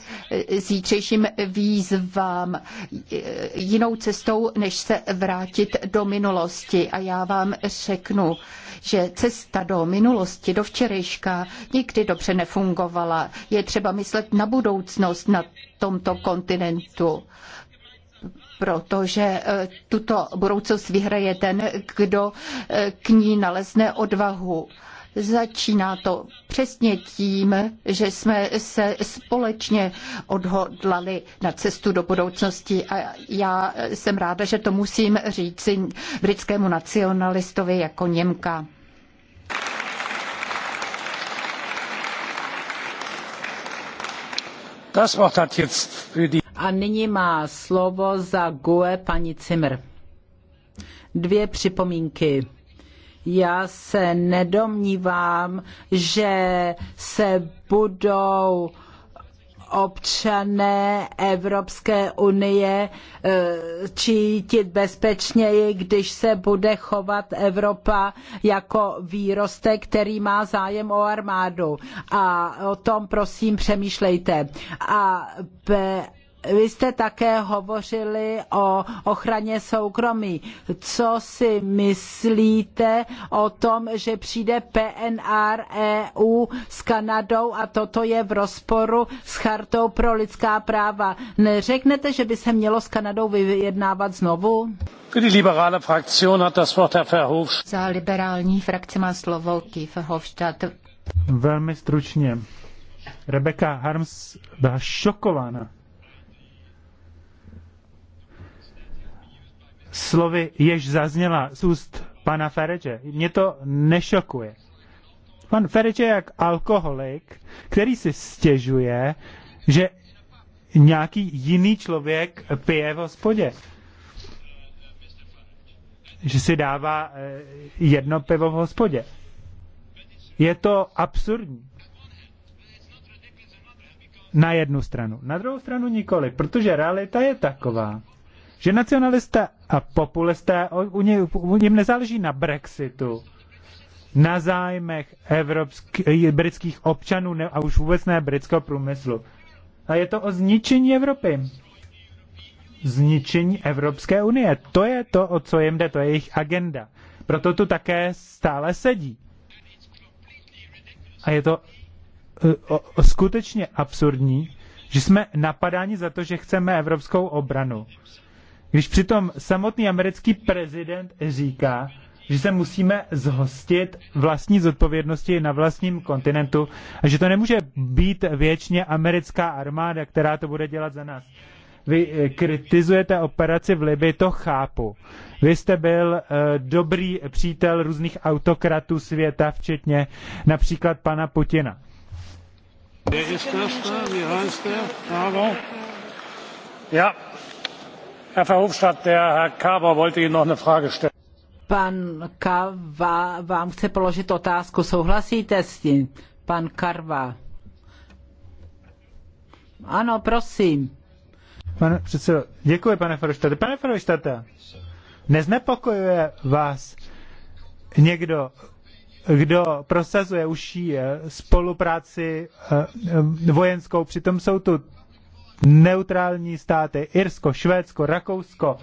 zítřejším výzvám eh, jinou cestou, než se vrátit do minulosti. A já vám řeknu, že cesta do minulosti, do včerejška nikdy dobře nefungovala. Je třeba myslet na budoucnost na tomto kontinentu protože eh, tuto budoucnost vyhraje ten, kdo eh, k ní nalezne odvahu. Začíná to přesně tím, že jsme se společně odhodlali na cestu do budoucnosti a já jsem ráda, že to musím říci britskému nacionalistovi jako Němka. A nyní má slovo za GUE paní Zimmer. Dvě připomínky. Já se nedomnívám, že se budou občané Evropské unie eh, cítit bezpečněji, když se bude chovat Evropa jako výrostek, který má zájem o armádu. A o tom prosím přemýšlejte. A vy jste také hovořili o ochraně soukromí. Co si myslíte o tom, že přijde PNR EU s Kanadou a toto je v rozporu s chartou pro lidská práva? Neřeknete, že by se mělo s Kanadou vyjednávat znovu? Za liberální frakci má slovo Kiefer Verhofstadt. Velmi stručně. Rebecca Harms byla šokována slovy, jež zazněla z úst pana Fereče. Mě to nešokuje. Pan Fereče je jak alkoholik, který si stěžuje, že nějaký jiný člověk pije v hospodě. Že si dává eh, jedno pivo v hospodě. Je to absurdní. Na jednu stranu. Na druhou stranu nikoli, protože realita je taková, že nacionalisté a populisté, u, ně, u něm nezáleží na Brexitu, na zájmech evropský, britských občanů ne, a už vůbec ne britského průmyslu. A je to o zničení Evropy. Zničení Evropské unie. To je to, o co jim jde, to je jejich agenda. Proto tu také stále sedí. A je to e, o, o, skutečně absurdní, že jsme napadáni za to, že chceme evropskou obranu. Když přitom samotný americký prezident říká, že se musíme zhostit vlastní zodpovědnosti na vlastním kontinentu a že to nemůže být věčně americká armáda, která to bude dělat za nás. Vy eh, kritizujete operaci v Libii, to chápu. Vy jste byl eh, dobrý přítel různých autokratů světa, včetně například pana Putina. Ja, herr verhofstadt der herr carver wollte ihnen noch eine frage stellen. pan Kava vám chce položit otázku. Souhlasíte s tím? Pan Karva. Ano, prosím. Pane předsedo, děkuji, pane Ferroštate. Pane Ferroštate, neznepokojuje vás někdo, kdo prosazuje užší eh, spolupráci eh, eh, vojenskou, přitom jsou tu neutrální státy, Irsko, Švédsko, Rakousko.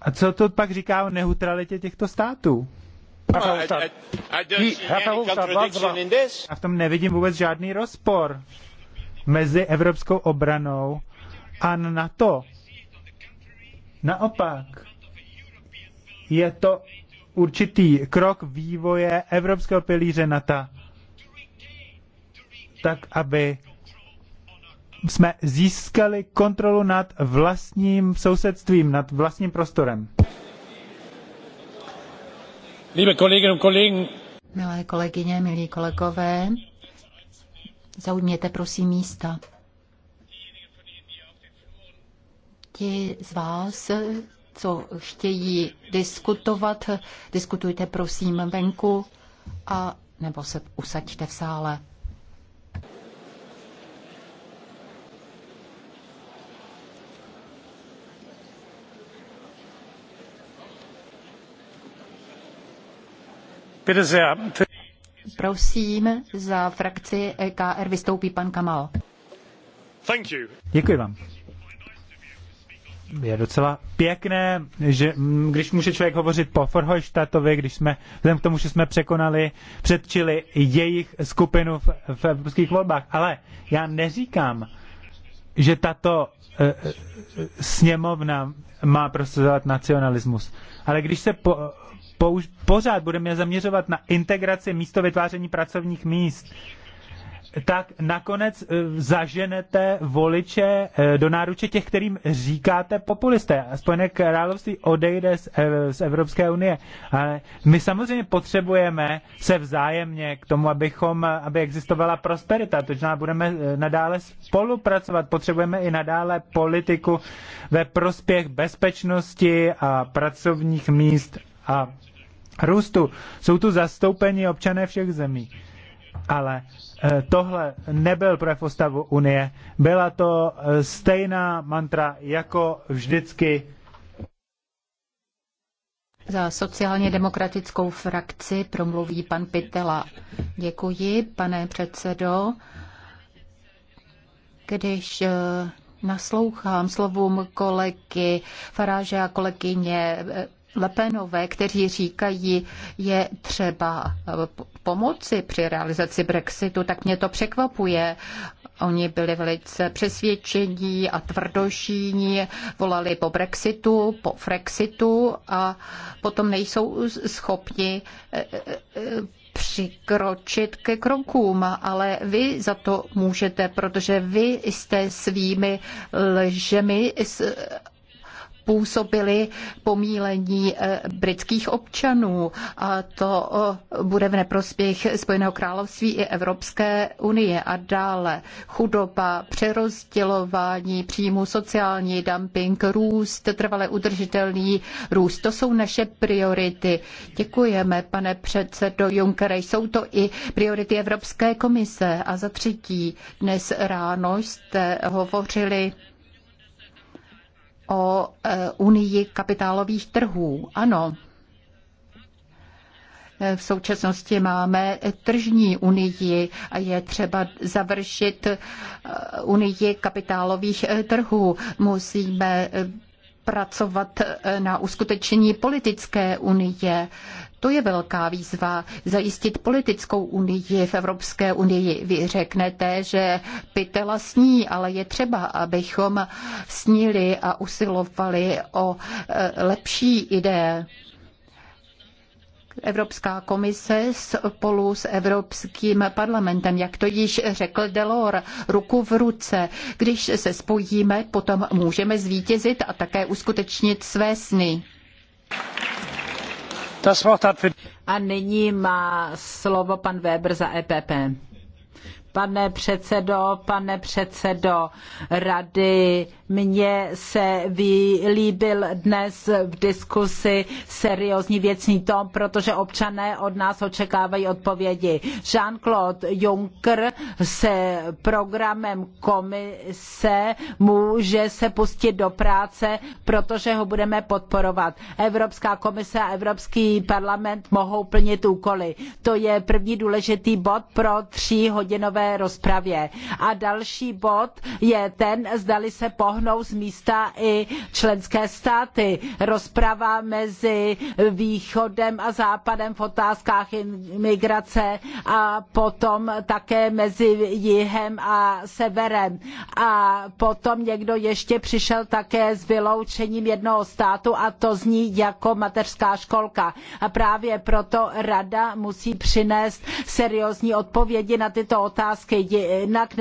A co to pak říká o neutralitě těchto států? A v tom nevidím vůbec žádný rozpor mezi evropskou obranou a NATO. Naopak, je to určitý krok vývoje evropského pilíře NATO, tak aby jsme získali kontrolu nad vlastním sousedstvím, nad vlastním prostorem. Milé kolegyně, milí kolegové, zaujměte prosím místa. Ti z vás, co chtějí diskutovat, diskutujte prosím venku a nebo se usaďte v sále. Prosím, za frakci EKR vystoupí pan Kamal. Děkuji vám. Je docela pěkné, že když může člověk hovořit po Forhojštatovi, když jsme, vzhledem k tomu, že jsme překonali, předčili jejich skupinu v, v evropských volbách. Ale já neříkám, že tato e, e sněmovna má prosazovat nacionalismus. Ale když se po, použ- pořád budeme zaměřovat na integraci místo vytváření pracovních míst, tak nakonec e, zaženete voliče e, do náruče těch, kterým říkáte populisté. Spojené království odejde z, e, z Evropské unie. Ale my samozřejmě potřebujeme se vzájemně k tomu, abychom, aby existovala prosperita. To znamená, budeme nadále spolupracovat. Potřebujeme i nadále politiku ve prospěch bezpečnosti a pracovních míst a růstu. Jsou tu zastoupeni občané všech zemí. Ale eh, tohle nebyl projev ústavu Unie. Byla to eh, stejná mantra jako vždycky. Za sociálně demokratickou frakci promluví pan Pitela. Děkuji, pane předsedo. Když eh, naslouchám slovům kolegy Faráže a kolegyně Lepenové, kteří říkají, je třeba eh, pomoci při realizaci Brexitu, tak mě to překvapuje. Oni byli velice přesvědčení a tvrdošíní, volali po Brexitu, po Frexitu a potom nejsou schopni eh, eh, přikročit ke krokům, ale vy za to můžete, protože vy jste svými lžemi způsobili pomílení eh, britských občanů a to eh, bude v neprospěch Spojeného království i Evropské unie a dále chudoba, přerozdělování příjmu, sociální dumping, růst, trvale udržitelný růst. To jsou naše priority. Děkujeme, pane předsedo Junckere. Jsou to i priority Evropské komise. A za třetí, dnes ráno jste hovořili o e, unii kapitálových trhů. Ano, e, v současnosti máme tržní unii a je třeba završit e, unii kapitálových trhů. Musíme pracovat e, na uskutečnění politické unie. To je velká výzva zajistit politickou unii v Evropské unii. Vy řeknete, že pytela sní, ale je třeba, abychom snili a usilovali o e, lepší ideje. Evropská komise spolu s Evropským parlamentem, jak to již řekl Delors, ruku v ruce. Když se spojíme, potom můžeme zvítězit a také uskutečnit své sny. A nyní má slovo pan Weber za EPP. Pane předsedo, pane předsedo rady, mně se líbil dnes v diskusi seriózní věcný tom, protože občané od nás očekávají odpovědi. Jean-Claude Juncker se programem komise může se pustit do práce, protože ho budeme podporovat. Evropská komise a Evropský parlament mohou plnit úkoly. To je první důležitý bod pro tříhodinové rozpravě. A další bod je ten, zdali se pohnou z místa i členské státy. Rozprava mezi východem a západem v otázkách imigrace a potom také mezi jihem a severem. A potom někdo ještě přišel také s vyloučením jednoho státu a to zní jako mateřská školka. A právě proto rada musí přinést seriózní odpovědi na tyto otázky otázky, jinak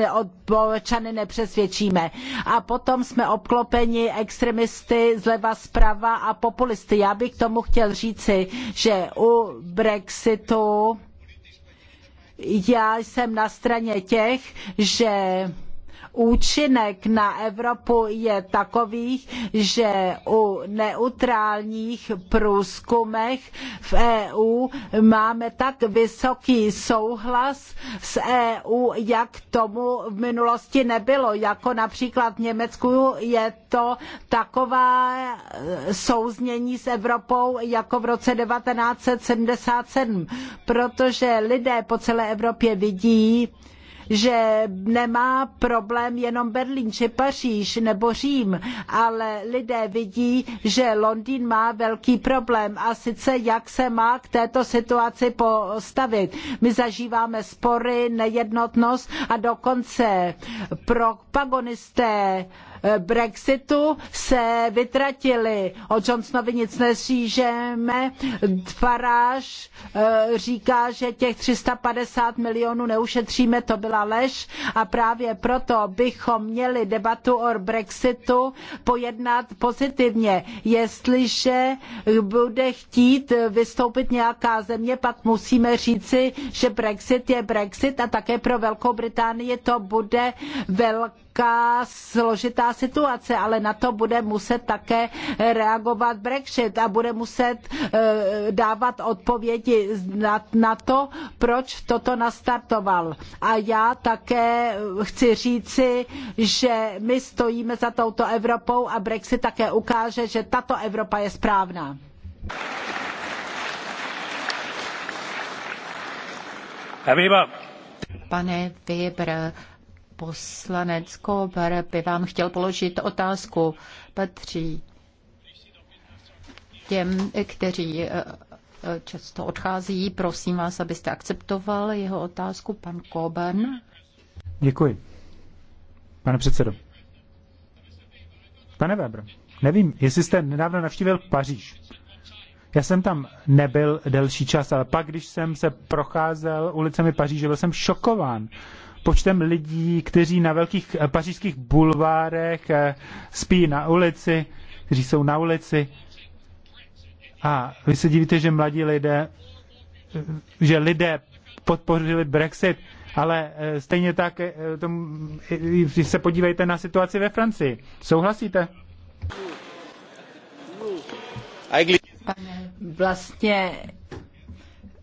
občany nepřesvědčíme. A potom jsme obklopeni extremisty zleva zprava a populisty. Já bych k tomu chtěl říci, že u Brexitu já jsem na straně těch, že účinek na Evropu je takový, že u neutrálních průzkumech v EU máme tak vysoký souhlas s EU, jak tomu v minulosti nebylo. Jako například v Německu je to taková e, souznění s Evropou jako v roce 1977, protože lidé po celé Evropě vidí, že nemá problém jenom Berlín či Paříž nebo Řím, ale lidé vidí, že Londýn má velký problém a sice jak se má k této situaci postavit. My zažíváme spory, nejednotnost a dokonce propagonisté Brexitu se vytratili. O Johnsonovi nic nesížeme. Faráž eh, říká, že těch 350 milionů neušetříme, to byla lež a právě proto bychom měli debatu o Brexitu pojednat pozitivně. Jestliže bude chtít vystoupit nějaká země, pak musíme říci, že Brexit je Brexit a také pro Velkou Británii to bude velká složitá situace, ale na to bude muset také reagovat Brexit a bude muset eh, dávat odpovědi na to, proč toto nastartoval. A já také chci říci, že my stojíme za touto Evropou a Brexit také ukáže, že tato Evropa je správná. Pane Weber, poslanec Kober by vám chtěl položit otázku. Patří těm, kteří eh, eh, často odchází. Prosím vás, abyste akceptoval jeho otázku, pan Koben. Děkuji. Pane předsedo. Pane Weber, nevím, jestli jste nedávno navštívil Paříž. Já jsem tam nebyl delší čas, ale pak, když jsem se procházel ulicemi Paříže, byl jsem šokován počtem lidí, kteří na velkých eh, pařížských bulvárech eh, spí na ulici, kteří jsou na ulici. A vy se divíte, že mladí lidé, eh, že lidé podpořili Brexit, ale stejně tak když se podívejte na situaci ve Francii. Souhlasíte? Vlastně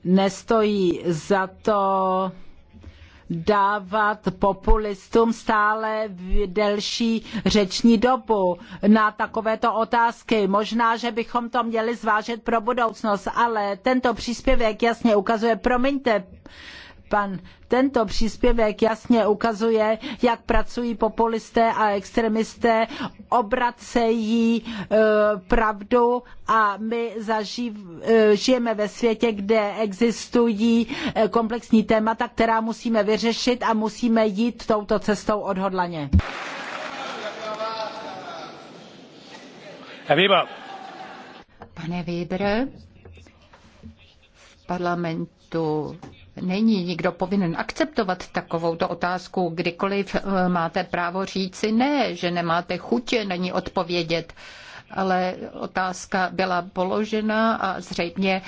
nestojí za to dávat populistům stále delší řeční dobu na takovéto otázky. Možná, že bychom to měli zvážit pro budoucnost, ale tento příspěvek jasně ukazuje, promiňte, pan. Tento příspěvek jasně ukazuje, jak pracují populisté a extremisté, obracejí e, pravdu a my zaživ, e, žijeme ve světě, kde existují e, komplexní témata, která musíme vyřešit a musíme jít touto cestou odhodlaně. Pane Weber, v parlamentu Není nikdo povinen akceptovat takovou otázku, kdykoliv eh, máte právo říci ne, že nemáte chutě na ní odpovědět ale otázka byla položena a zřejmě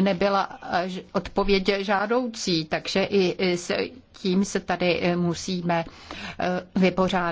nebyla odpověď žádoucí, takže i s tím se tady eh, musíme eh, vypořádat.